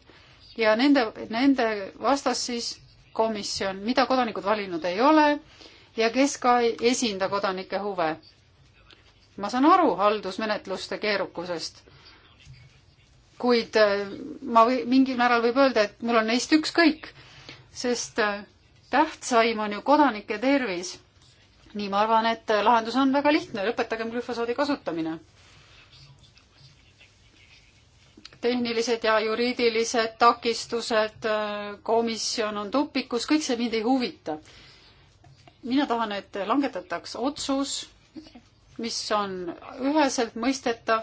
ja nende, nende vastas siis komisjon, mida kodanikud valinud ei ole ja kes ka ei esinda kodanike huve. ma saan aru haldusmenetluste keerukusest kuid äh, ma või, mingil määral võib öelda, et mul on neist ükskõik sest äh, tähtsaim on ju kodanike tervis. nii ma arvan, et äh, lahendus on väga lihtne, lõpetagem glüfosaadi kasutamine. tehnilised ja juriidilised takistused, äh, komisjon on tupikus, kõik see mind ei huvita. mina tahan, et langetataks otsus, mis on üheselt mõistetav,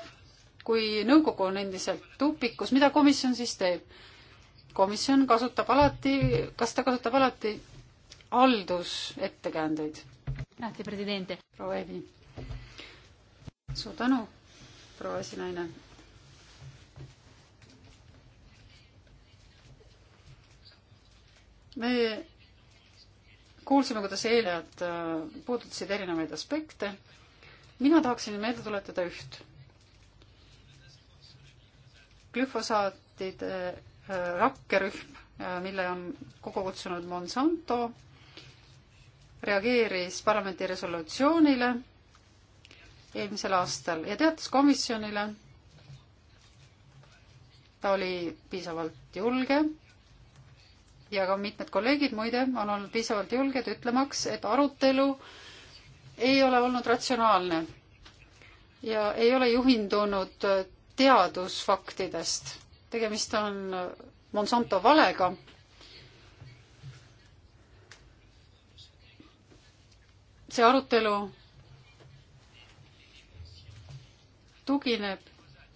kui nõukogu on endiselt tupikus, mida komisjon siis teeb? komisjon kasutab alati, kas ta kasutab alati haldusettekäändeid? proua Evi. suur tänu, proua esinaine me kuulsime, kuidas eelejad äh, puudutasid erinevaid aspekte. mina tahaksin meelde tuletada üht. glüfosaatide Äh, rakkerühm, äh, mille on kokku kutsunud Monsanto, reageeris parlamendi resolutsioonile eelmisel aastal ja teatas komisjonile, ta oli piisavalt julge ja ka mitmed kolleegid muide on olnud piisavalt julged ütlemaks, et arutelu ei ole olnud ratsionaalne ja ei ole juhindunud teadusfaktidest tegemist on Monsanto valega. see arutelu tugineb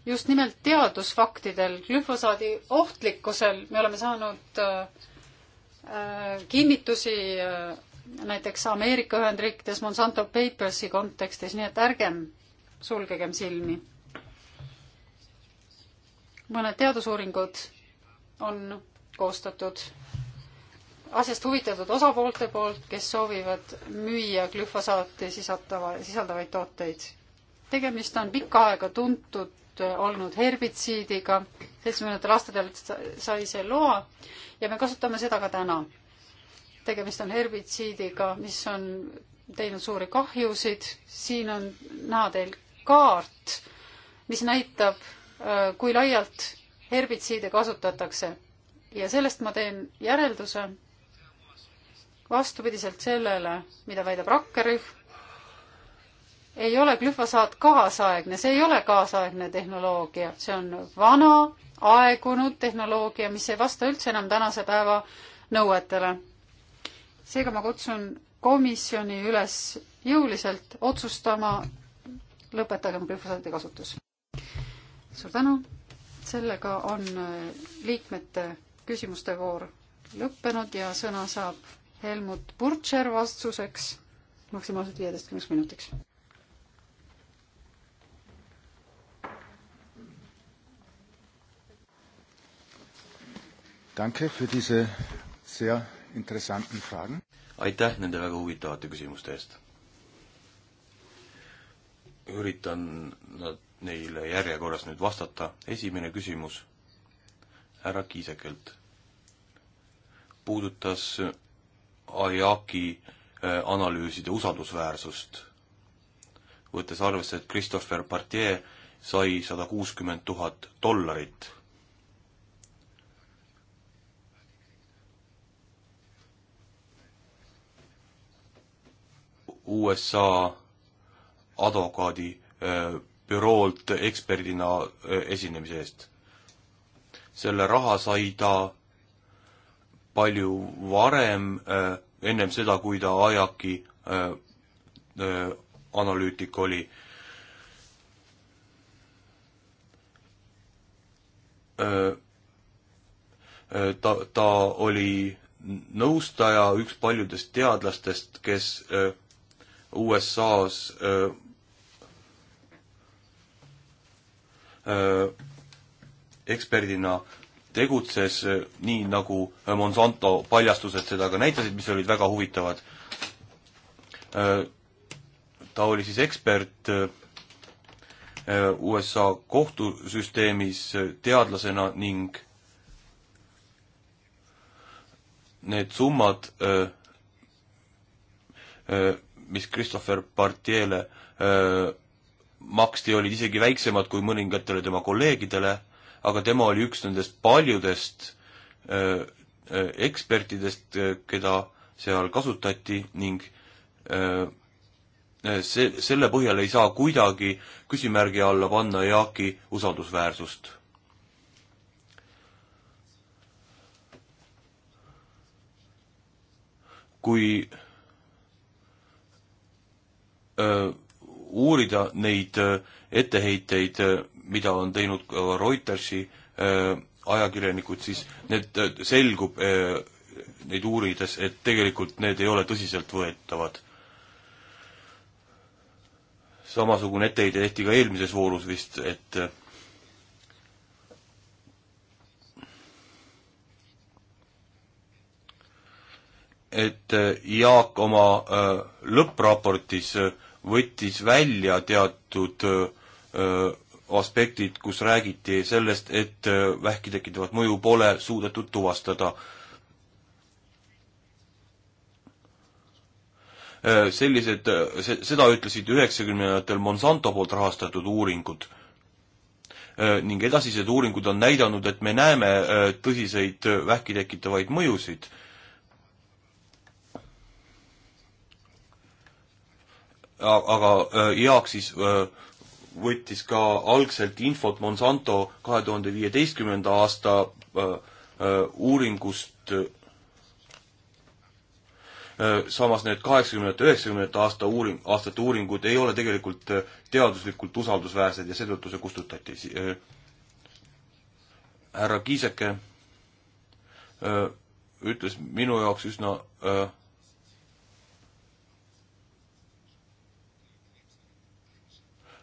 just nimelt teadusfaktidel, glüfosaadi ohtlikkusel, me oleme saanud äh, äh kinnitusi äh, näiteks Ameerika Ühendriikides Monsanto Papersi kontekstis, nii et ärgem sulgegem silmi mõned teadusuuringud on koostatud asjast huvitatud osapoolte poolt, kes soovivad müüa glüfosaati sisaldava, sisaldavaid tooteid. tegemist on pikka aega tuntud olnud herbitsiidiga, seitsmekümnendatel aastatel sai see loa ja me kasutame seda ka täna. tegemist on herbitsiidiga, mis on teinud suuri kahjusid, siin on näha teil kaart, mis näitab Äh, kui laialt herbitsiide kasutatakse. ja sellest ma teen järelduse vastupidiselt sellele, mida väidab rakkerühm, ei ole glüfosaat kaasaegne, see ei ole kaasaegne tehnoloogia, see on vana, aegunud tehnoloogia, mis ei vasta üldse enam tänase päeva nõuetele. seega ma kutsun komisjoni üles jõuliselt otsustama, lõpetagem glüfosaati kasutus suur tänu, sellega on äh, liikmete küsimuste voor lõppenud ja sõna saab Helmut Burtšer vastuseks maksimaalselt viieteistkümneks minutiks. Danke für diese sehr interessanten Fragen. aitäh nende väga huvitavate küsimuste eest. üritan nad neile järjekorras nüüd vastata. esimene küsimus härra Kiisekelt puudutas Ajaki äh, analüüside usaldusväärsust, võttes arvesse, et Christopher Partier sai sada kuuskümmend tuhat dollarit. USA advokaadi äh, büroolt eksperdina äh, esinemise eest. selle raha sai ta palju varem, äh, ennem seda, kui ta Ajaki äh, analüütik oli. ta, ta oli nõustaja, üks paljudest teadlastest, kes USA-s Äh, eksperdina tegutses äh, nii, nagu äh, Monsanto paljastused seda ka näitasid, mis olid väga huvitavad. ta oli siis ekspert USA kohtusüsteemis teadlasena ning need summad, mis Christopher Partiele maksti, olid isegi väiksemad kui mõningatele tema kolleegidele, aga tema oli üks nendest paljudest öö, ekspertidest, keda seal kasutati ning öö, see, selle põhjal ei saa kuidagi küsimärgi alla panna Jaaki usaldusväärsust kui öö, uurida neid äh, etteheiteid, äh, mida on teinud ka Reutersi äh, ajakirjanikud, siis need, selgub neid uurides, et tegelikult need ei ole tõsiseltvõetavad. samasugune etteheide tehti ka eelmises voorus vist, et et Jaak oma lõppraportis äh, võttis välja teatud öö, aspektid, kus räägiti sellest, et vähki tekitavat mõju pole suudetud tuvastada. sellised, seda ütlesid üheksakümnendatel Monsanto poolt rahastatud uuringud ning edasised uuringud on näidanud, et me näeme tõsiseid vähki tekitavaid mõjusid aga IAK äh, siis äh, võttis ka algselt infot Monsanto kahe tuhande viieteistkümnenda aasta äh, uuringust samas need kaheksakümnendate, üheksakümnendate aasta uuring, aastate uuringud ei ole tegelikult teaduslikult usaldusväärsed ja seetõttu see kustutati. härra Kiiseke ütles minu jaoks üsna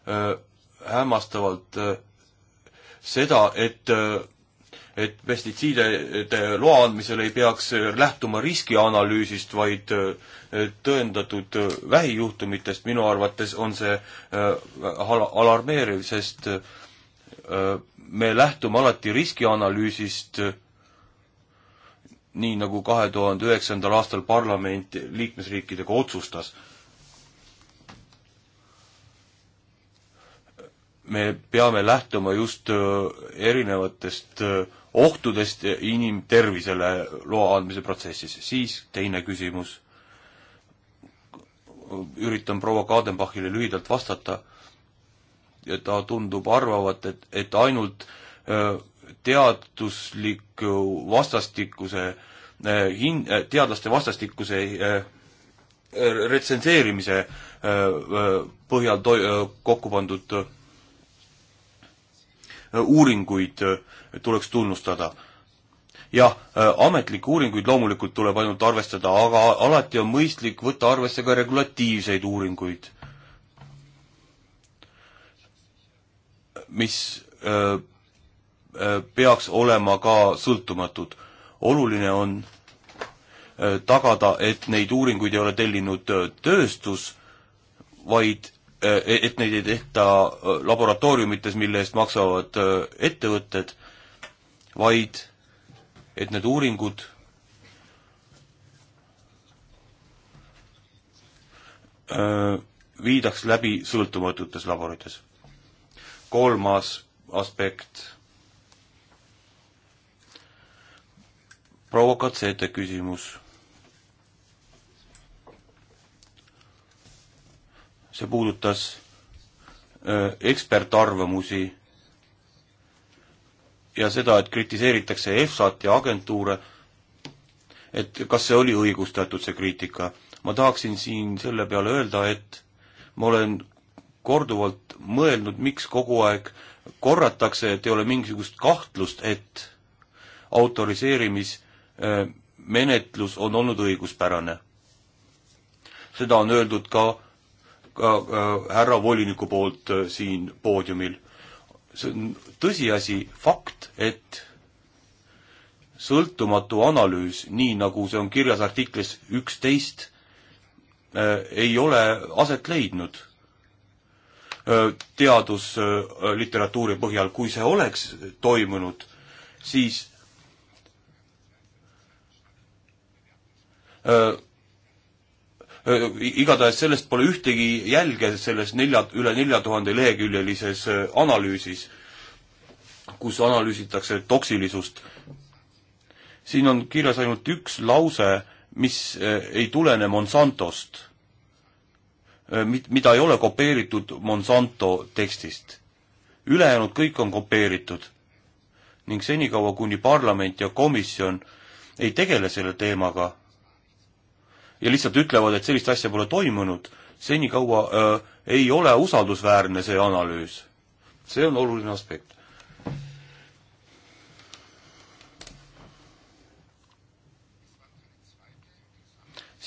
Äh, hämmastavalt äh, seda, et äh, et pestitsiidide loa andmisel ei peaks lähtuma riskianalüüsist, vaid tõendatud vähijuhtumitest, minu arvates on see al-, alarmeeriv, sest me lähtume alati riskianalüüsist, nii nagu kahe tuhande üheksandal aastal parlament liikmesriikidega otsustas me peame lähtuma just äh, erinevatest äh, ohtudest inimtervisele loa andmise protsessis. siis teine küsimus, üritan proua Kadenbachile lühidalt vastata, ta tundub arvavat, et, et ainult äh, teadusliku vastastikuse hin-, teadlaste vastastikuse retsenseerimise põhjal to-, kokku pandud Äh, uuringuid äh, tuleks tunnustada. jah, äh, ametlikke uuringuid loomulikult tuleb ainult arvestada, aga alati on mõistlik võtta arvesse ka regulatiivseid uuringuid, mis öö, peaks olema ka sõltumatud. oluline on tagada, et neid uuringuid ei ole tellinud tööstus, vaid Äh, e-, et neid ei tehta äh, laboratooriumites, mille eest maksavad äh, ettevõtted, vaid et need uuringud viidaks läbi sõltumatutes laborites. kolmas aspekt. provokatsete küsimus see puudutas ekspertarvamusi ja seda, et kritiseeritakse EFSA-t ja agentuure, et kas see oli õigustatud, see kriitika. ma tahaksin siin selle peale öelda, et ma olen korduvalt mõelnud, miks kogu aeg korratakse, et ei ole mingisugust kahtlust, et autoriseerimismenetlus on olnud õiguspärane. seda on öeldud ka härra voliniku poolt äh, siin poodiumil. see on tõsiasi, fakt, et sõltumatu analüüs, nii nagu see on kirjas artiklis üksteist, äh, ei ole aset leidnud äh, teadusliteratuuri põhjal, kui see oleks toimunud, siis igatahes sellest pole ühtegi jälge selles nelja, üle nelja tuhande leheküljelises analüüsis, kus analüüsitakse toksilisust. siin on kirjas ainult üks lause, mis ei tulene Monsantost, mida ei ole kopeeritud Monsanto tekstist. ülejäänud kõik on kopeeritud ning senikaua, kuni parlament ja komisjon ei tegele selle teemaga, ja lihtsalt ütlevad, et sellist asja pole toimunud, senikaua äh, ei ole usaldusväärne see analüüs. see on oluline aspekt.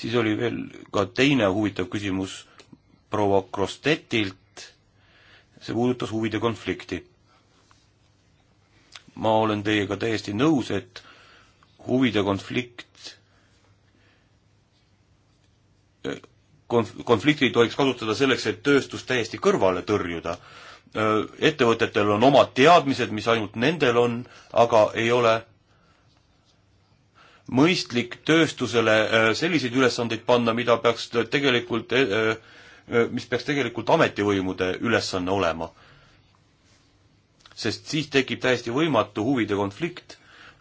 siis oli veel ka teine huvitav küsimus proua Krostetilt, see puudutas huvide konflikti. ma olen teiega täiesti nõus, et huvide konflikt konf-, konflikti ei tohiks kasutada selleks, et tööstust täiesti kõrvale tõrjuda. Ettevõtetel on omad teadmised, mis ainult nendel on, aga ei ole mõistlik tööstusele selliseid ülesandeid panna, mida peaks tegelikult, mis peaks tegelikult ametivõimude ülesanne olema. sest siis tekib täiesti võimatu huvide konflikt,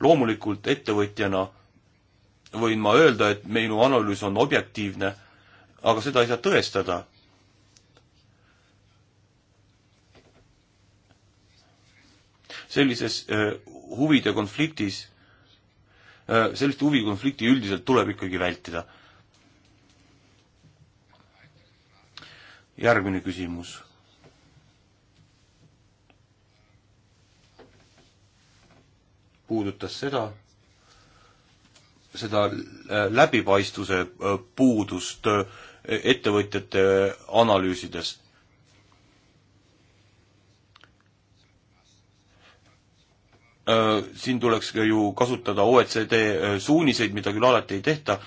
loomulikult ettevõtjana võin ma öelda, et minu analüüs on objektiivne aga seda ei saa tõestada. sellises äh, huvide konfliktis, äh, sellist huvikonflikti üldiselt tuleb ikkagi vältida. järgmine küsimus puudutas seda, seda äh, läbipaistvuse puudust ettevõtjate analüüsides. Äh, siin tuleks ju kasutada OECD äh, suuniseid, mida küll alati ei tehta,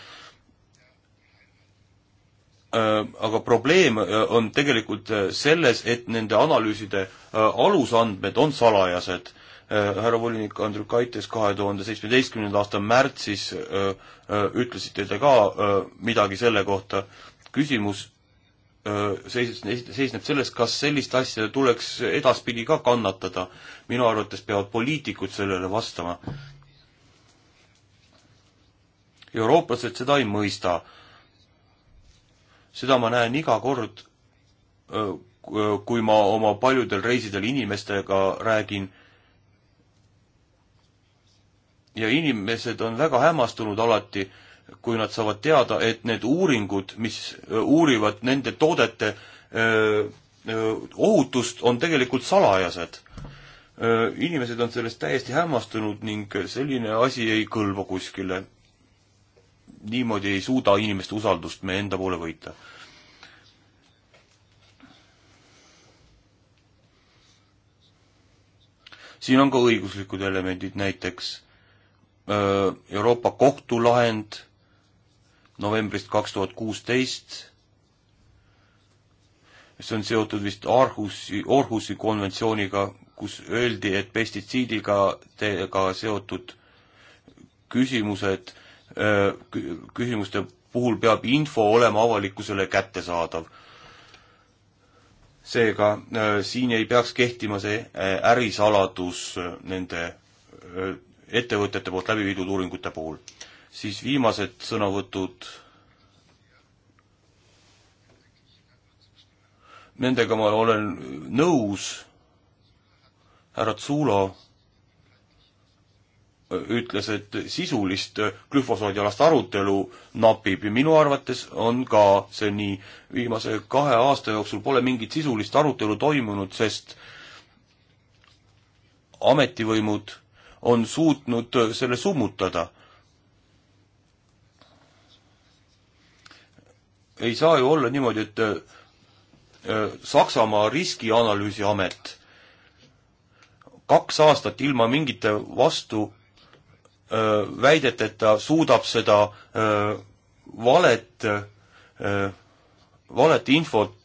äh, aga probleem on tegelikult selles, et nende analüüside alusandmed on salajased härra volinik Andrukaitis kahe tuhande seitsmeteistkümnenda aasta märtsis öö, öö, ütlesite te ka öö, midagi selle kohta küsimus seisneb selles, kas sellist asja tuleks edaspidi ka kannatada. minu arvates peavad poliitikud sellele vastama. eurooplased seda ei mõista. seda ma näen iga kord, kui ma oma paljudel reisidel inimestega räägin. ja inimesed on väga hämmastunud alati kui nad saavad teada, et need uuringud, mis uurivad nende toodete öö, öö, ohutust, on tegelikult salajased. inimesed on sellest täiesti hämmastunud ning selline asi ei kõlba kuskile. niimoodi ei suuda inimeste usaldust me enda poole võita siin on ka õiguslikud elemendid, näiteks Euroopa Kohtu lahend novembrist kaks tuhat kuusteist, see on seotud vist Aarhusi, Aarhusi konventsiooniga, kus öeldi, et pestitsiidiga teiega seotud küsimused, äh, küsimuste puhul peab info olema avalikkusele kättesaadav. seega äh, siin ei peaks kehtima see äh, ärisaladus nende ettevõtete poolt läbi viidud uuringute puhul siis viimased sõnavõtud, nendega ma olen nõus, härra Tsulo ütles, et sisulist glüfosaadialast arutelu napib ja minu arvates on ka see nii. viimase kahe aasta jooksul pole mingit sisulist arutelu toimunud, sest ametivõimud on suutnud selle summutada ei saa ju olla niimoodi, et äh, äh, Saksamaa riskianalüüsiamet kaks aastat ilma mingite vastu äh, väideteta suudab seda valet, valet infot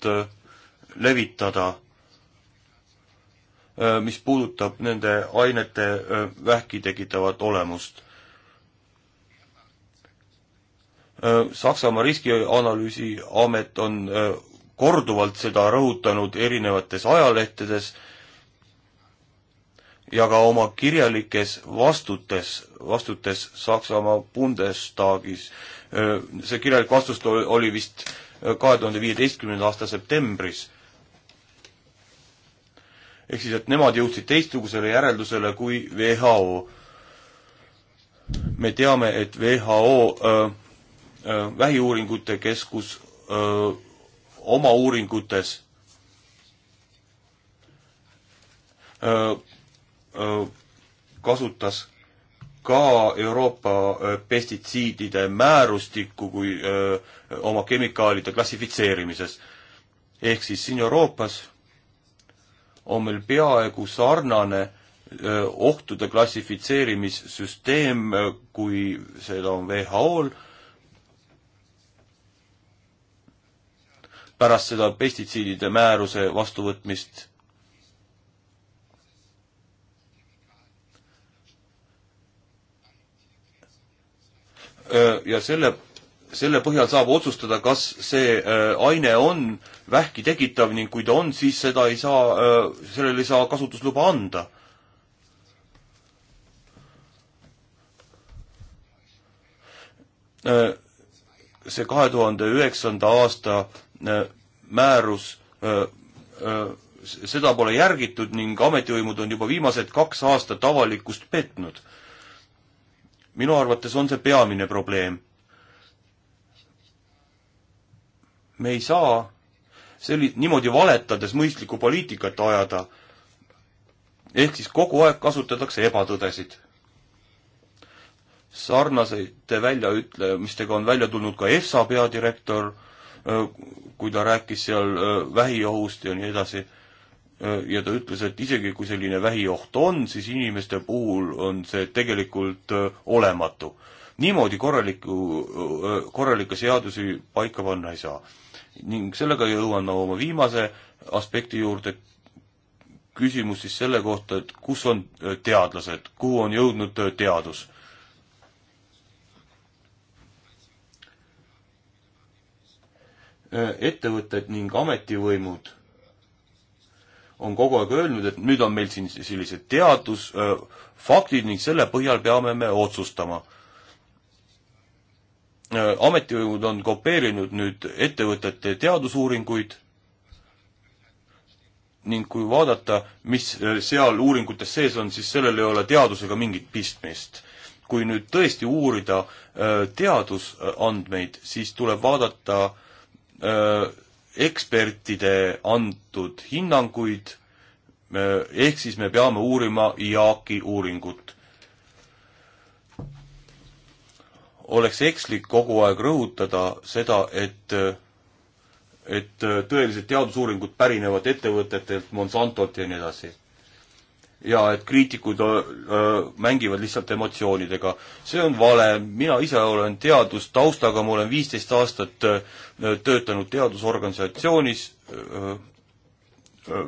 levitada, mis puudutab nende ainete vähki tekitavat olemust Äh, Saksamaa riskianalüüsi amet on äh, korduvalt seda rõhutanud erinevates ajalehtedes ja ka oma kirjalikes vastutes, vastutes Saksamaa Bundestagis. Äh, see kirjalik vastus oli vist kahe tuhande viieteistkümnenda aasta septembris. ehk siis, et nemad jõudsid teistsugusele järeldusele kui WHO. me teame, et WHO öö, Äh, vähiuuringute Keskus öö, äh, oma uuringutes öö, äh, öö, kasutas ka Euroopa pestitsiidide määrustikku kui öö, oma kemikaalide klassifitseerimises. ehk siis siin Euroopas on meil peaaegu sarnane öö, ohtude klassifitseerimissüsteem, kui seda on WHO-l pärast seda pestitsiidide määruse vastuvõtmist ja selle, selle põhjal saab otsustada, kas see aine on vähki tekitav ning kui ta on, siis seda ei saa, sellele ei saa kasutusluba anda. see kahe tuhande üheksanda aasta Äh, määrus, äh, äh, seda pole järgitud ning ametivõimud on juba viimased kaks aastat avalikkust petnud. minu arvates on see peamine probleem. me ei saa selli-, niimoodi valetades mõistlikku poliitikat ajada, ehk siis kogu aeg kasutatakse ebatõdesid. sarnaseid väljaütlemistega on välja tulnud ka EFSA peadirektor Äh, kui ta rääkis seal äh, vähiohust ja nii edasi, äh, ja ta ütles, et isegi kui selline vähioht on, siis inimeste puhul on see tegelikult olematu. niimoodi korralikku, korralikke seadusi paika panna ei saa. ning sellega jõuan oma viimase aspekti juurde, küsimus siis selle kohta, et kus on teadlased, kuhu on jõudnud teadus Äh, ettevõtted ning ametivõimud on kogu aeg öelnud, et nüüd on meil siin sellised teadusfaktid äh, ning selle põhjal peame me otsustama. Äh, ametivõimud on kopeerinud nüüd ettevõtete teadusuuringuid ning kui vaadata, mis seal uuringutes sees on, siis sellel ei ole teadusega mingit pistmist. kui nüüd tõesti uurida teadusandmeid, siis tuleb vaadata äh, ekspertide antud hinnanguid, ehk siis me peame uurima IAAC-i uuringut. oleks ekslik kogu aeg rõhutada seda, et et tõelised teadusuuringud pärinevad ettevõtetelt, Monsantot ja nii edasi ja et kriitikud äh, mängivad lihtsalt emotsioonidega. see on vale, mina ise olen teadustaustaga, ma olen viisteist aastat äh, töötanud teadusorganisatsioonis äh,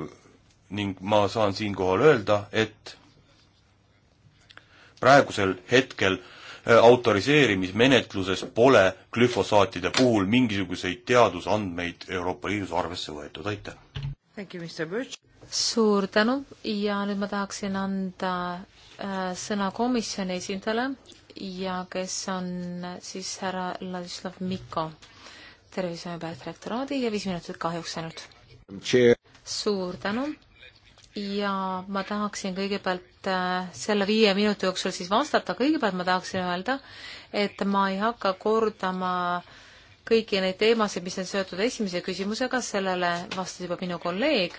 ning ma saan siinkohal öelda, et praegusel hetkel autoriseerimismenetluses pole glüfosaatide puhul mingisuguseid teadusandmeid Euroopa Liidus arvesse võetud, aitäh! suur tänu ja nüüd ma tahaksin anda äh, sõna komisjoni esindajale ja kes on siis härra Ladislav Miko, tervishoiu peadirektoraadi ja viis minutit kahjuks ainult. suur tänu ja ma tahaksin kõigepealt äh, selle viie minuti jooksul siis vastata, kõigepealt ma tahaksin öelda, et ma ei hakka kordama äh, kõiki neid teemasid, mis on seotud esimese küsimusega, sellele vastas juba minu kolleeg.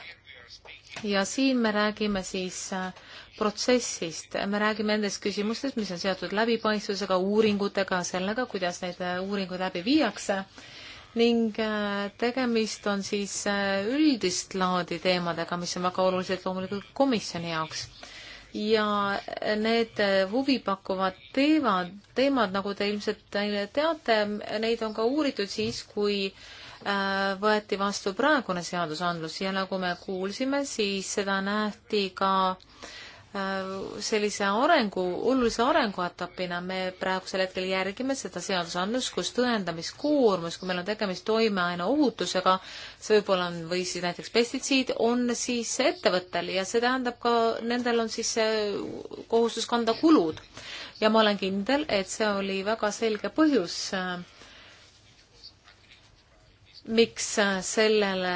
ja siin me räägime siis äh, protsessist, me räägime nendest küsimustest, mis on seotud läbipaistvusega, uuringutega, sellega, kuidas neid äh, uuringuid läbi viiakse ning äh, tegemist on siis üldist laadi teemadega, mis on väga olulised loomulikult komisjoni jaoks ja need huvipakkuvad teemad, teemad, nagu te ilmselt teate, neid on ka uuritud siis, kui äh, võeti vastu praegune seadusandlus ja nagu me kuulsime, siis seda nähti ka Äh, sellise arengu, olulise arenguetapina me praegusel hetkel järgime seda seadusandlust, kus tõendamiskoormus, kui meil on tegemist toimeaine ohutusega, see võib-olla on, või siis näiteks pestitsiid, on siis ettevõttel ja see tähendab ka, nendel on siis see kohustus kanda kulud. ja ma olen kindel, et see oli väga selge põhjus äh, miks äh, sellele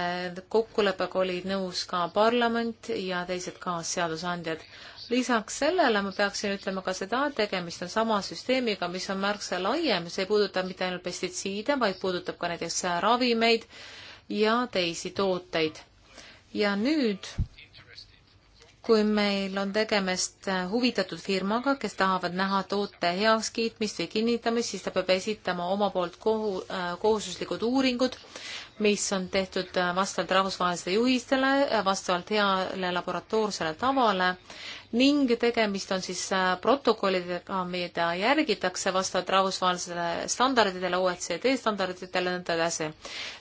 kokkuleppega olid nõus ka parlament ja teised kaasseadusandjad. lisaks sellele ma peaksin ütlema ka seda, et tegemist on sama süsteemiga, mis on märksa laiem, see ei puuduta mitte ainult pestitsiide, vaid puudutab ka näiteks ravimeid ja teisi tooteid. ja nüüd kui meil on tegemist äh, huvitatud firmaga, kes tahavad näha toote heakskiitmist või kinnitamist, siis ta peab esitama oma poolt kohu, äh, kohustuslikud uuringud, mis on tehtud äh, vastavalt rahvusvahelistele juhistele, vastavalt heale laboratoorsele tavale ning tegemist on siis äh, protokollidega, mida järgitakse vastavalt rahvusvahelisele standardidele, OECD standarditele ja nõnda edasi.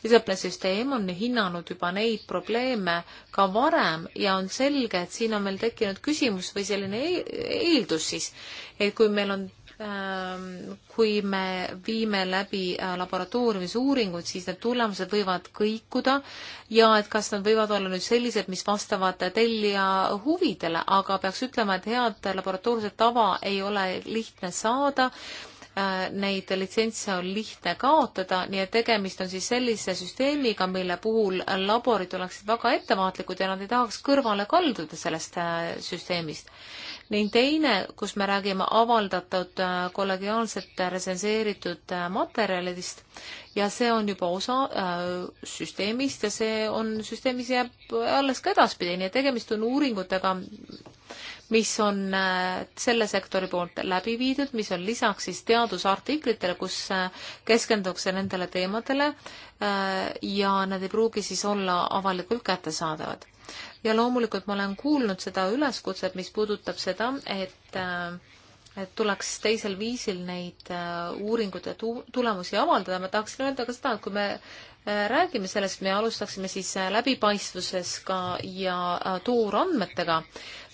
Lissaboni süsteem on hinnanud juba neid probleeme ka varem ja on selge, et siin on meil tekkinud küsimus või selline e-, eeldus siis, et kui meil on Ehm, kui me viime läbi äh, laboratooriumis uuringud, siis need tulemused võivad kõikuda ja et kas nad võivad olla nüüd sellised, mis vastavad tellija huvidele, aga peaks ütlema, et head laboratoorset tava ei ole lihtne saada äh, neid litsentse on lihtne kaotada, nii et tegemist on siis sellise süsteemiga, mille puhul laborid oleksid väga ettevaatlikud ja nad ei tahaks kõrvale kalduda sellest äh, süsteemist ning teine, kus me räägime avaldatud äh, kollegiaalselt äh, resenseeritud äh, materjalidest ja see on juba osa äh, süsteemist ja see on süsteemis jääb alles ka edaspidi, nii et tegemist on uuringutega, mis on äh, selle sektori poolt läbi viidud, mis on lisaks siis teadusartiklitele, kus äh, keskendutakse nendele teemadele äh, ja nad ei pruugi siis olla avalikult kättesaadavad. ja loomulikult ma olen kuulnud seda üleskutset, mis puudutab seda, et et tuleks teisel viisil neid uuringute tulemusi avaldada, ma tahaksin öelda ka seda, et kui me räägime sellest, me alustaksime siis läbipaistvuses ka ja tuurandmetega,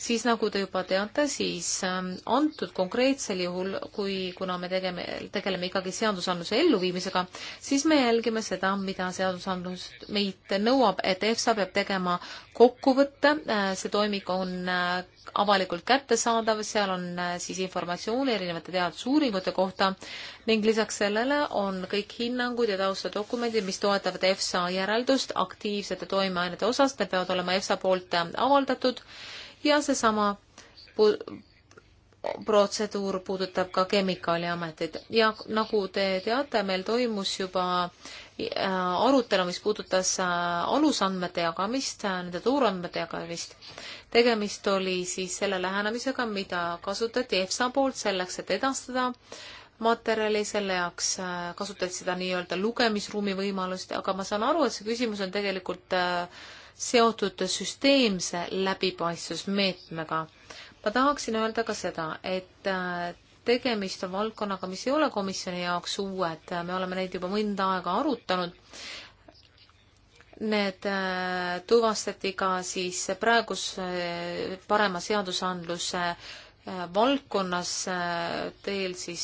siis nagu te juba teate, siis ähm, antud konkreetsel juhul, kui, kuna me tegeme, tegeleme ikkagi seadusandluse elluviimisega, siis me jälgime seda, mida seadusandlus meilt nõuab, et EFSA peab tegema kokkuvõtte, äh, see toimik on äh, avalikult kättesaadav, seal on äh, siis informatsiooni erinevate teadusuuringute kohta ning lisaks sellele on kõik hinnangud ja taustadokumendid, mis toetavad EFSA järeldust aktiivsete toimeainete osas, need peavad olema EFSA poolt avaldatud ja seesama pu protseduur puudutab ka kemikaaliameteid ja nagu te teate, meil toimus juba äh, arutelu, mis puudutas äh, alusandmete jagamist, äh, nende tuurandmete jagamist. tegemist oli siis selle lähenemisega, mida kasutati EFSA poolt selleks, et edastada materjali, selle jaoks kasutati seda nii-öelda lugemisruumi võimalust, aga ma saan aru, et see küsimus on tegelikult äh, seotud süsteemse läbipaistvusmeetmega. ma tahaksin öelda ka seda, et äh, tegemist on valdkonnaga, mis ei ole komisjoni jaoks uued, me oleme neid juba mõnda aega arutanud. Need äh, tuvastati ka siis praeguse äh, parema seadusandluse valdkonnas teel siis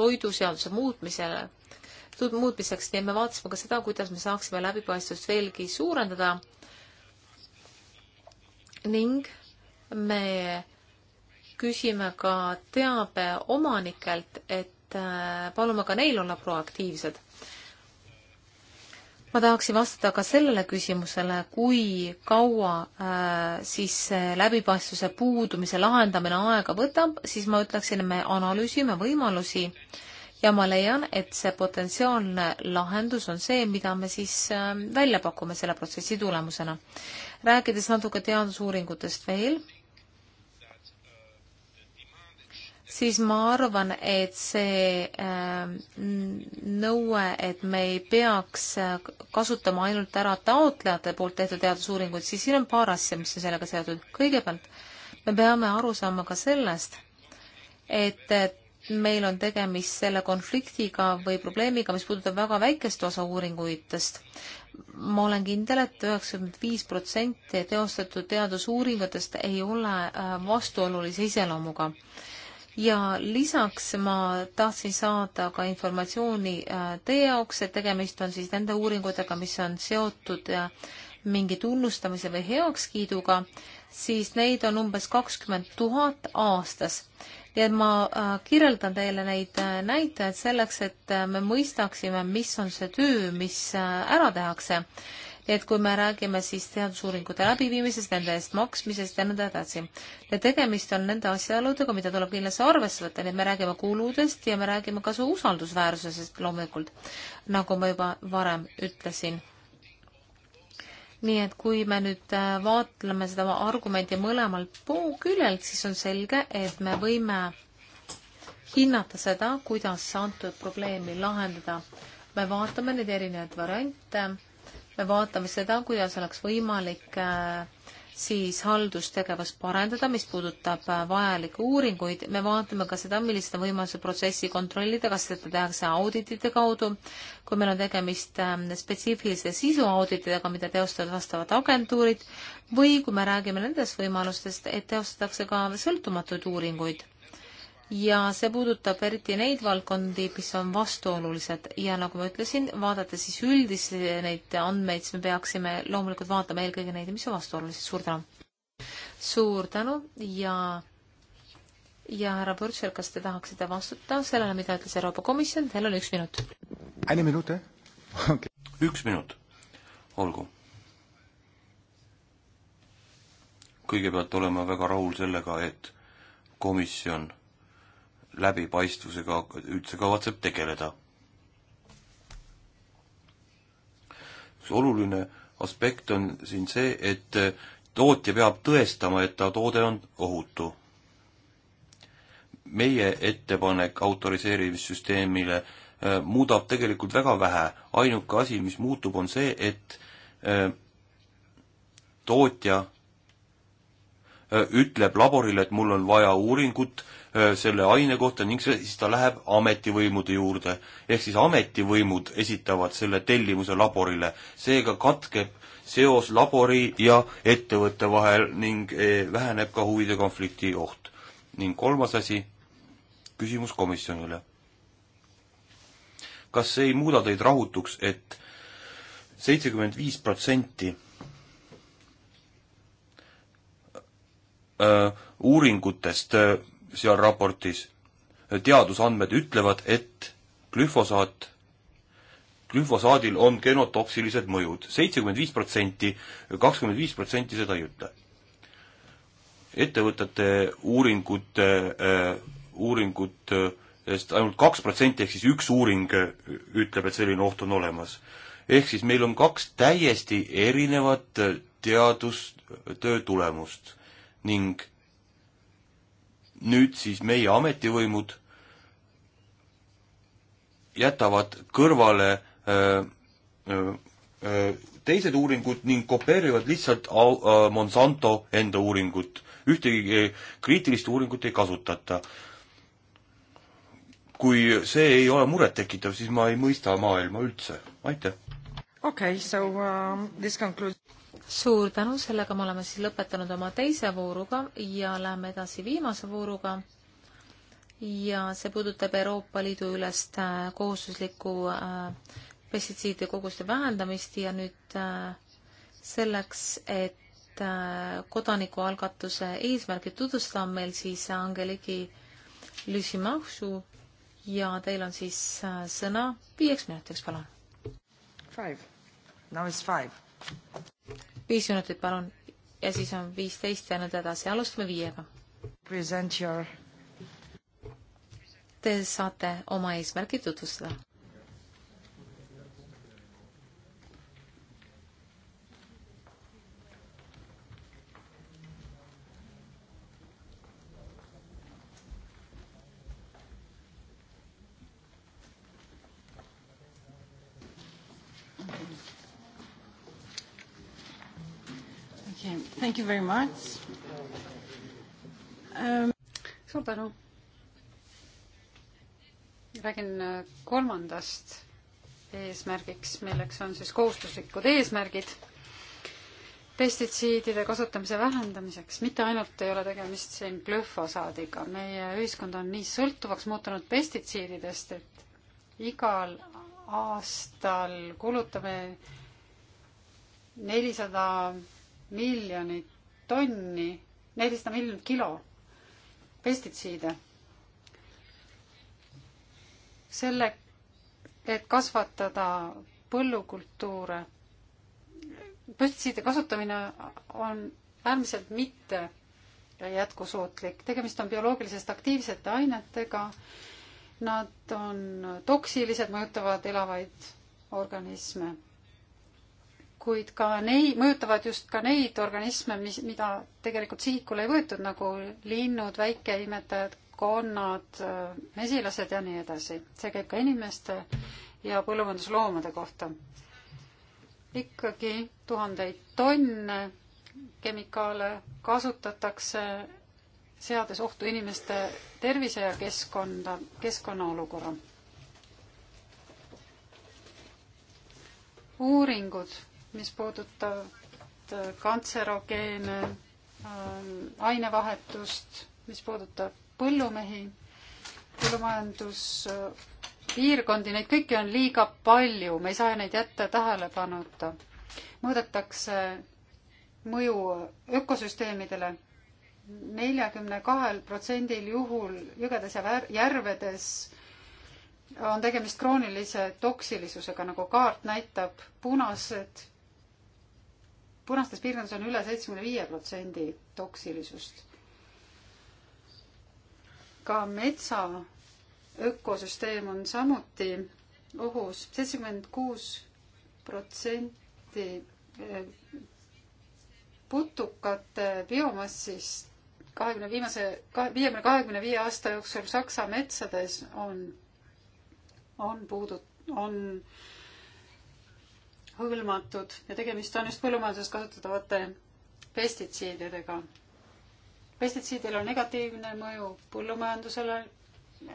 toiduseaduse muutmisele, muutmiseks, nii et me vaatasime ka seda, kuidas me saaksime läbipaistvust veelgi suurendada ning me küsime ka teabe omanikelt, et äh, palume ka neil olla proaktiivsed. ma tahaksin vastata ka sellele küsimusele, kui kaua äh, siis läbipaistvuse puudumise lahendamine aega võtab, siis ma ütleksin, me analüüsime võimalusi äh, ja ma leian, et see potentsiaalne lahendus on see, mida me siis ähm, välja pakume selle protsessi tulemusena. rääkides natuke teadusuuringutest veel, siis ma arvan, et see ähm, nõue, et me ei peaks äh, kasutama ainult ära taotlejate poolt tehtud teadusuuringuid, siis siin on paar asja, mis on sellega seotud. kõigepealt me peame aru saama ka sellest, et meil on tegemist selle konfliktiga või probleemiga, mis puudutab väga väikest osa uuringutest. ma olen kindel et, et üheksakümmend viis protsenti teostatud teadusuuringutest ei ole äh, vastuolulise iseloomuga. ja lisaks ma tahtsin saada ka informatsiooni äh, teie jaoks, et tegemist on siis nende uuringutega, mis on seotud äh, mingi tunnustamise või heakskiiduga, siis neid on umbes kakskümmend tuhat aastas nii et ma äh, kirjeldan teile neid äh, näitajaid selleks, et äh, me mõistaksime, mis on see töö, mis ära tehakse. et kui me räägime siis teadusuuringute läbiviimisest, nende eest maksmisest ja nõnda edasi. ja tegemist on nende asjaoludega, mida tuleb kindlasti arvesse võtta, nii et me räägime kuludest ja me räägime ka su usaldusväärsusest loomulikult, nagu ma juba varem ütlesin nii et kui me nüüd äh, vaatleme seda argumendi mõlemalt pooküljelt, siis on selge, et me võime hinnata seda, kuidas antud probleemi lahendada. me vaatame neid erinevaid variante, me vaatame seda, kuidas oleks võimalik äh, siis haldustegevust parendada, mis puudutab äh, vajalikke uuringuid, me vaatame ka seda, millised on võimalused protsessi kontrollida, kas seda tehakse auditite kaudu, kui meil on tegemist ähm, spetsiifiliste sisuauditidega, mida teostavad vastavad agentuurid, või kui me räägime nendest võimalustest, et teostatakse ka sõltumatuid uuringuid ja see puudutab eriti neid valdkondi, mis on vastuolulised ja nagu ma ütlesin, vaadates siis üldisi neid andmeid, siis me peaksime loomulikult vaatama eelkõige neid, mis on vastuolulised. suur tänu! suur tänu ja ja härra Põrtsel, kas te tahaksite vastata sellele, mida ütles Euroopa Komisjon, teil on üks minut. Eine minute okay.? üks minut, olgu. kõigepealt olen ma väga rahul sellega, et komisjon läbipaistvusega üldse kavatseb tegeleda. üks oluline aspekt on siin see, et tootja peab tõestama, et ta toode on ohutu. meie ettepanek autoriseerimissüsteemile äh, muudab tegelikult väga vähe, ainuke asi, mis muutub, on see, et äh, tootja äh, ütleb laborile, et mul on vaja uuringut, Äh, selle aine kohta ning siis ta läheb ametivõimude juurde. ehk siis ametivõimud esitavad selle tellimuse laborile, seega katkeb seos labori ja ettevõtte vahel ning äh, väheneb ka huvide konflikti oht. ning kolmas asi, küsimus komisjonile. kas see ei muuda teid rahutuks et, et seitsekümmend viis protsenti äh, uuringutest seal raportis, teadusandmed ütlevad, et glüfosaat, glüfosaadil on genotoksilised mõjud. seitsekümmend viis protsenti, kakskümmend viis protsenti seda ei ütle. ettevõtete uuringute, äh, uuringutest ainult kaks protsenti, ehk siis üks uuring äh, ütleb, et selline oht on olemas. ehk siis meil on kaks täiesti erinevat äh, teadustöö tulemust ning nüüd siis meie ametivõimud jätavad kõrvale öö, äh, öö, äh, äh, teised uuringud ning kopeerivad lihtsalt au, öö, Monsanto enda uuringut. ühtegi kriitilist uuringut ei kasutata. kui see ei ole murettekitav, siis ma ei mõista maailma üldse. aitäh! Okay, so um, this concludes suur tänu, sellega me oleme siis lõpetanud oma teise vooruga ja läheme edasi viimase vooruga. ja see puudutab Euroopa Liidu ülest äh, kohustuslikku äh, pestitsiidide koguste vähendamist ja nüüd äh, selleks, et kodanikualgatuse eesmärgid tutvustada, on meil siis Angeliki Lüsimahsu ja teil on siis sõna viieks minutiks, palun. Five, now is five viis minutit, palun, ja siis on viisteist jäänud edasi, alustame viiega. Present your Te saate oma eesmärki tutvustada. okay.. Thank you very much um.... suur tänu. räägin äh, kolmandast eesmärgiks, milleks on siis kohustuslikud eesmärgid pestitsiidide kasutamise vähendamiseks. mitte ainult ei ole tegemist siin glüfosaadiga, meie ühiskond on nii sõltuvaks muutunud pestitsiididest, et igal aastal kulutame nelisada miljonit tonni, nelisada miljonit kilo pestitsiide. selle, et kasvatada põllukultuure. pestitsiide kasutamine on äärmiselt mitte jätkusuutlik, tegemist on bioloogilisest aktiivsete ainetega. Nad on toksilised, mõjutavad elavaid organisme kuid ka neid, mõjutavad just ka neid organisme, mis, mida tegelikult sihikule ei võetud, nagu linnud, väikeimetajad, konnad, mesilased ja nii edasi. see käib ka inimeste ja põllumajandusloomade kohta. ikkagi tuhandeid tonne kemikaale kasutatakse, seades ohtu inimeste tervise ja keskkonda, keskkonnaolukorra. uuringud mis puudutavad äh, kantserogeene äh, ainevahetust, mis puudutab põllumehi, põllumajanduspiirkondi, äh, neid kõiki on liiga palju, me ei saa neid jätta tähelepanuta. mõõdetakse mõju ökosüsteemidele neljakümne kahel protsendil juhul jõgedes ja järvedes on tegemist kroonilise toksilisusega, nagu kaart näitab, punased punastes piirkondades on üle seitsmekümne viie protsendi toksilisust. ka metsa ökosüsteem on samuti ohus, seitsekümmend kuus protsenti eh, putukate biomassist kahekümne viimase, viiekümne, kahekümne viie aasta jooksul Saksa metsades on, on puudu, on äh, hõlmatud ja tegemist on just põllumajanduses kasutatavate pestitsiididega. pestitsiidil on negatiivne mõju põllumajandusele,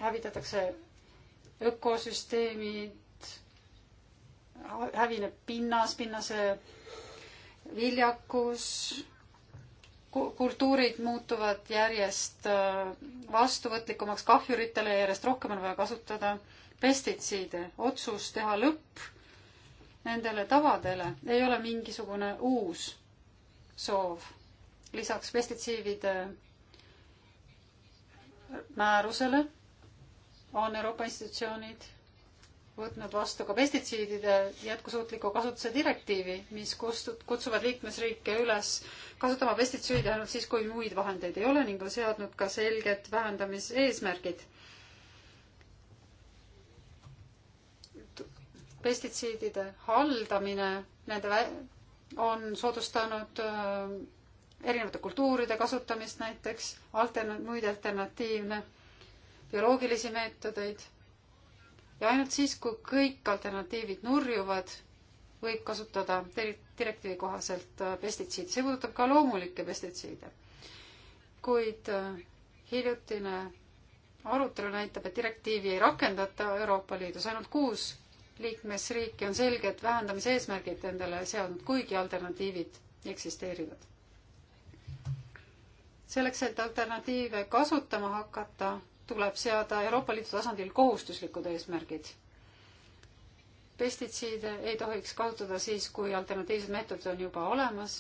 hävitatakse ökosüsteemid, hävineb pinnas, pinnase viljakus, kultuurid muutuvad järjest äh, vastuvõtlikumaks kahjuritele ja järjest rohkem on vaja kasutada pestitsiide. otsus teha lõpp nendele tavadele ei ole mingisugune uus soov. lisaks pestitsiivide määrusele on Euroopa institutsioonid võtnud vastu ka pestitsiidide jätkusuutliku kasutuse direktiivi, mis kustut-, kutsuvad liikmesriike üles kasutama pestitsiide ainult siis, kui muid vahendeid ei ole ning on seadnud ka selged vähendamise eesmärgid. pestitsiidide haldamine, nende on soodustanud äh, erinevate kultuuride kasutamist näiteks, alterna-, muid alternatiivne, bioloogilisi meetodeid ja ainult siis, kui kõik alternatiivid nurjuvad, võib kasutada direktiivi kohaselt äh, pestitsiide, see puudutab ka loomulikke pestitsiide. kuid äh, hiljutine arutelu näitab, et direktiivi ei rakendata Euroopa Liidus, ainult kuus liikmesriiki on selged vähendamise eesmärgid endale seadnud, kuigi alternatiivid eksisteerivad. selleks, et alternatiive kasutama hakata, tuleb seada Euroopa Liidu tasandil kohustuslikud eesmärgid. pestitsiide ei tohiks kasutada siis, kui alternatiivsed meetodid on juba olemas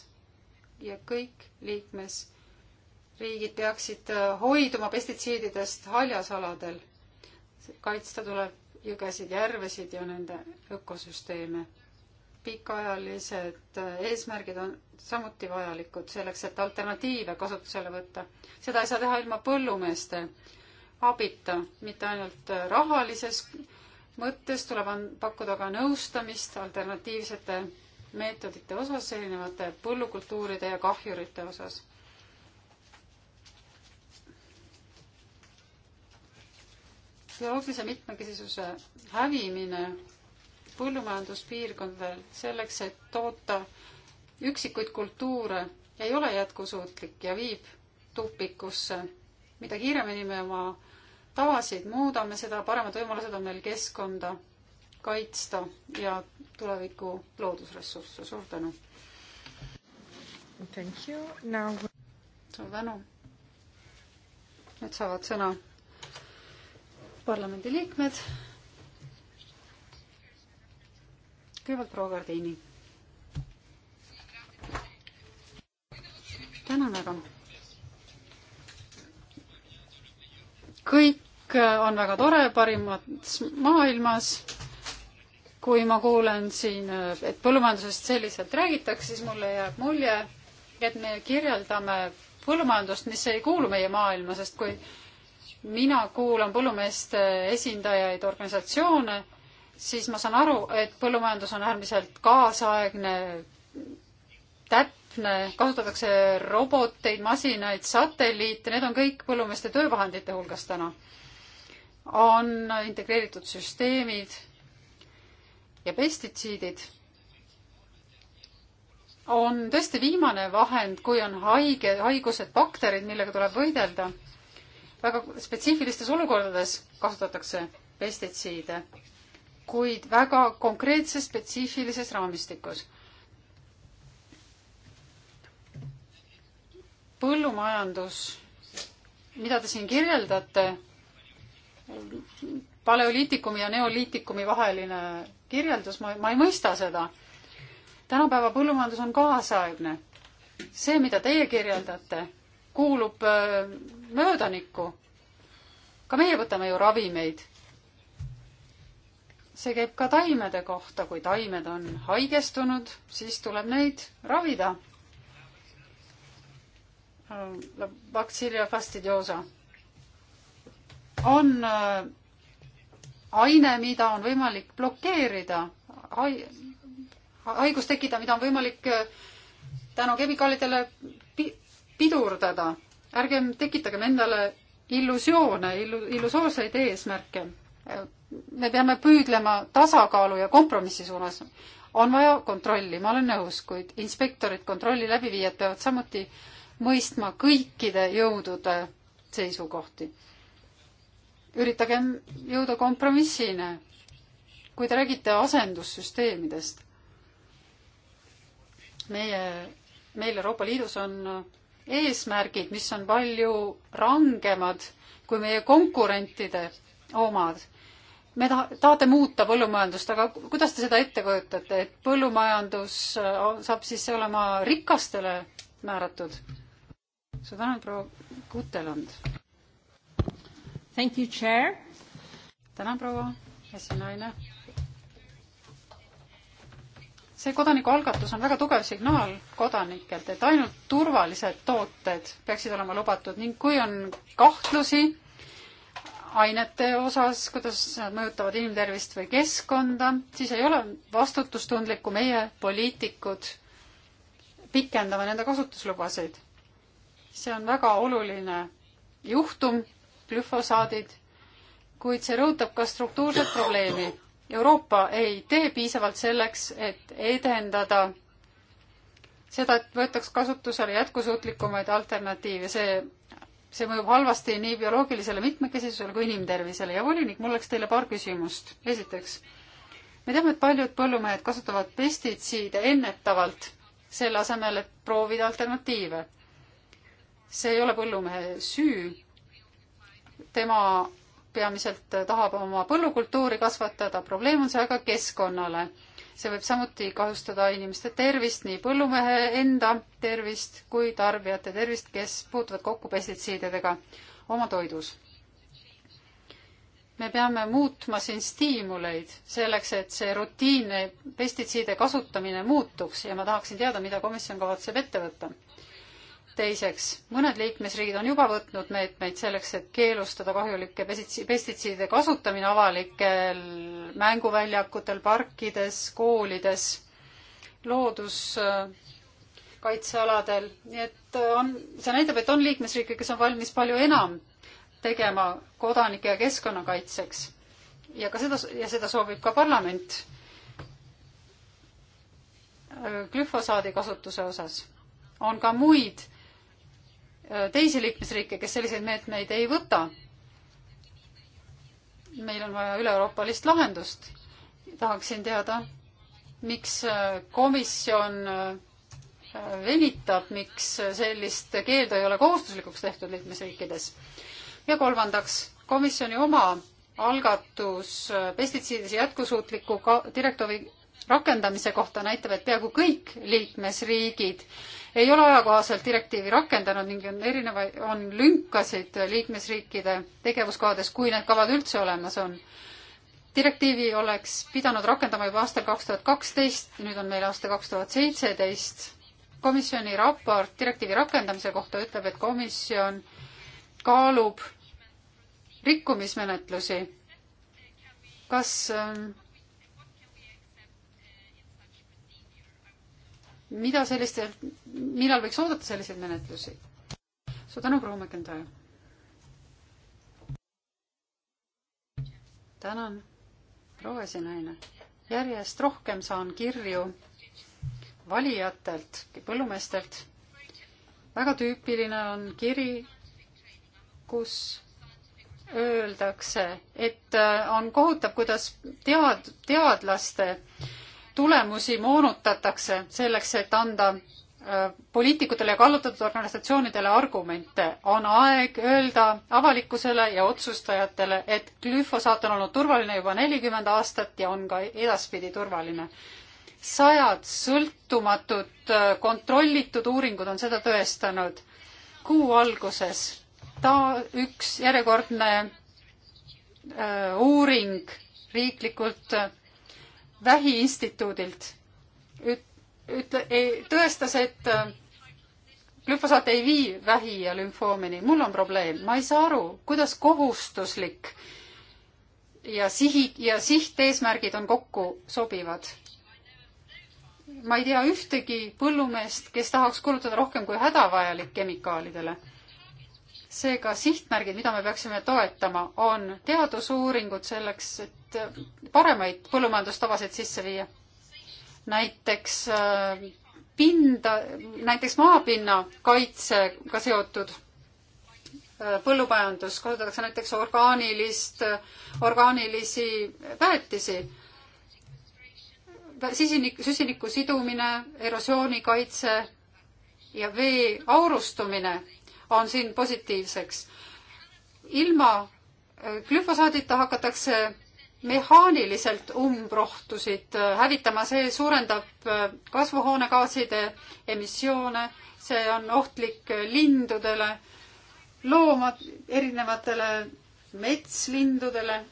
ja kõik liikmesriigid peaksid hoiduma pestitsiididest haljasaladel. kaitsta tuleb jõgesid, järvesid ja nende ökosüsteeme. pikaajalised äh, eesmärgid on samuti vajalikud selleks, et alternatiive kasutusele võtta. seda ei saa teha ilma põllumeeste abita, mitte ainult äh, rahalises mõttes, tuleb pakkuda ka nõustamist alternatiivsete meetodite osas, erinevate põllukultuuride ja kahjurite osas geoloogilise mitmekesisuse hävimine põllumajanduspiirkondadel selleks, et toota üksikuid kultuure, ei ole jätkusuutlik ja viib tupikusse. mida kiiremini me oma tavasid muudame, seda paremad võimalused on meil keskkonda kaitsta ja tuleviku loodusressursse. suur tänu! Now... suur tänu! nüüd saavad sõna parlamendiliikmed. kõigepealt proua Gardiini. tänan väga. kõik on väga tore, parimas maailmas. kui ma kuulen siin, et põllumajandusest selliselt räägitakse, siis mulle jääb mulje, et me kirjeldame põllumajandust, mis ei kuulu meie maailma, sest kui mina kuulan põllumeeste esindajaid, organisatsioone, siis ma saan aru, et põllumajandus on äärmiselt kaasaegne, täpne, kasutatakse roboteid, masinaid, satelliite, need on kõik põllumeeste töövahendite hulgas täna. on integreeritud süsteemid ja pestitsiidid on tõesti viimane vahend, kui on haige, haigused, bakterid, millega tuleb võidelda väga spetsiifilistes olukordades kasutatakse pestitsiide, kuid väga konkreetses spetsiifilises raamistikus. põllumajandus, mida te siin kirjeldate, paleoliitikumi ja neoliitikumi vaheline kirjeldus, ma, ma ei mõista seda. tänapäeva põllumajandus on kaasaegne. see, mida teie kirjeldate kuulub äh, möödanikku. ka meie võtame ju ravimeid. see käib ka taimede kohta, kui taimed on haigestunud, siis tuleb neid ravida. Äh, Bacteria fastidiosa on äh, aine, mida on võimalik blokeerida, haigust tekitada, mida on võimalik tänu kemikaalidele pidurdada, ärgem tekitagem endale illusioone, illu-, illusoorseid eesmärke. me peame püüdlema tasakaalu ja kompromissi suunas. on vaja kontrolli, ma olen nõus, kuid inspektorid, kontrolli läbiviijad peavad samuti mõistma kõikide jõudude seisukohti. üritagem jõuda kompromissini. kui te räägite asendussüsteemidest, meie, meil Euroopa Liidus on eesmärgid, mis on palju rangemad kui meie konkurentide omad. me ta-, tahate muuta põllumajandust, aga kuidas te seda ette kujutate, et põllumajandus äh, saab siis olema rikastele määratud? suur tänu, proua Kuteland. tänan, proua esinaine see kodanikualgatus on väga tugev signaal kodanikelt, et ainult turvalised tooted peaksid olema lubatud ning kui on kahtlusi ainete osas, kuidas nad mõjutavad inimtervist või keskkonda, siis ei ole vastutustundlik, kui meie poliitikud pikendame nende kasutuslubasid. see on väga oluline juhtum, glüfosaadid, kuid see rõhutab ka struktuurset probleemi Euroopa ei tee piisavalt selleks, et edendada seda, et võetaks kasutusele jätkusuutlikumaid alternatiive, see, see mõjub halvasti nii bioloogilisele mitmekesisusele kui inimtervisele ja volinik, mul oleks teile paar küsimust. esiteks, me teame, et paljud põllumehed kasutavad pestitsiide ennetavalt, selle asemel, et proovida alternatiive. see ei ole põllumehe süü, tema peamiselt tahab oma põllukultuuri kasvatada, probleem on see aga keskkonnale. see võib samuti kahjustada inimeste tervist, nii põllumehe enda tervist kui tarbijate tervist, kes puutuvad kokku pestitsiididega oma toidus. me peame muutma siin stiimuleid selleks, et see rutiinne pestitsiide kasutamine muutuks ja ma tahaksin teada, mida komisjon kavatseb ette võtta teiseks, mõned liikmesriigid on juba võtnud meetmeid selleks, et keelustada kahjulike pestitsiidide kasutamine avalikel mänguväljakutel, parkides, koolides, looduskaitsealadel, nii et on, see näitab, et on liikmesriike, kes on valmis palju enam tegema kodanike ja keskkonna kaitseks. ja ka seda, ja seda soovib ka parlament glüfosaadi kasutuse osas on ka muid teisi liikmesriike, kes selliseid meetmeid ei võta. meil on vaja üle-euroopalist lahendust. tahaksin teada, miks komisjon venitab, miks sellist keeldu ei ole kohustuslikuks tehtud liikmesriikides. ja kolmandaks, komisjoni oma algatus pestitsiidide jätkusuutliku direktiivi rakendamise kohta näitab, et peaaegu kõik liikmesriigid ei ole ajakohaselt direktiivi rakendanud ning on erinevaid, on lünkasid liikmesriikide tegevuskohades, kui need kavad üldse olemas on. direktiivi oleks pidanud rakendama juba aastal kaks tuhat kaksteist, nüüd on meil aasta kaks tuhat seitseteist. komisjoni raport direktiivi rakendamise kohta ütleb, et komisjon kaalub rikkumismenetlusi. kas ähm, mida selliste, millal võiks oodata selliseid menetlusi? suur tänu, proua McIntyre. tänan, proua esinaine. järjest rohkem saan kirju valijatelt, põllumeestelt. väga tüüpiline on kiri, kus öeldakse, et äh, on kohutav, kuidas tead, teadlaste äh, tulemusi moonutatakse selleks, et anda äh, poliitikutele ja kallutatud organisatsioonidele argumente. on aeg öelda avalikkusele ja otsustajatele, et glüfosaat on olnud turvaline juba nelikümmend aastat ja on ka edaspidi turvaline. sajad sõltumatud äh, kontrollitud uuringud on seda tõestanud. kuu alguses ta üks järjekordne äh, uuring riiklikult vähiinstituudilt üt-, ütle, ei, tõestas, et glüfosaat äh, ei vii vähi ja lümfoomini. mul on probleem, ma ei saa aru, kuidas kohustuslik ja sihi ja sihteesmärgid on kokku sobivad. ma ei tea ühtegi põllumeest, kes tahaks kulutada rohkem kui hädavajalik kemikaalidele. seega sihtmärgid, mida me peaksime toetama, on teadusuuringud selleks, et et paremaid põllumajandustavasid sisse viia. näiteks äh, pinda, näiteks maapinna kaitsega seotud äh, põllumajandus, kasutatakse näiteks orgaanilist, orgaanilisi väetisi, sisinik, süsiniku sidumine, erosioonikaitse ja vee aurustumine on siin positiivseks. ilma äh, glüfosaadita hakatakse mehaaniliselt umbrohtusid äh, hävitama, see suurendab äh, kasvuhoonegaaside emissioone, see on ohtlik äh, lindudele, loomad, erinevatele metslindudele.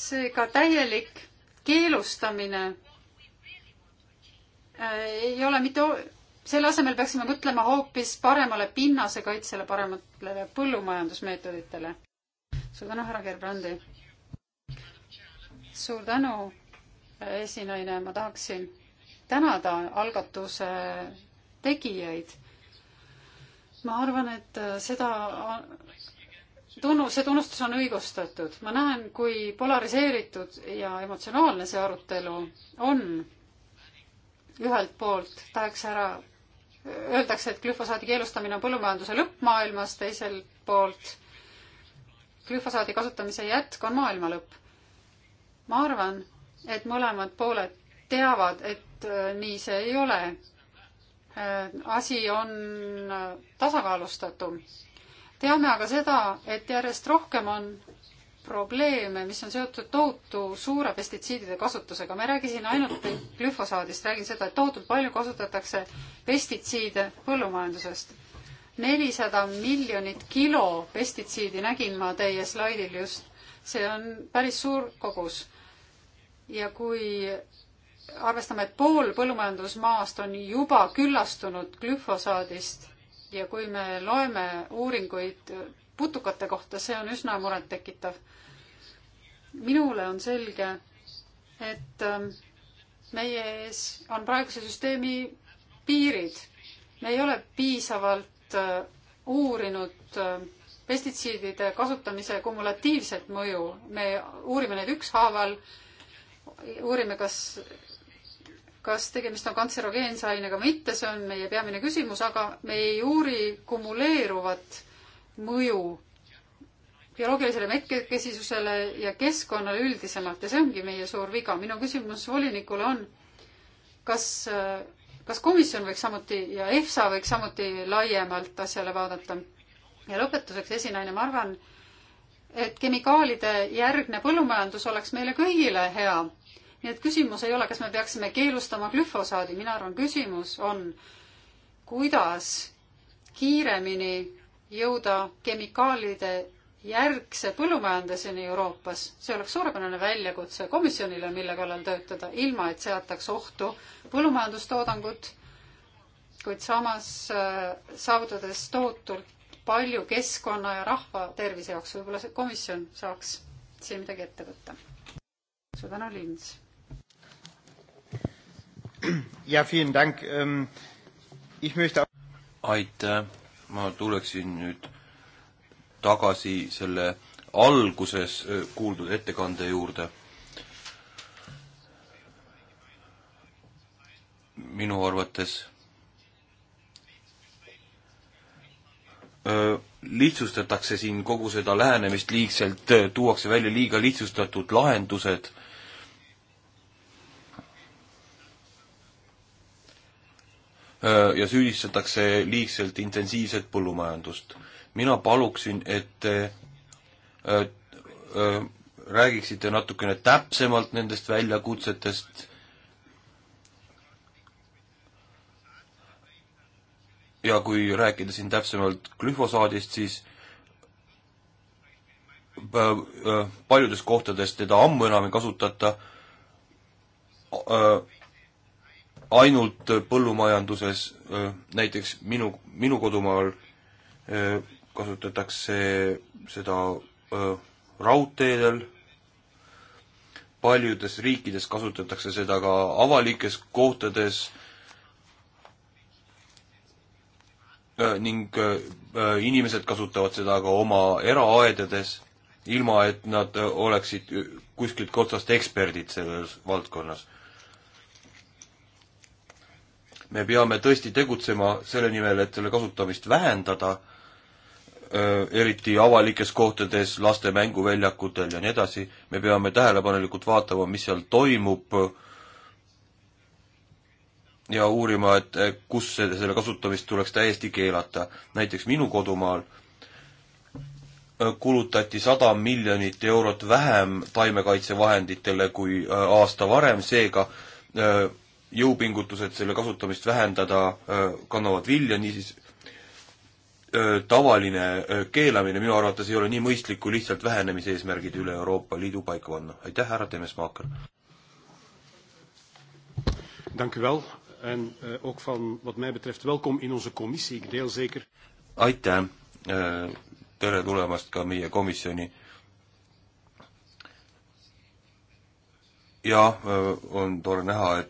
seega täielik keelustamine ei ole mitte, selle asemel peaksime mõtlema hoopis paremale pinnase kaitsele, parematele põllumajandusmeetoditele. suur tänu, härra Gerbrandi suur tänu, esinaine, ma tahaksin tänada algatuse tegijaid. ma arvan, et seda tunnu-, see tunnustus on õigustatud. ma näen, kui polariseeritud ja emotsionaalne see arutelu on. ühelt poolt tahaks ära, öeldakse, et glüfosaadi keelustamine on põllumajanduse lõpp maailmas, teiselt poolt glüfosaadi kasutamise jätk on maailma lõpp ma arvan, et mõlemad pooled teavad, et äh, nii see ei ole. Äh, asi on äh, tasakaalustatum. teame aga seda, et järjest rohkem on probleeme, mis on seotud tohutu suure pestitsiidide kasutusega. ma ei räägi siin ainult glüfosaadist, räägin seda, et tohutult palju kasutatakse pestitsiide põllumajandusest. nelisada miljonit kilo pestitsiidi nägin ma teie slaidil just. see on päris suur kogus ja kui arvestame, et pool põllumajandusmaast on juba küllastunud glüfosaadist ja kui me loeme uuringuid putukate kohta, see on üsna murettekitav. minule on selge, et ähm, meie ees on praeguse süsteemi piirid. me ei ole piisavalt äh, uurinud äh, pestitsiidide kasutamise kumulatiivset mõju, me uurime neid ükshaaval uurime, kas, kas tegemist on kantserogeense ainega või mitte, see on meie peamine küsimus, aga me ei uuri kumuleeruvat mõju bioloogilisele mitmekesisusele ja keskkonnale üldisemalt ja see ongi meie suur viga. minu küsimus volinikule on, kas, kas komisjon võiks samuti ja EFSA võiks samuti laiemalt asjale vaadata? ja lõpetuseks, esinaine, ma arvan, et kemikaalide järgne põllumajandus oleks meile kõigile hea. nii et küsimus ei ole, kas me peaksime keelustama glüfosaadi, mina arvan, küsimus on, kuidas kiiremini jõuda kemikaalide järgse põllumajanduseni Euroopas, see oleks suurepärane väljakutse komisjonile, mille kallal töötada, ilma et seataks ohtu põllumajandustoodangut, kuid samas äh, saavutades tohutult palju keskkonna ja rahva tervise jaoks, võib-olla see komisjon saaks siin midagi ette võtta. suur tänu, Linns. ja, vielen dank ähm,. Ich möchte aitäh, ma tuleksin nüüd tagasi selle alguses äh, kuuldud ettekande juurde minu arvates lihtsustatakse siin kogu seda lähenemist liigselt, tuuakse välja liiga lihtsustatud lahendused. ja süüdistatakse liigselt intensiivset põllumajandust. mina paluksin, et te räägiksite natukene täpsemalt nendest väljakutsetest ja kui rääkida siin täpsemalt glüfosaadist, siis äh, äh, paljudes kohtades teda ammu enam ei kasutata, äh, ainult põllumajanduses, näiteks minu, minu kodumaal kasutatakse seda raudteedel, paljudes riikides kasutatakse seda ka avalikes kohtades Äh, ning äh, äh, inimesed kasutavad seda ka oma eraaedades, ilma et nad oleksid kuskilt otsast eksperdid selles valdkonnas. me peame tõesti tegutsema selle nimel, et selle kasutamist vähendada, eriti avalikes kohtades, laste mänguväljakutel ja nii edasi, me peame tähelepanelikult vaatama, mis seal toimub, ja uurima, et eh, kus selle, selle kasutamist tuleks täiesti keelata. näiteks minu kodumaal eh, kulutati sada miljonit eurot vähem taimekaitsevahenditele kui eh, aasta varem, seega jõupingutused selle kasutamist vähendada kannavad vilja, niisiis tavaline keelamine minu arvates ei ole nii mõistlik, kui lihtsalt vähenemise eesmärgid üle Euroopa Liidu paika panna. aitäh, härra Temesmaaker! Dank u wel en uh, ook van wat mij betreft welkom in onze commissie. Ik deel zeker. aitäh, eh, tere tulemast ka meie komisjoni. jah, eh, on tore näha, et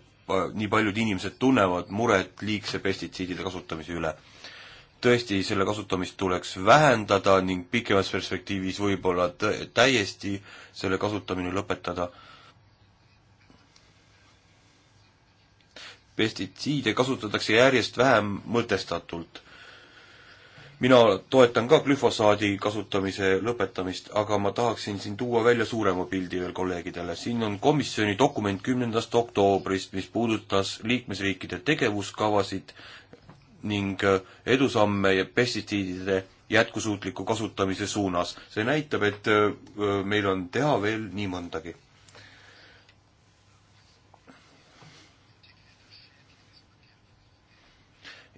nii paljud inimesed tunnevad muret liigse pestitsiidide kasutamise üle. tõesti, selle kasutamist tuleks vähendada ning pikemas perspektiivis võib-olla täiesti selle kasutamine lõpetada pestitsiide kasutatakse järjest vähem mõtestatult. mina toetan ka glüfosaadi kasutamise lõpetamist, aga ma tahaksin siin tuua välja suurema pildi veel kolleegidele. siin on komisjoni dokument kümnendast oktoobrist, mis puudutas liikmesriikide tegevuskavasid ning edusamme ja pestitsiidide jätkusuutliku kasutamise suunas. see näitab, et äh, meil on teha veel nii mõndagi.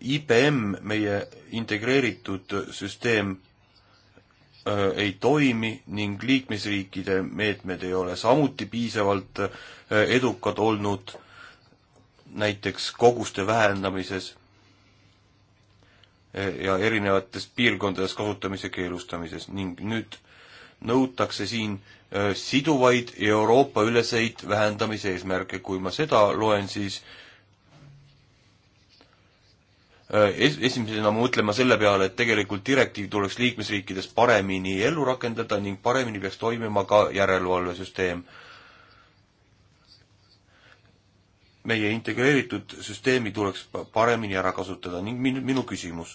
IBM, meie integreeritud süsteem ei toimi ning liikmesriikide meetmed ei ole samuti piisavalt edukad olnud, näiteks koguste vähendamises ja erinevates piirkondades kasutamise keelustamises ning nüüd nõutakse siin siduvaid Euroopa üleseid vähendamise eesmärke. kui ma seda loen, siis Äh, es-, esimesena mõtlema selle peale, et tegelikult direktiiv tuleks liikmesriikides paremini ellu rakendada ning paremini peaks toimima ka järelevalvesüsteem. meie integreeritud süsteemi tuleks paremini ära kasutada ning min-, minu küsimus,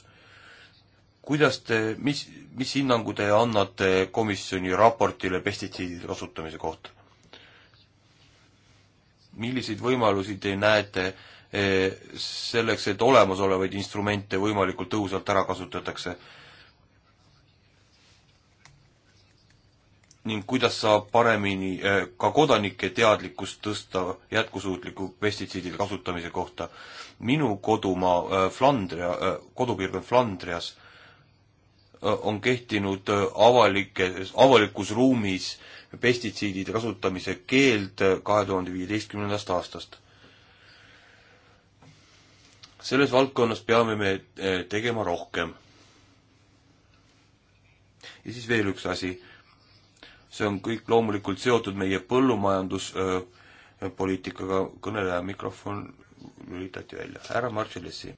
kuidas te, mis, mis hinnangu te annate komisjoni raportile pestitsiidide kasutamise kohta? milliseid võimalusi te näete äh, Eh, selleks, et olemasolevaid instrumente võimalikult tõhusalt ära kasutatakse. ning kuidas saab paremini eh, ka kodanike teadlikkust tõsta jätkusuutliku pestitsiidide kasutamise kohta. minu kodumaa eh, Flandria, kodupiirkond Flandrias on kehtinud avalikes, avalikus ruumis pestitsiidide kasutamise keeld kahe tuhande viieteistkümnendast aastast selles valdkonnas peame me eh, tegema rohkem. ja siis veel üks asi. see on kõik loomulikult seotud meie põllumajanduspoliitikaga, eh, kõneleja mikrofon lülitati välja. härra Marcellesi.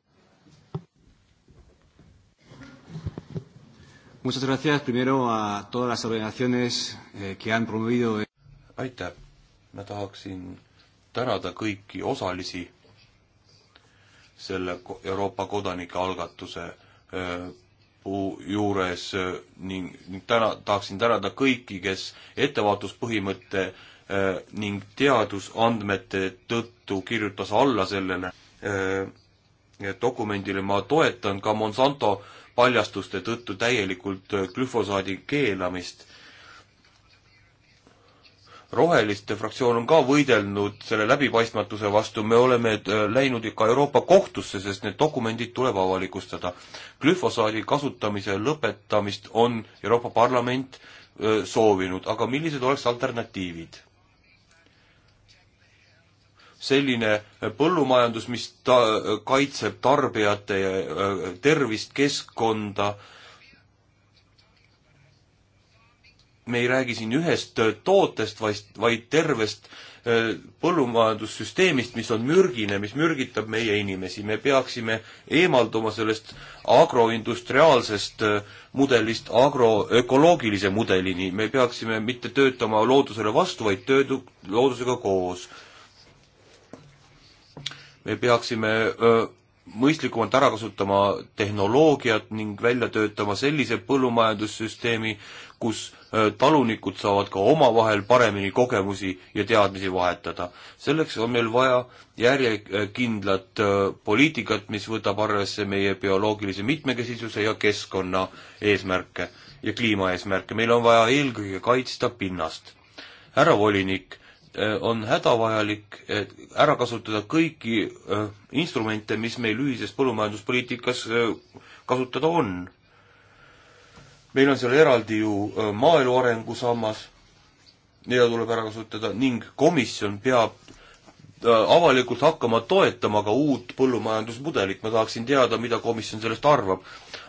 Muchas gracias primero a todas las organizaciones eh, que han promovido aitäh! ma tahaksin tänada kõiki osalisi selle Euroopa kodanike algatuse juures ning, ning täna, tahaksin tänada kõiki, kes ettevaatuspõhimõtte ning teadusandmete tõttu kirjutas alla sellele dokumendile, ma toetan ka Monsanto paljastuste tõttu täielikult glüfosaadi keelamist roheliste fraktsioon on ka võidelnud selle läbipaistmatuse vastu, me oleme äh, läinud ka Euroopa kohtusse, sest need dokumendid tuleb avalikustada. glüfosaadi kasutamise lõpetamist on Euroopa Parlament äh, soovinud, aga millised oleks alternatiivid? selline äh, põllumajandus, mis ta-, kaitseb tarbijate tervist, keskkonda äh,, me ei räägi siin ühest äh, tootest, vaid, vaid tervest äh, põllumajandussüsteemist, mis on mürgine, mis mürgitab meie inimesi. me peaksime eemalduma sellest agroindustriaalsest äh, mudelist agroökoloogilise mudelini. me peaksime mitte töötama loodusele vastu, vaid töötu-, loodusega koos. me peaksime öö, mõistlikumalt ära kasutama tehnoloogiat ning välja töötama sellise põllumajandussüsteemi, kus talunikud saavad ka omavahel paremini kogemusi ja teadmisi vahetada. selleks on meil vaja järjekindlat poliitikat, mis võtab arvesse meie bioloogilise mitmekesisuse ja keskkonna eesmärke ja kliimaeesmärke. meil on vaja eelkõige kaitsta pinnast. härra volinik, on hädavajalik ära kasutada kõiki instrumente, mis meil ühises põllumajanduspoliitikas kasutada on meil on seal eraldi ju maaelu arengusammas, mida tuleb ära kasutada ning komisjon peab avalikult hakkama toetama ka uut põllumajandusmudelit, ma tahaksin teada, mida komisjon sellest arvab.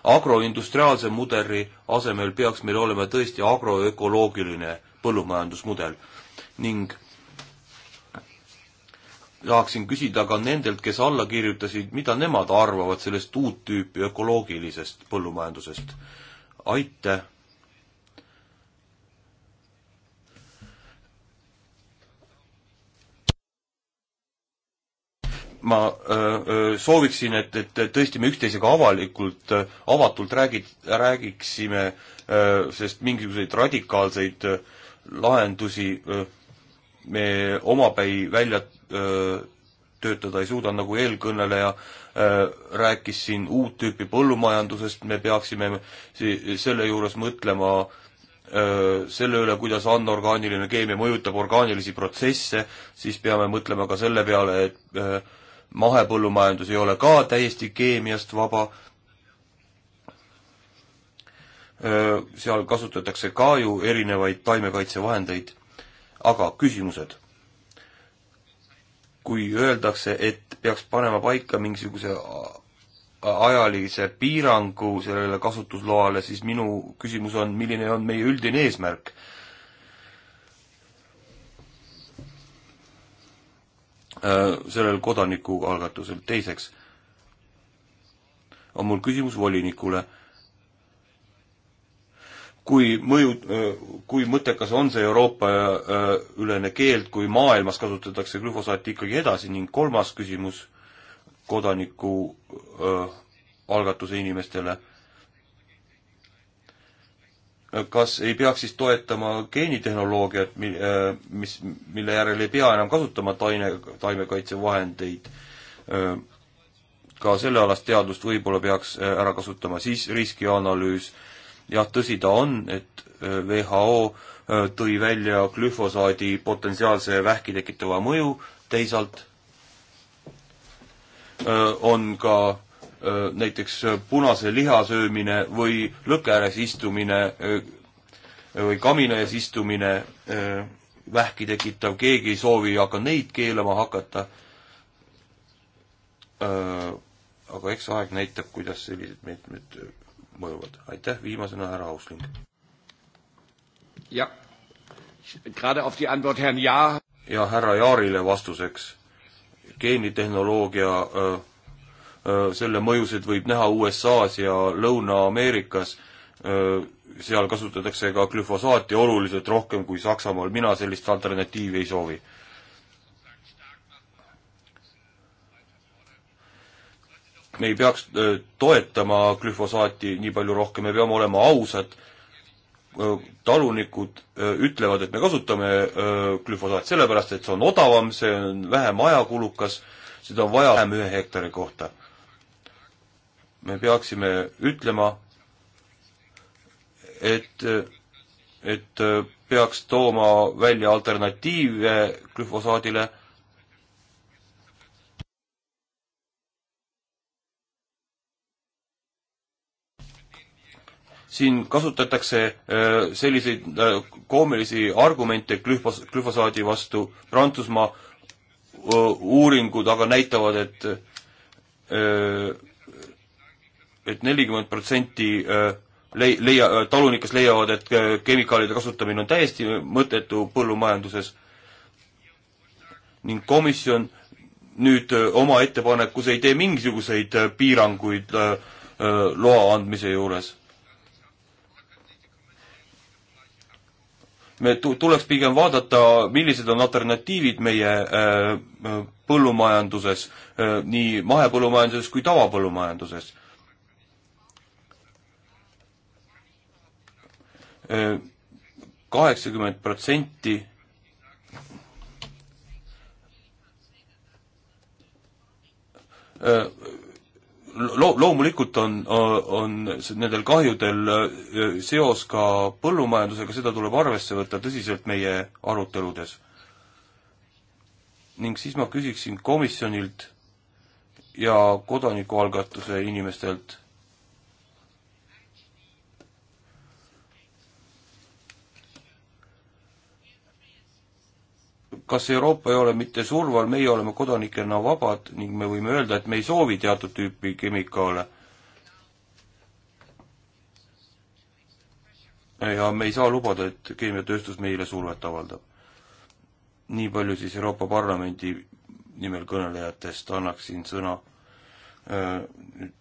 agroindustriaalse mudeli asemel peaks meil olema tõesti agroökoloogiline põllumajandusmudel ning tahaksin küsida ka nendelt, kes alla kirjutasid, mida nemad arvavad sellest uut tüüpi ökoloogilisest põllumajandusest aitäh! ma öö, äh, äh, sooviksin, et, et tõesti me üksteisega avalikult, äh, avatult räägid, räägiksime, sest mingisuguseid radikaalseid öö, lahendusi öö, me omapäi välja öö, töötada ei suuda, nagu eelkõneleja Äh, rääkis siin uut tüüpi põllumajandusest, me peaksime selle juures mõtlema äh, selle üle, kuidas anorgaaniline keemia mõjutab orgaanilisi protsesse, siis peame mõtlema ka selle peale, et äh, mahepõllumajandus ei ole ka täiesti keemiast vaba, seal kasutatakse ka ju erinevaid taimekaitsevahendeid, aga küsimused kui öeldakse, et peaks panema paika mingisuguse ajalise piirangu sellele kasutusloale, siis minu küsimus on, milline on meie üldine eesmärk? Äh, sellel kodanikualgatusel, teiseks on mul küsimus volinikule kui mõju, kui mõttekas on see Euroopa ülene keeld, kui maailmas kasutatakse glüfosaati ikkagi edasi ning kolmas küsimus kodaniku algatuse inimestele. kas ei peaks siis toetama geenitehnoloogiat, mis, mille järel ei pea enam kasutama taime, taimekaitsevahendeid? ka sellealast teadust võib-olla peaks ära kasutama, siis riskianalüüs jah, tõsi ta on, et WHO äh, äh, tõi välja glüfosaadi potentsiaalse vähki tekitava mõju, teisalt äh, on ka näiteks punase liha söömine või lõkke ääres istumine või kamina ees istumine vähki tekitav, keegi ei soovi aga neid keelama hakata. aga eks aeg näitab, kuidas sellised meetmed meet mõjuvad. aitäh, viimasena härra Ausling. jah, gerade auf die Antwort Herrn Ja. ja härra Jaarile vastuseks, geenitehnoloogia öö, äh, öö, äh, selle mõjusid võib näha USA-s ja Lõuna-Ameerikas, äh, seal kasutatakse ka glüfosaati oluliselt rohkem kui Saksamaal, mina sellist alternatiivi ei soovi me ei peaks toetama glüfosaati nii palju rohkem, me peame olema ausad, talunikud ütlevad, et me kasutame glüfosaat sellepärast, et see on odavam, see on vähem ajakulukas, seda on vaja vähem ühe hektari kohta. me peaksime ütlema, et, et peaks tooma välja alternatiive glüfosaadile siin kasutatakse äh, selliseid äh, koomilisi argumente glüfos-, glüfosaadi vastu, Prantsusmaa äh, uuringud aga näitavad, et et nelikümmend protsenti lei-, leia-, talunikest leiavad, et kemikaalide kasutamine on täiesti mõttetu põllumajanduses ning komisjon nüüd oma ettepanekus ei tee mingisuguseid piiranguid loa andmise juures me tuleks pigem vaadata, millised on alternatiivid meie äh, äh, põllumajanduses, äh, nii mahepõllumajanduses kui tavapõllumajanduses. kaheksakümmend protsenti loo-, loomulikult on, on nendel kahjudel seos ka põllumajandusega, seda tuleb arvesse võtta tõsiselt meie aruteludes. ning siis ma küsiksin komisjonilt ja kodanikualgatuse inimestelt kas Euroopa ei ole mitte surve all, meie oleme kodanikena vabad ning me võime öelda, et me ei soovi teatud tüüpi kemikaale. ja me ei saa lubada, et keemiatööstus meile survet avaldab. nii palju siis Euroopa Parlamendi nimel kõnelejatest annaksin sõna äh, nüüd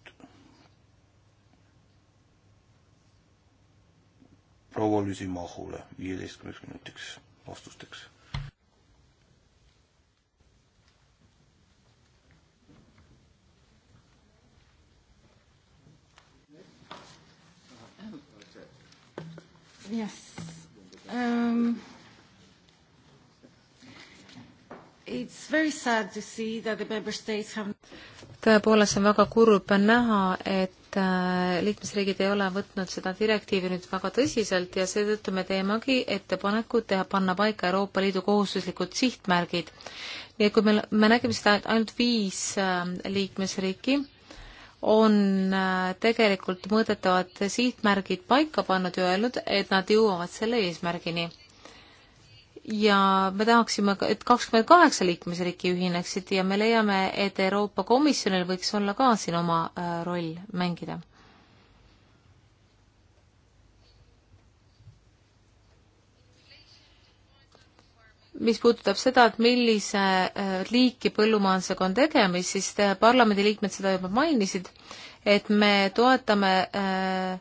proua Lüsimahule viieteistkümneks minutiks vastusteks Yes. Um, it's very sad to see that the member states have tõepoolest on väga kurb näha, et äh, liikmesriigid ei ole võtnud seda direktiivi nüüd väga tõsiselt ja seetõttu me teemegi ettepaneku teha, panna paika Euroopa Liidu kohustuslikud sihtmärgid. nii et kui me, me nägime seda, et ainult viis äh, liikmesriiki on äh, tegelikult mõõdetavad sihtmärgid paika pannud ja öelnud, et nad jõuavad selle eesmärgini. ja me tahaksime, et kakskümmend kaheksa liikmesriiki ühineksid ja me leiame, et Euroopa Komisjonil võiks olla ka siin oma äh, roll mängida. mis puudutab seda, et millise äh, liiki põllumajandusega on tegemist, siis te äh, parlamendiliikmed seda juba mainisid, et me toetame äh,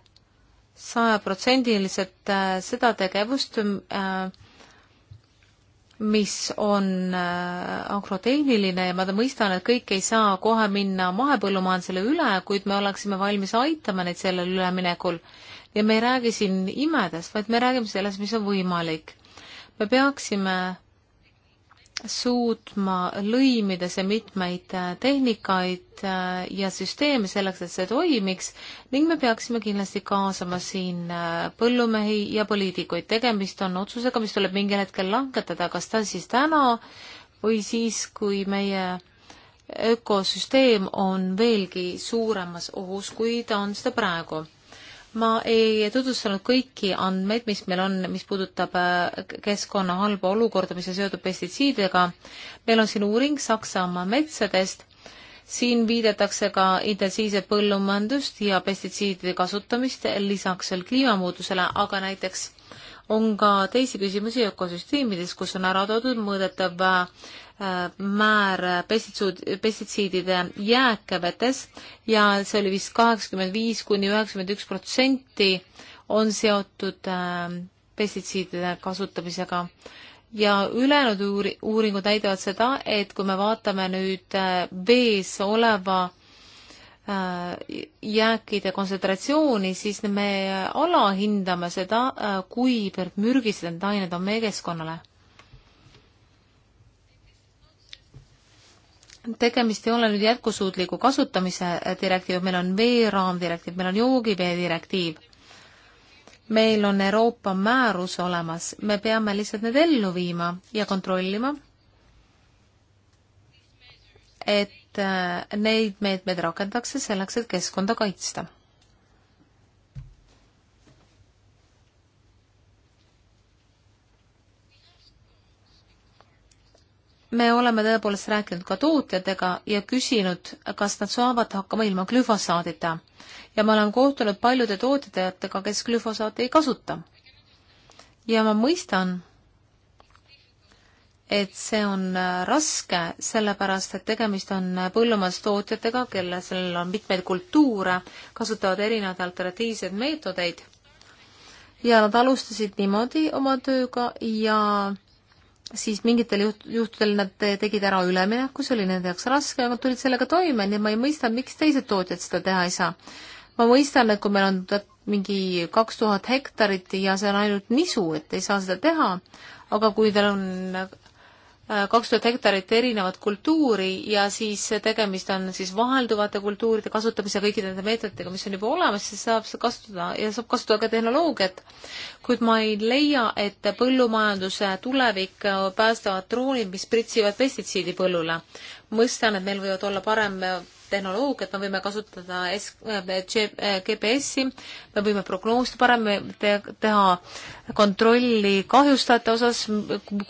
sajaprotsendiliselt seda tegevust, mis on agrotehniline ja ma mõistan, et kõik ei saa kohe minna mahepõllumajandusele üle, kuid me oleksime valmis aitama neid sellel üleminekul. ja me ei räägi siin imedest, vaid me räägime sellest, mis on võimalik me peaksime suutma lõimida see mitmeid äh, tehnikaid äh, ja süsteeme selleks, et see toimiks ning me peaksime kindlasti kaasama siin äh, põllumehi ja poliitikuid. tegemist on otsusega, mis tuleb mingil hetkel langetada, kas ta siis täna või siis, kui meie ökosüsteem on veelgi suuremas ohus, kui ta on seda praegu ma ei tutvustanud kõiki andmeid, mis meil on, mis puudutab äh, keskkonna halba olukorda, mis on seotud pestitsiididega. meil on siin uuring Saksamaa metsadest. siin viidatakse ka intensiivset põllumajandust ja pestitsiidide kasutamist, lisaks veel kliimamuutusele, aga näiteks on ka teisi küsimusi ökosüsteemides, kus on ära toodud mõõdetav äh, määr pestitsiid, pestitsiidide jääke vetes ja see oli vist kaheksakümmend viis kuni üheksakümmend üks protsenti on seotud äh, pestitsiidide kasutamisega ja ülejäänud uuri-, uuringud näitavad seda, et kui me vaatame nüüd äh, vees oleva Äh, jääkide kontsentratsiooni, siis me alahindame seda, äh, kuivõrd mürgised need ained on meie keskkonnale. tegemist ei ole nüüd jätkusuutliku kasutamise direktiiv, meil on veeraamdirektiiv, meil on joogivee direktiiv. meil on Euroopa määrus olemas, me peame lihtsalt need ellu viima ja kontrollima, et et äh, neid meetmeid rakendatakse selleks, et keskkonda kaitsta. me oleme tõepoolest rääkinud ka tootjatega ja küsinud, kas nad saavad hakkama ilma glüfosaadita ja ma olen kohtunud paljude tootjatega, kes glüfosaati ei kasuta. ja ma mõistan et see on äh, raske, sellepärast et tegemist on äh, põllumajandustootjatega, kellel on mitmeid kultuure, kasutavad erinevaid alternatiivseid meetodeid. ja nad alustasid niimoodi oma tööga ja siis mingitel juht-, juhtudel nad tegid ära ülemineku, see oli nende jaoks raske ja nad tulid sellega toime, nii et ma ei mõista, miks teised tootjad seda teha ei saa. ma mõistan, et kui meil on mingi kaks tuhat hektarit ja see on ainult nisu, et ei saa seda teha, aga kui tal on kaks tuhat hektarit erinevat kultuuri ja siis tegemist on siis vahelduvate kultuuride kasutamise kõikide nende meetmetega, mis on juba olemas, siis saab seda kasutada ja saab kasutada ka tehnoloogiat. kuid ma ei leia, et põllumajanduse tulevik päästavad droonid, mis pritsivad pestitsiidi põllule. mõistan, et meil võivad olla parem tehnoloogiat, me võime kasutada S-, äh, GPS-i, äh, me võime prognoosida parem, teha kontrolli kahjustajate osas,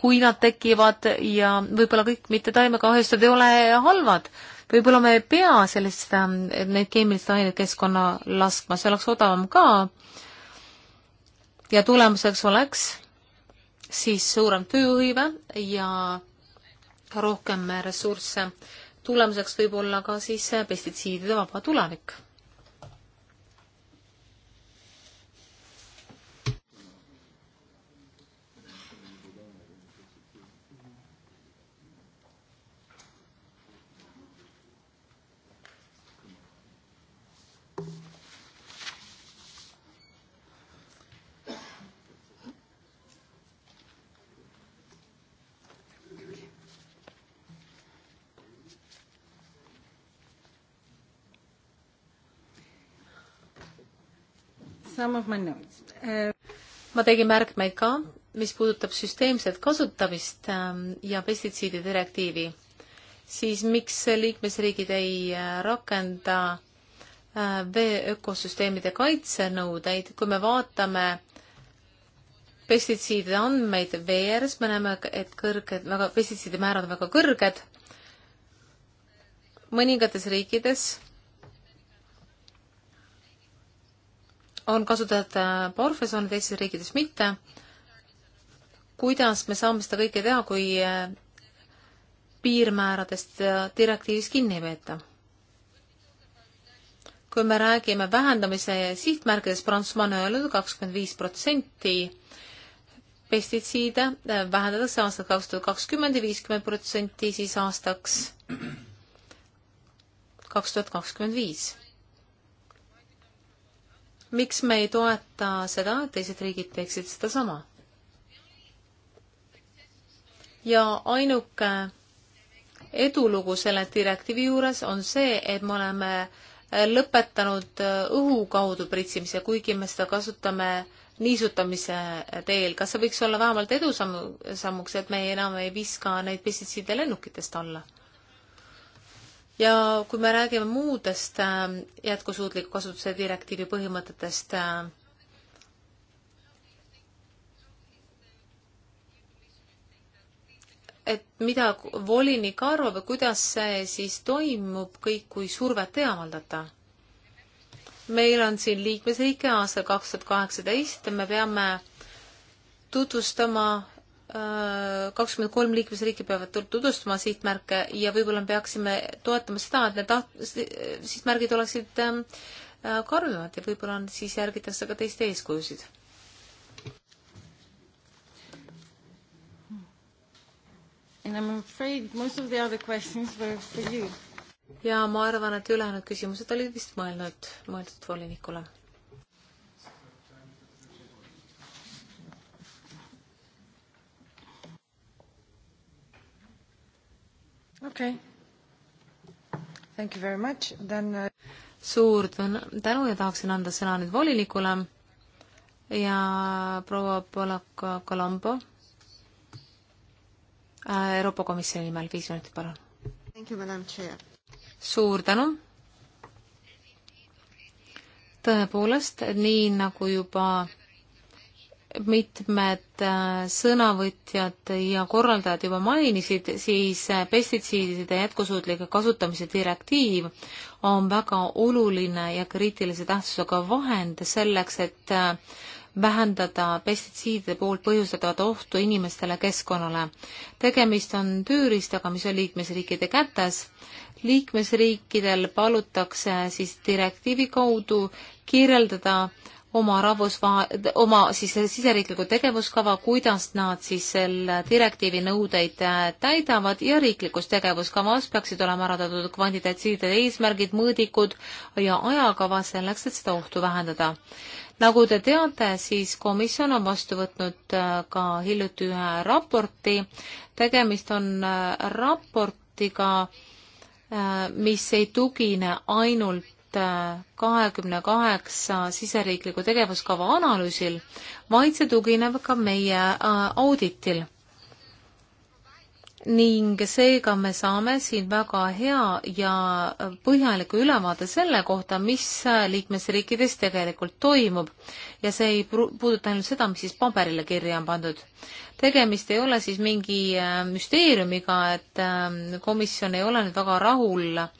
kui nad tekivad ja võib-olla kõik mittetaimakahjustajad ei ole halvad võib-olla me ei pea sellist, ähm, neid keemilisi aineid keskkonna laskma, see oleks odavam ka. ja tulemuseks oleks siis suurem tööhõive ja rohkem ressursse tulemuseks võib olla ka siis pestitsiidide vaba tulevik some of my notes uh.... ma tegin märkmeid ka, mis puudutab süsteemset kasutamist ehm, ja pestitsiidi direktiivi, siis miks liikmesriigid ei eh, rakenda eh, vee ökosüsteemide kaitsenõudeid, kui me vaatame pestitsiidide andmeid vee ääres, me näeme, et kõrged, väga, pestitsiidimäärad on väga kõrged. mõningates riikides on kasutajate porfesoone, äh, teistes riikides mitte. kuidas me saame seda kõike teha, kui äh, piirmääradest äh, direktiivis kinni ei peeta? kui me räägime vähendamise sihtmärkidest, Prantsusmaa on öelnud kakskümmend viis protsenti pestitsiide vähendatakse aastal kaks tuhat kakskümmend ja viiskümmend protsenti siis aastaks kaks tuhat kakskümmend viis miks me ei toeta seda, et teised riigid teeksid sedasama? ja ainuke edulugu selle direktiivi juures on see, et me oleme lõpetanud õhu kaudu pritsimise, kuigi me seda kasutame niisutamise teel. kas see võiks olla vähemalt edusammuks, et me ei enam ei viska neid pestitsiide lennukitest alla? ja kui me räägime muudest ähm, jätkusuutliku kasutuse direktiivi põhimõtetest, äh, et mida volinik arvab ja kuidas see siis toimub kõik, kui survet ei avaldata? meil on siin liikmesriike aastal kaks tuhat kaheksateist ja me peame tutvustama Äh, kakskümmend kolm liikmesriiki peavad tutvustama sihtmärke ja võib-olla me peaksime toetama seda, et need taht-, sihtmärgid oleksid ähm, äh, karmimad ja võib-olla on, siis järgitakse ka teiste eeskujusid. And I am afraid most of the other questions were for you. ja ma arvan, et ülejäänud küsimused olid vist mõelnud, mõeldud volinikule okei okay.. Thank you very much, then uh... suur tänu ja tahaksin anda sõna nüüd volinikule ja proua Polaka Colombo äh, Euroopa Komisjoni nimel, viis minutit, palun. Thank you, madam chair. suur tänu tõepoolest, nii nagu juba mitmed äh, sõnavõtjad ja korraldajad juba mainisid, siis äh, pestitsiidide jätkusuutlike kasutamise direktiiv on väga oluline ja kriitilise tähtsusega vahend selleks, et äh, vähendada pestitsiidide poolt põhjustatavat ohtu inimestele keskkonnale. tegemist on tööriistaga, mis on liikmesriikide kätes. liikmesriikidel palutakse siis direktiivi kaudu kirjeldada oma rahvusva-, oma siis siseriikliku tegevuskava, kuidas nad siis selle direktiivi nõudeid äh, täidavad ja riiklikus tegevuskavas peaksid olema ära toodud kvantitatiivsed eesmärgid, mõõdikud ja ajakava selleks, et seda ohtu vähendada. nagu te teate, siis komisjon on vastu võtnud äh, ka hiljuti ühe raporti, tegemist on äh, raportiga, mis ei tugine ainult Äh, kahekümne kaheksa siseriikliku tegevuskava analüüsil, vaid see tugineb ka meie äh, auditil. ning seega me saame siin väga hea ja põhjaliku ülevaade selle kohta, mis äh, liikmesriikides tegelikult toimub ja see ei puuduta ainult seda, mis siis paberile kirja on pandud tegemist ei ole siis mingi müsteeriumiga, et ähm, komisjon ei ole nüüd väga rahul äh,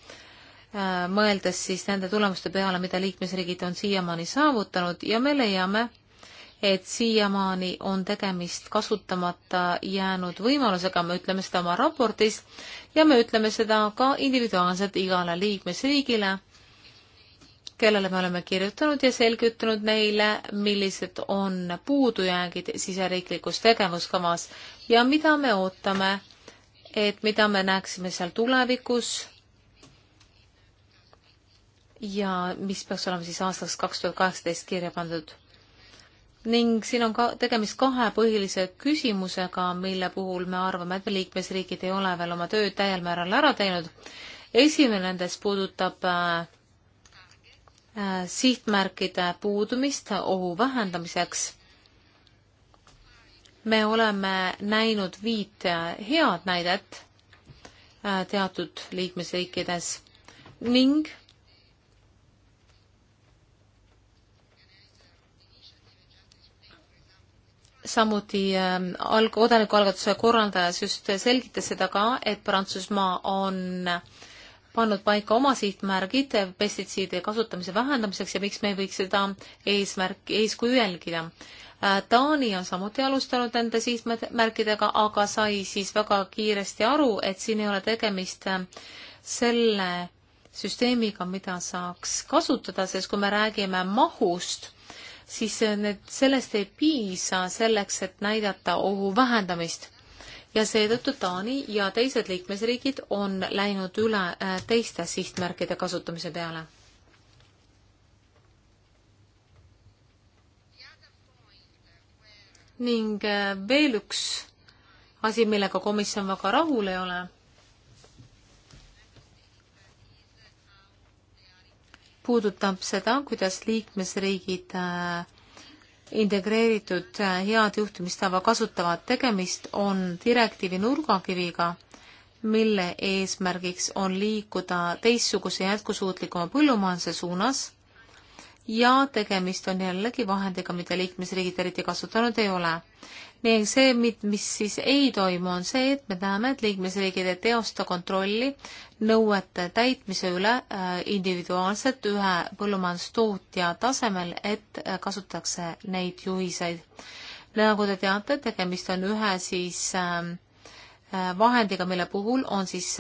Äh, mõeldes siis nende tulemuste peale, mida liikmesriigid on siiamaani saavutanud ja me leiame, et siiamaani on tegemist kasutamata jäänud võimalusega, me ütleme seda oma raportis ja me ütleme seda ka individuaalselt igale liikmesriigile, kellele me oleme kirjutanud ja selgitanud neile, millised on puudujäägid siseriiklikus tegevuskavas ja mida me ootame, et mida me näeksime seal tulevikus ja mis peaks olema siis aastaks kaks tuhat kaheksateist kirja pandud. ning siin on ka tegemist kahe põhilise küsimusega, mille puhul me arvame, et liikmesriigid ei ole veel oma tööd täiel määral ära teinud. esimene nendest puudutab äh, sihtmärkide puudumist ohu vähendamiseks. me oleme näinud viit äh, head näidet äh, teatud liikmesriikides ning samuti ähm, alg-, kodanikualgatuse korraldaja just selgitas seda ka, et Prantsusmaa on pannud paika oma sihtmärgid pestitsiidide kasutamise vähendamiseks ja miks me ei võiks seda eesmärki, eeskuju jälgida. Äh, Taani on samuti alustanud nende sihtmärkidega, aga sai siis väga kiiresti aru, et siin ei ole tegemist äh, selle süsteemiga, mida saaks kasutada, sest kui me räägime mahust, siis need, sellest ei piisa selleks, et näidata ohu vähendamist. ja seetõttu Taani ja teised liikmesriigid on läinud üle äh, teiste sihtmärkide kasutamise peale. ning äh, veel üks asi, millega komisjon väga rahul ei ole puudutab seda, kuidas liikmesriigid äh, integreeritud äh, head juhtimistava kasutavad. tegemist on direktiivi nurgakiviga, mille eesmärgiks on liikuda teistsuguse jätkusuutlikuma põllumajanduse suunas ja tegemist on jällegi vahendiga, mida liikmesriigid eriti kasutanud ei ole nii see, mis siis ei toimu, on see, et me näeme, et liikmesriigid ei teosta kontrolli nõuete täitmise üle äh, individuaalselt ühe põllumajandustootja tasemel, et äh, kasutatakse neid juhiseid. nagu te teate, tegemist on ühe siis ähm, äh, vahendiga, mille puhul on siis,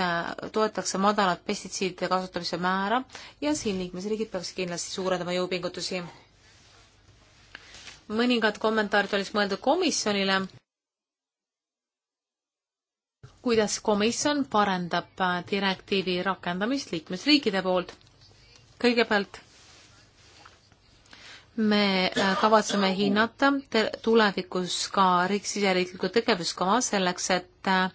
toetatakse madalat pestitsiidide kasutamise määra ja siin liikmesriigid peaks kindlasti suurendama jõupingutusi mõningad kommentaarid olid mõeldud komisjonile. kuidas komisjon parendab äh, direktiivi rakendamist liikmesriikide poolt? kõigepealt me äh, kavatseme hinnata tulevikus ka riigisiseriikliku tegevuskava selleks, et äh,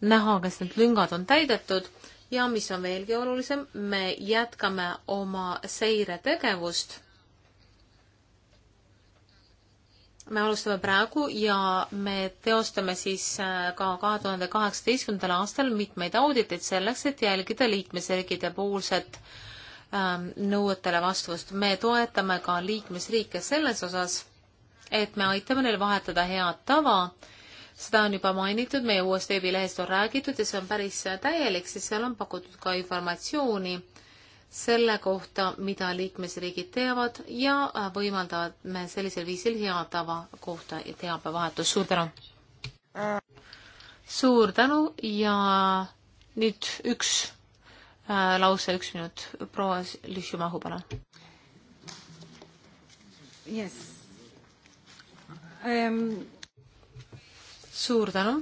näha, kas need lüngad on täidetud ja mis on veelgi olulisem, me jätkame oma seiretegevust me alustame praegu ja me teostame siis äh, ka kahe tuhande kaheksateistkümnendal aastal mitmeid auditeid selleks, et jälgida liikmesriikide poolset ähm, nõuetele vastavust. me toetame ka liikmesriike selles osas, et me aitame neil vahetada head tava. seda on juba mainitud, meie uuest veebilehest on räägitud ja see on päris täielik, sest seal on pakutud ka informatsiooni selle kohta, mida liikmesriigid teevad ja võimaldavad me sellisel viisil hea tava kohta teabevahetust. suur tänu! suur tänu ja nüüd üks äh, lause, üks minut. proua Lüšimahu, palun. Yes um.... suur tänu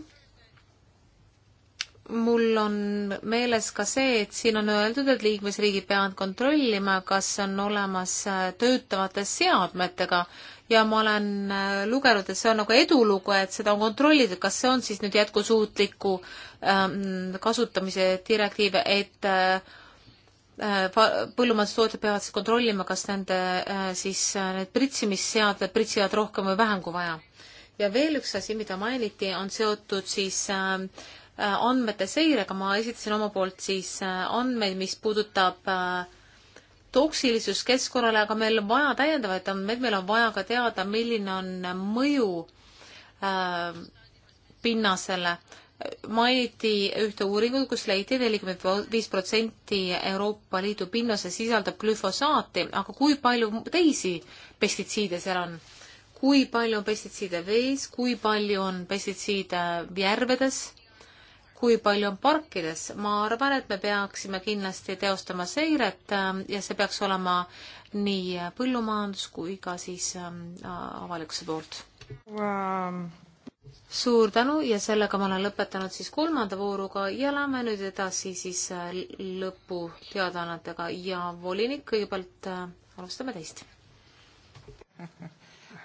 mul on meeles ka see, et siin on öeldud, et liikmesriigid peavad kontrollima, kas on olemas äh, töötavate seadmetega ja ma olen äh, lugenud, et see on nagu edulugu, et seda on kontrollitud, kas see on siis nüüd jätkusuutliku ähm, kasutamise direktiiv, et äh, äh põllumajandustootjad peavad siis kontrollima, kas nende äh, siis need pritsimisseadmed pritsivad rohkem või vähem kui vaja. ja veel üks asi, mida mainiti, on seotud siis äh, Äh, andmete seirega ma esitasin oma poolt siis äh, andmeid, mis puudutab äh, toksilisus keskkonnale, aga meil on vaja täiendavaid andmeid, meil on vaja ka teada, milline on mõju pinnasele. mainiti ühte uuringut, kus leiti nelikümmend viis protsenti Euroopa Liidu pinnase sisaldab glüfosaati, aga kui palju teisi pestitsiide seal on? kui palju on pestitsiide vees, kui palju on pestitsiide järvedes? kui palju on parkides. ma arvan, et me peaksime kindlasti teostama seiret ähm, ja see peaks olema nii põllumajandus kui ka siis ähm, avalikkuse poolt wow.. suur tänu ja sellega ma olen lõpetanud siis kolmanda vooruga ja lähme nüüd edasi siis äh, lõputeadaannetega ja volinik, kõigepealt äh, alustame teist.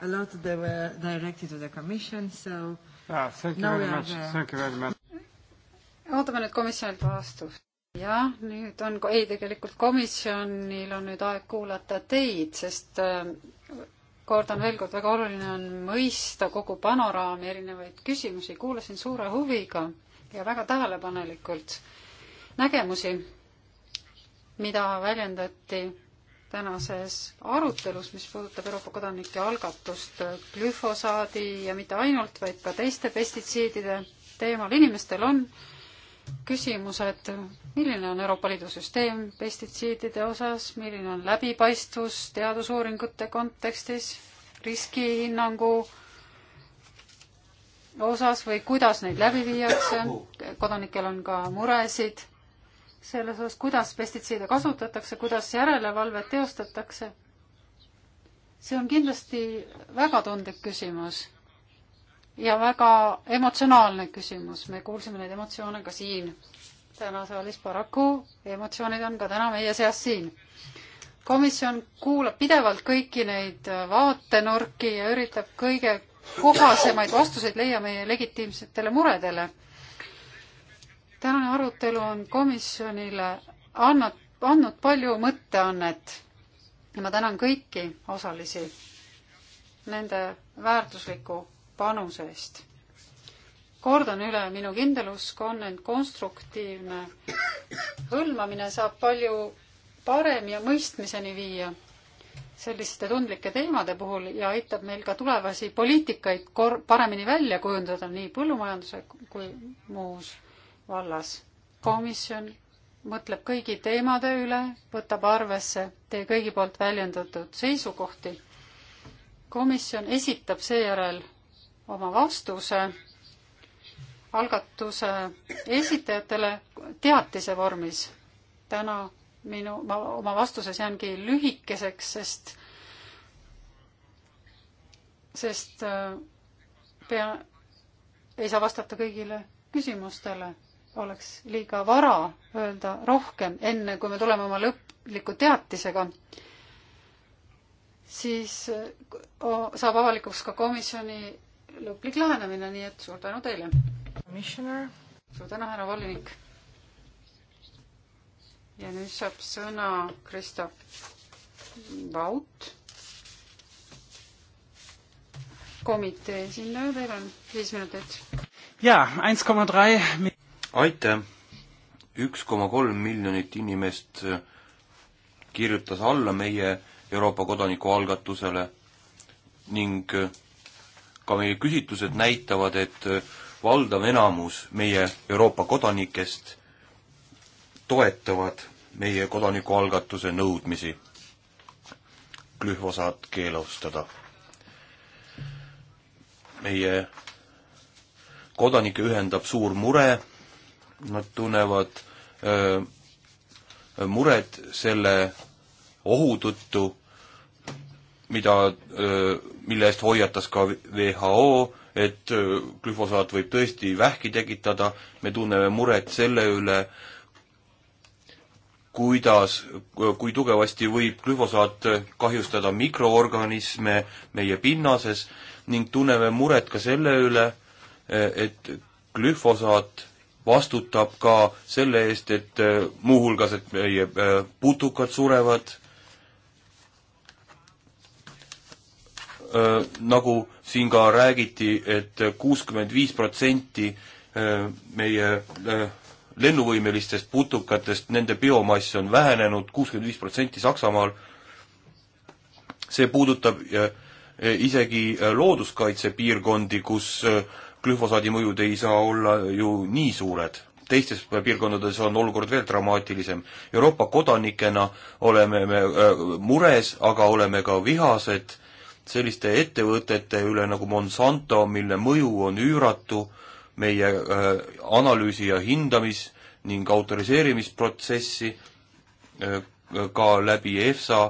A lot they were uh, directed to the commission, so ah, thank you now very much. The... Thank you very much ootame nüüd komisjonilt vastust. jah, nüüd on, ei tegelikult komisjonil on nüüd aeg kuulata teid, sest äh, kordan veel kord, väga oluline on mõista kogu panoraami erinevaid küsimusi, kuulasin suure huviga ja väga tähelepanelikult nägemusi, mida väljendati tänases arutelus, mis puudutab Euroopa kodanike algatust glüfosaadi ja mitte ainult, vaid ka teiste pestitsiidide teemal. inimestel on äh, küsimused, milline on Euroopa Liidu süsteem pestitsiidide osas, milline on läbipaistvus teadusuuringute kontekstis, riskihinnangu osas või kuidas neid läbi viiakse, kodanikel on ka muresid selles osas, kuidas pestitsiide kasutatakse, kuidas järelevalvet teostatakse. see on kindlasti väga tundlik küsimus ja väga emotsionaalne küsimus, me kuulsime neid emotsioone ka siin. täna saalis paraku emotsioonid on ka täna meie seas siin. komisjon kuulab pidevalt kõiki neid vaatenurki ja üritab kõige kohasemaid vastuseid leia meie legitiimsetele muredele. tänane arutelu on komisjonile annab, andnud palju mõtteannet ja ma tänan kõiki osalisi nende väärtusliku panuse eest. kordan üle, minu kindel usk on, et konstruktiivne hõlmamine saab palju parem ja mõistmiseni viia selliste tundlike teemade puhul ja aitab meil ka tulevasi poliitikaid kor-, paremini välja kujundada nii põllumajanduse kui muus vallas. komisjon mõtleb kõigi teemade üle, võtab arvesse teie kõigi poolt väljendatud seisukohti. komisjon esitab seejärel oma vastuse algatuse esitajatele teatise vormis. täna minu, ma oma vastuses jäängi lühikeseks, sest, sest äh, pea, ei saa vastata kõigile küsimustele oleks liiga vara öelda rohkem, enne kui me tuleme oma lõpliku teatisega, siis äh, saab avalikuks ka komisjoni lõplik lähenemine, nii et suur tänu teile. suur tänu, härra volinik. ja nüüd saab sõna Krista Vaut. komitee esindaja, teil on viis minutit. jaa, üks koma kolm. aitäh. üks koma kolm miljonit inimest äh, kirjutas alla meie Euroopa kodanikualgatusele ning äh, ka meie küsitlused näitavad, et äh, valdav enamus meie Euroopa kodanikest toetavad meie kodanikualgatuse nõudmisi glühvosaat keelustada. meie kodanikke ühendab suur mure, nad tunnevad öö, äh, muret selle ohu tõttu, mida, mille eest hoiatas ka WHO, et glüfosaat võib tõesti vähki tekitada, me tunneme muret selle üle, kuidas, kui tugevasti võib glüfosaat kahjustada mikroorganisme meie pinnases ning tunneme muret ka selle üle, et glüfosaat vastutab ka selle eest, et muuhulgas, et meie putukad surevad Äh, nagu siin ka räägiti et, et kuuskümmend viis protsenti äh, meie äh, lennuvõimelistest putukatest, nende biomass on vähenenud kuuskümmend viis protsenti Saksamaal. see puudutab isegi looduskaitsepiirkondi, kus glüfosaadi mõjud ei saa olla ju nii suured. teistes piirkondades on olukord veel dramaatilisem. Euroopa kodanikena oleme me mures, aga oleme ka vihased selliste ettevõtete üle nagu Monsanto, mille mõju on üüratu meie äh, analüüsi ja hindamis- ning autoriseerimisprotsessi äh, ka läbi EFSA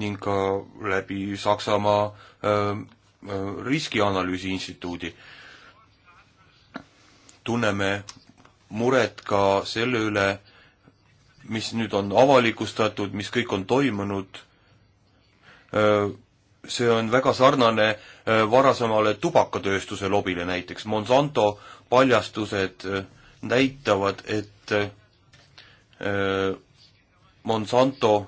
ning ka läbi Saksamaa äh, äh riskianalüüsi instituudi. tunneme muret ka selle üle, mis nüüd on avalikustatud, mis kõik on toimunud äh,, see on väga sarnane äh, varasemale tubakatööstuse lobile näiteks. Monsanto paljastused äh, näitavad, et äh, Monsanto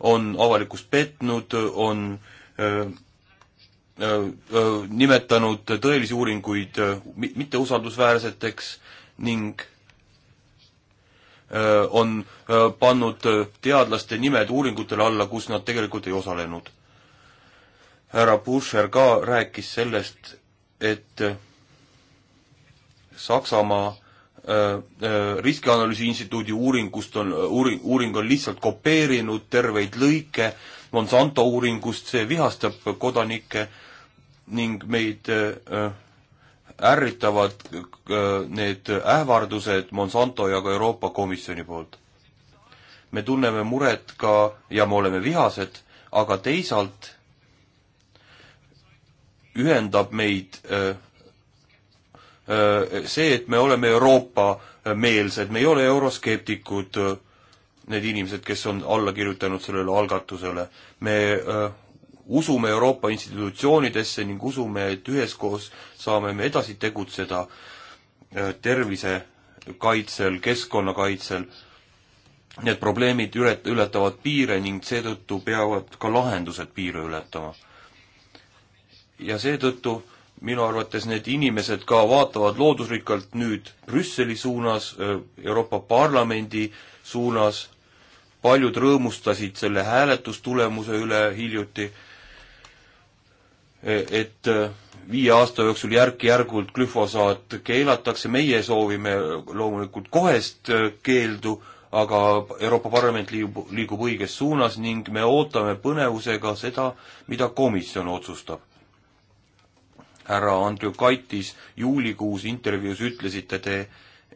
on avalikkust petnud, on öö, öö, nimetanud tõelisi uuringuid mitteusaldusväärseteks ning öö, on pannud teadlaste nimed uuringutele alla, kus nad tegelikult ei osalenud härra Pusher ka rääkis sellest, et Saksamaa äh, äh, riskianalüüsi instituudi uuringust on, uuring, uuring on lihtsalt kopeerinud terveid lõike Monsanto uuringust, see vihastab kodanikke ning meid äh, ärritavad need ähvardused Monsanto ja ka Euroopa Komisjoni poolt. me tunneme muret ka ja me oleme vihased, aga teisalt ühendab meid äh, äh, see, et me oleme Euroopa-meelsed, me ei ole euroskeptikud, äh, need inimesed, kes on alla kirjutanud sellele algatusele. me usume Euroopa institutsioonidesse ning usume, et üheskoos saame me edasi tegutseda tervise kaitsel, keskkonnakaitsel. Need probleemid ület-, ületavad piire ning seetõttu peavad ka lahendused piire ületama ja seetõttu minu arvates need inimesed ka vaatavad loodusrikkalt nüüd Brüsseli suunas, Euroopa Parlamendi suunas, paljud rõõmustasid selle hääletustulemuse üle hiljuti, e, et viie aasta jooksul järk-järgult glüfosaat keelatakse, meie soovime loomulikult kohest keeldu, aga Euroopa Parlament liigub, liigub õiges suunas ning me ootame põnevusega seda, mida komisjon otsustab härra Andrew Kaitis, juulikuus intervjuus ütlesite te,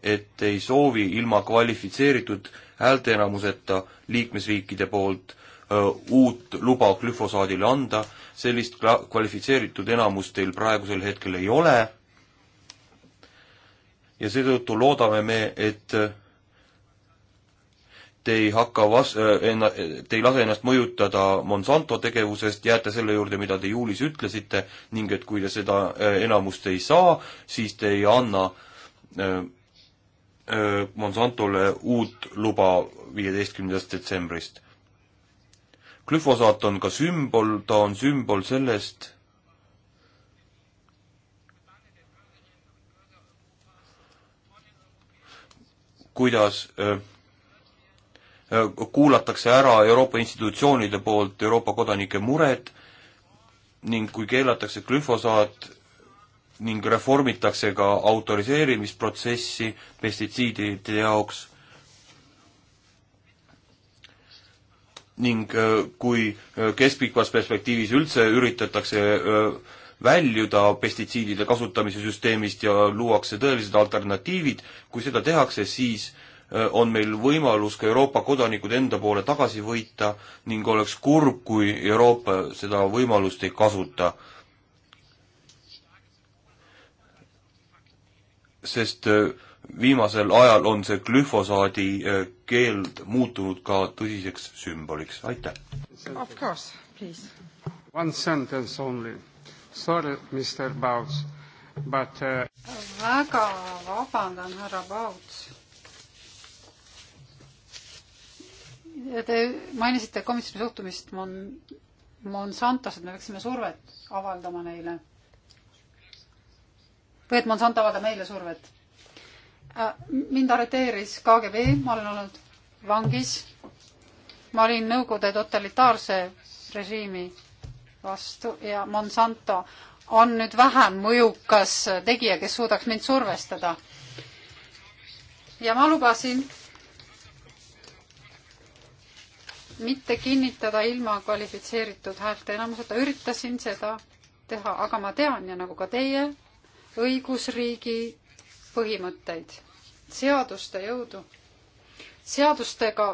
et ei soovi ilma kvalifitseeritud häälteenamuseta liikmesriikide poolt öö, uut luba glüfosaadile anda, sellist kvalifitseeritud enamust teil praegusel hetkel ei ole ja seetõttu loodame me, et te ei hakka vas-, äh, enna-, te ei lase ennast mõjutada Monsanto tegevusest, jääte selle juurde, mida te juulis ütlesite, ning et kui te seda äh, enamust ei saa, siis te ei anna äh, äh, Monsantole uut luba viieteistkümnendast detsembrist. glüfosaat on ka sümbol, ta on sümbol sellest, kuidas öö, äh, kuulatakse ära Euroopa institutsioonide poolt Euroopa kodanike mured ning kui keelatakse glüfosaat ning reformitakse ka autoriseerimisprotsessi pestitsiidide jaoks ning äh, kui äh, keskpikas perspektiivis üldse üritatakse äh, väljuda pestitsiidide kasutamise süsteemist ja luuakse tõelised alternatiivid, kui seda tehakse, siis on meil võimalus ka Euroopa kodanikud enda poole tagasi võita ning oleks kurb, kui Euroopa seda võimalust ei kasuta. sest viimasel ajal on see glüfosaadi keeld muutunud ka tõsiseks sümboliks, aitäh! Of course, please. One sentence only. Sorry, Mr Bauts, but uh... väga vabandan, härra Bauts Te mainisite komisjoni suhtumist Mon-, Monsantos, et me peaksime survet avaldama neile. või et Monsanto avaldab meile survet. Äh, mind arreteeris KGB, ma olen olnud vangis. ma olin Nõukogude totalitaarse režiimi vastu ja Monsanto on nüüd vähem mõjukas tegija, kes suudaks mind survestada. ja ma lubasin mitte kinnitada ilma kvalifitseeritud häälteenamuseta, üritasin seda teha, aga ma tean ja nagu ka teie, õigusriigi põhimõtteid, seaduste jõudu, seadustega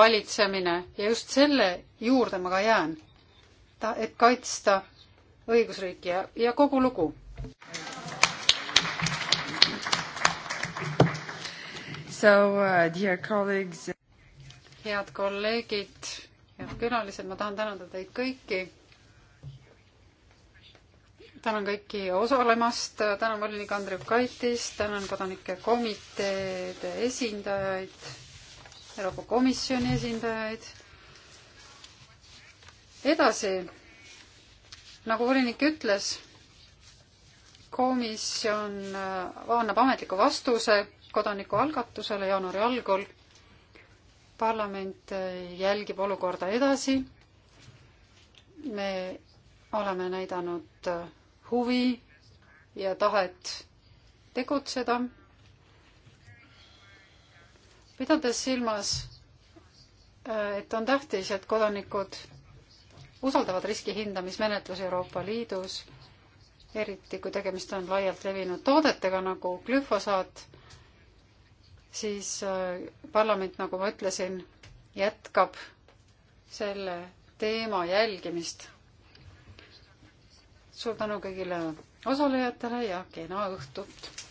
valitsemine ja just selle juurde ma ka jään, ta, et kaitsta õigusriiki ja, ja kogu lugu. So uh, dear colleagues head kolleegid, head külalised, ma tahan tänada teid kõiki. tänan kõiki osalemast, tänan volinik Andrei Kaitist, tänan kodanike komiteede esindajaid, Euroopa Komisjoni esindajaid. edasi, nagu volinik ütles, komisjon äh, annab ametliku vastuse kodanikualgatusele jaanuari algul parlament eh, jälgib olukorda edasi. me oleme näidanud eh, huvi ja tahet tegutseda. pidades silmas, eh, et on tähtis, et kodanikud usaldavad riski hindamismenetlus Euroopa Liidus, eriti kui tegemist on laialt levinud toodetega nagu glüfosaat siis äh, parlament, nagu ma ütlesin, jätkab selle teema jälgimist. suur tänu kõigile osalejatele ja kena õhtut!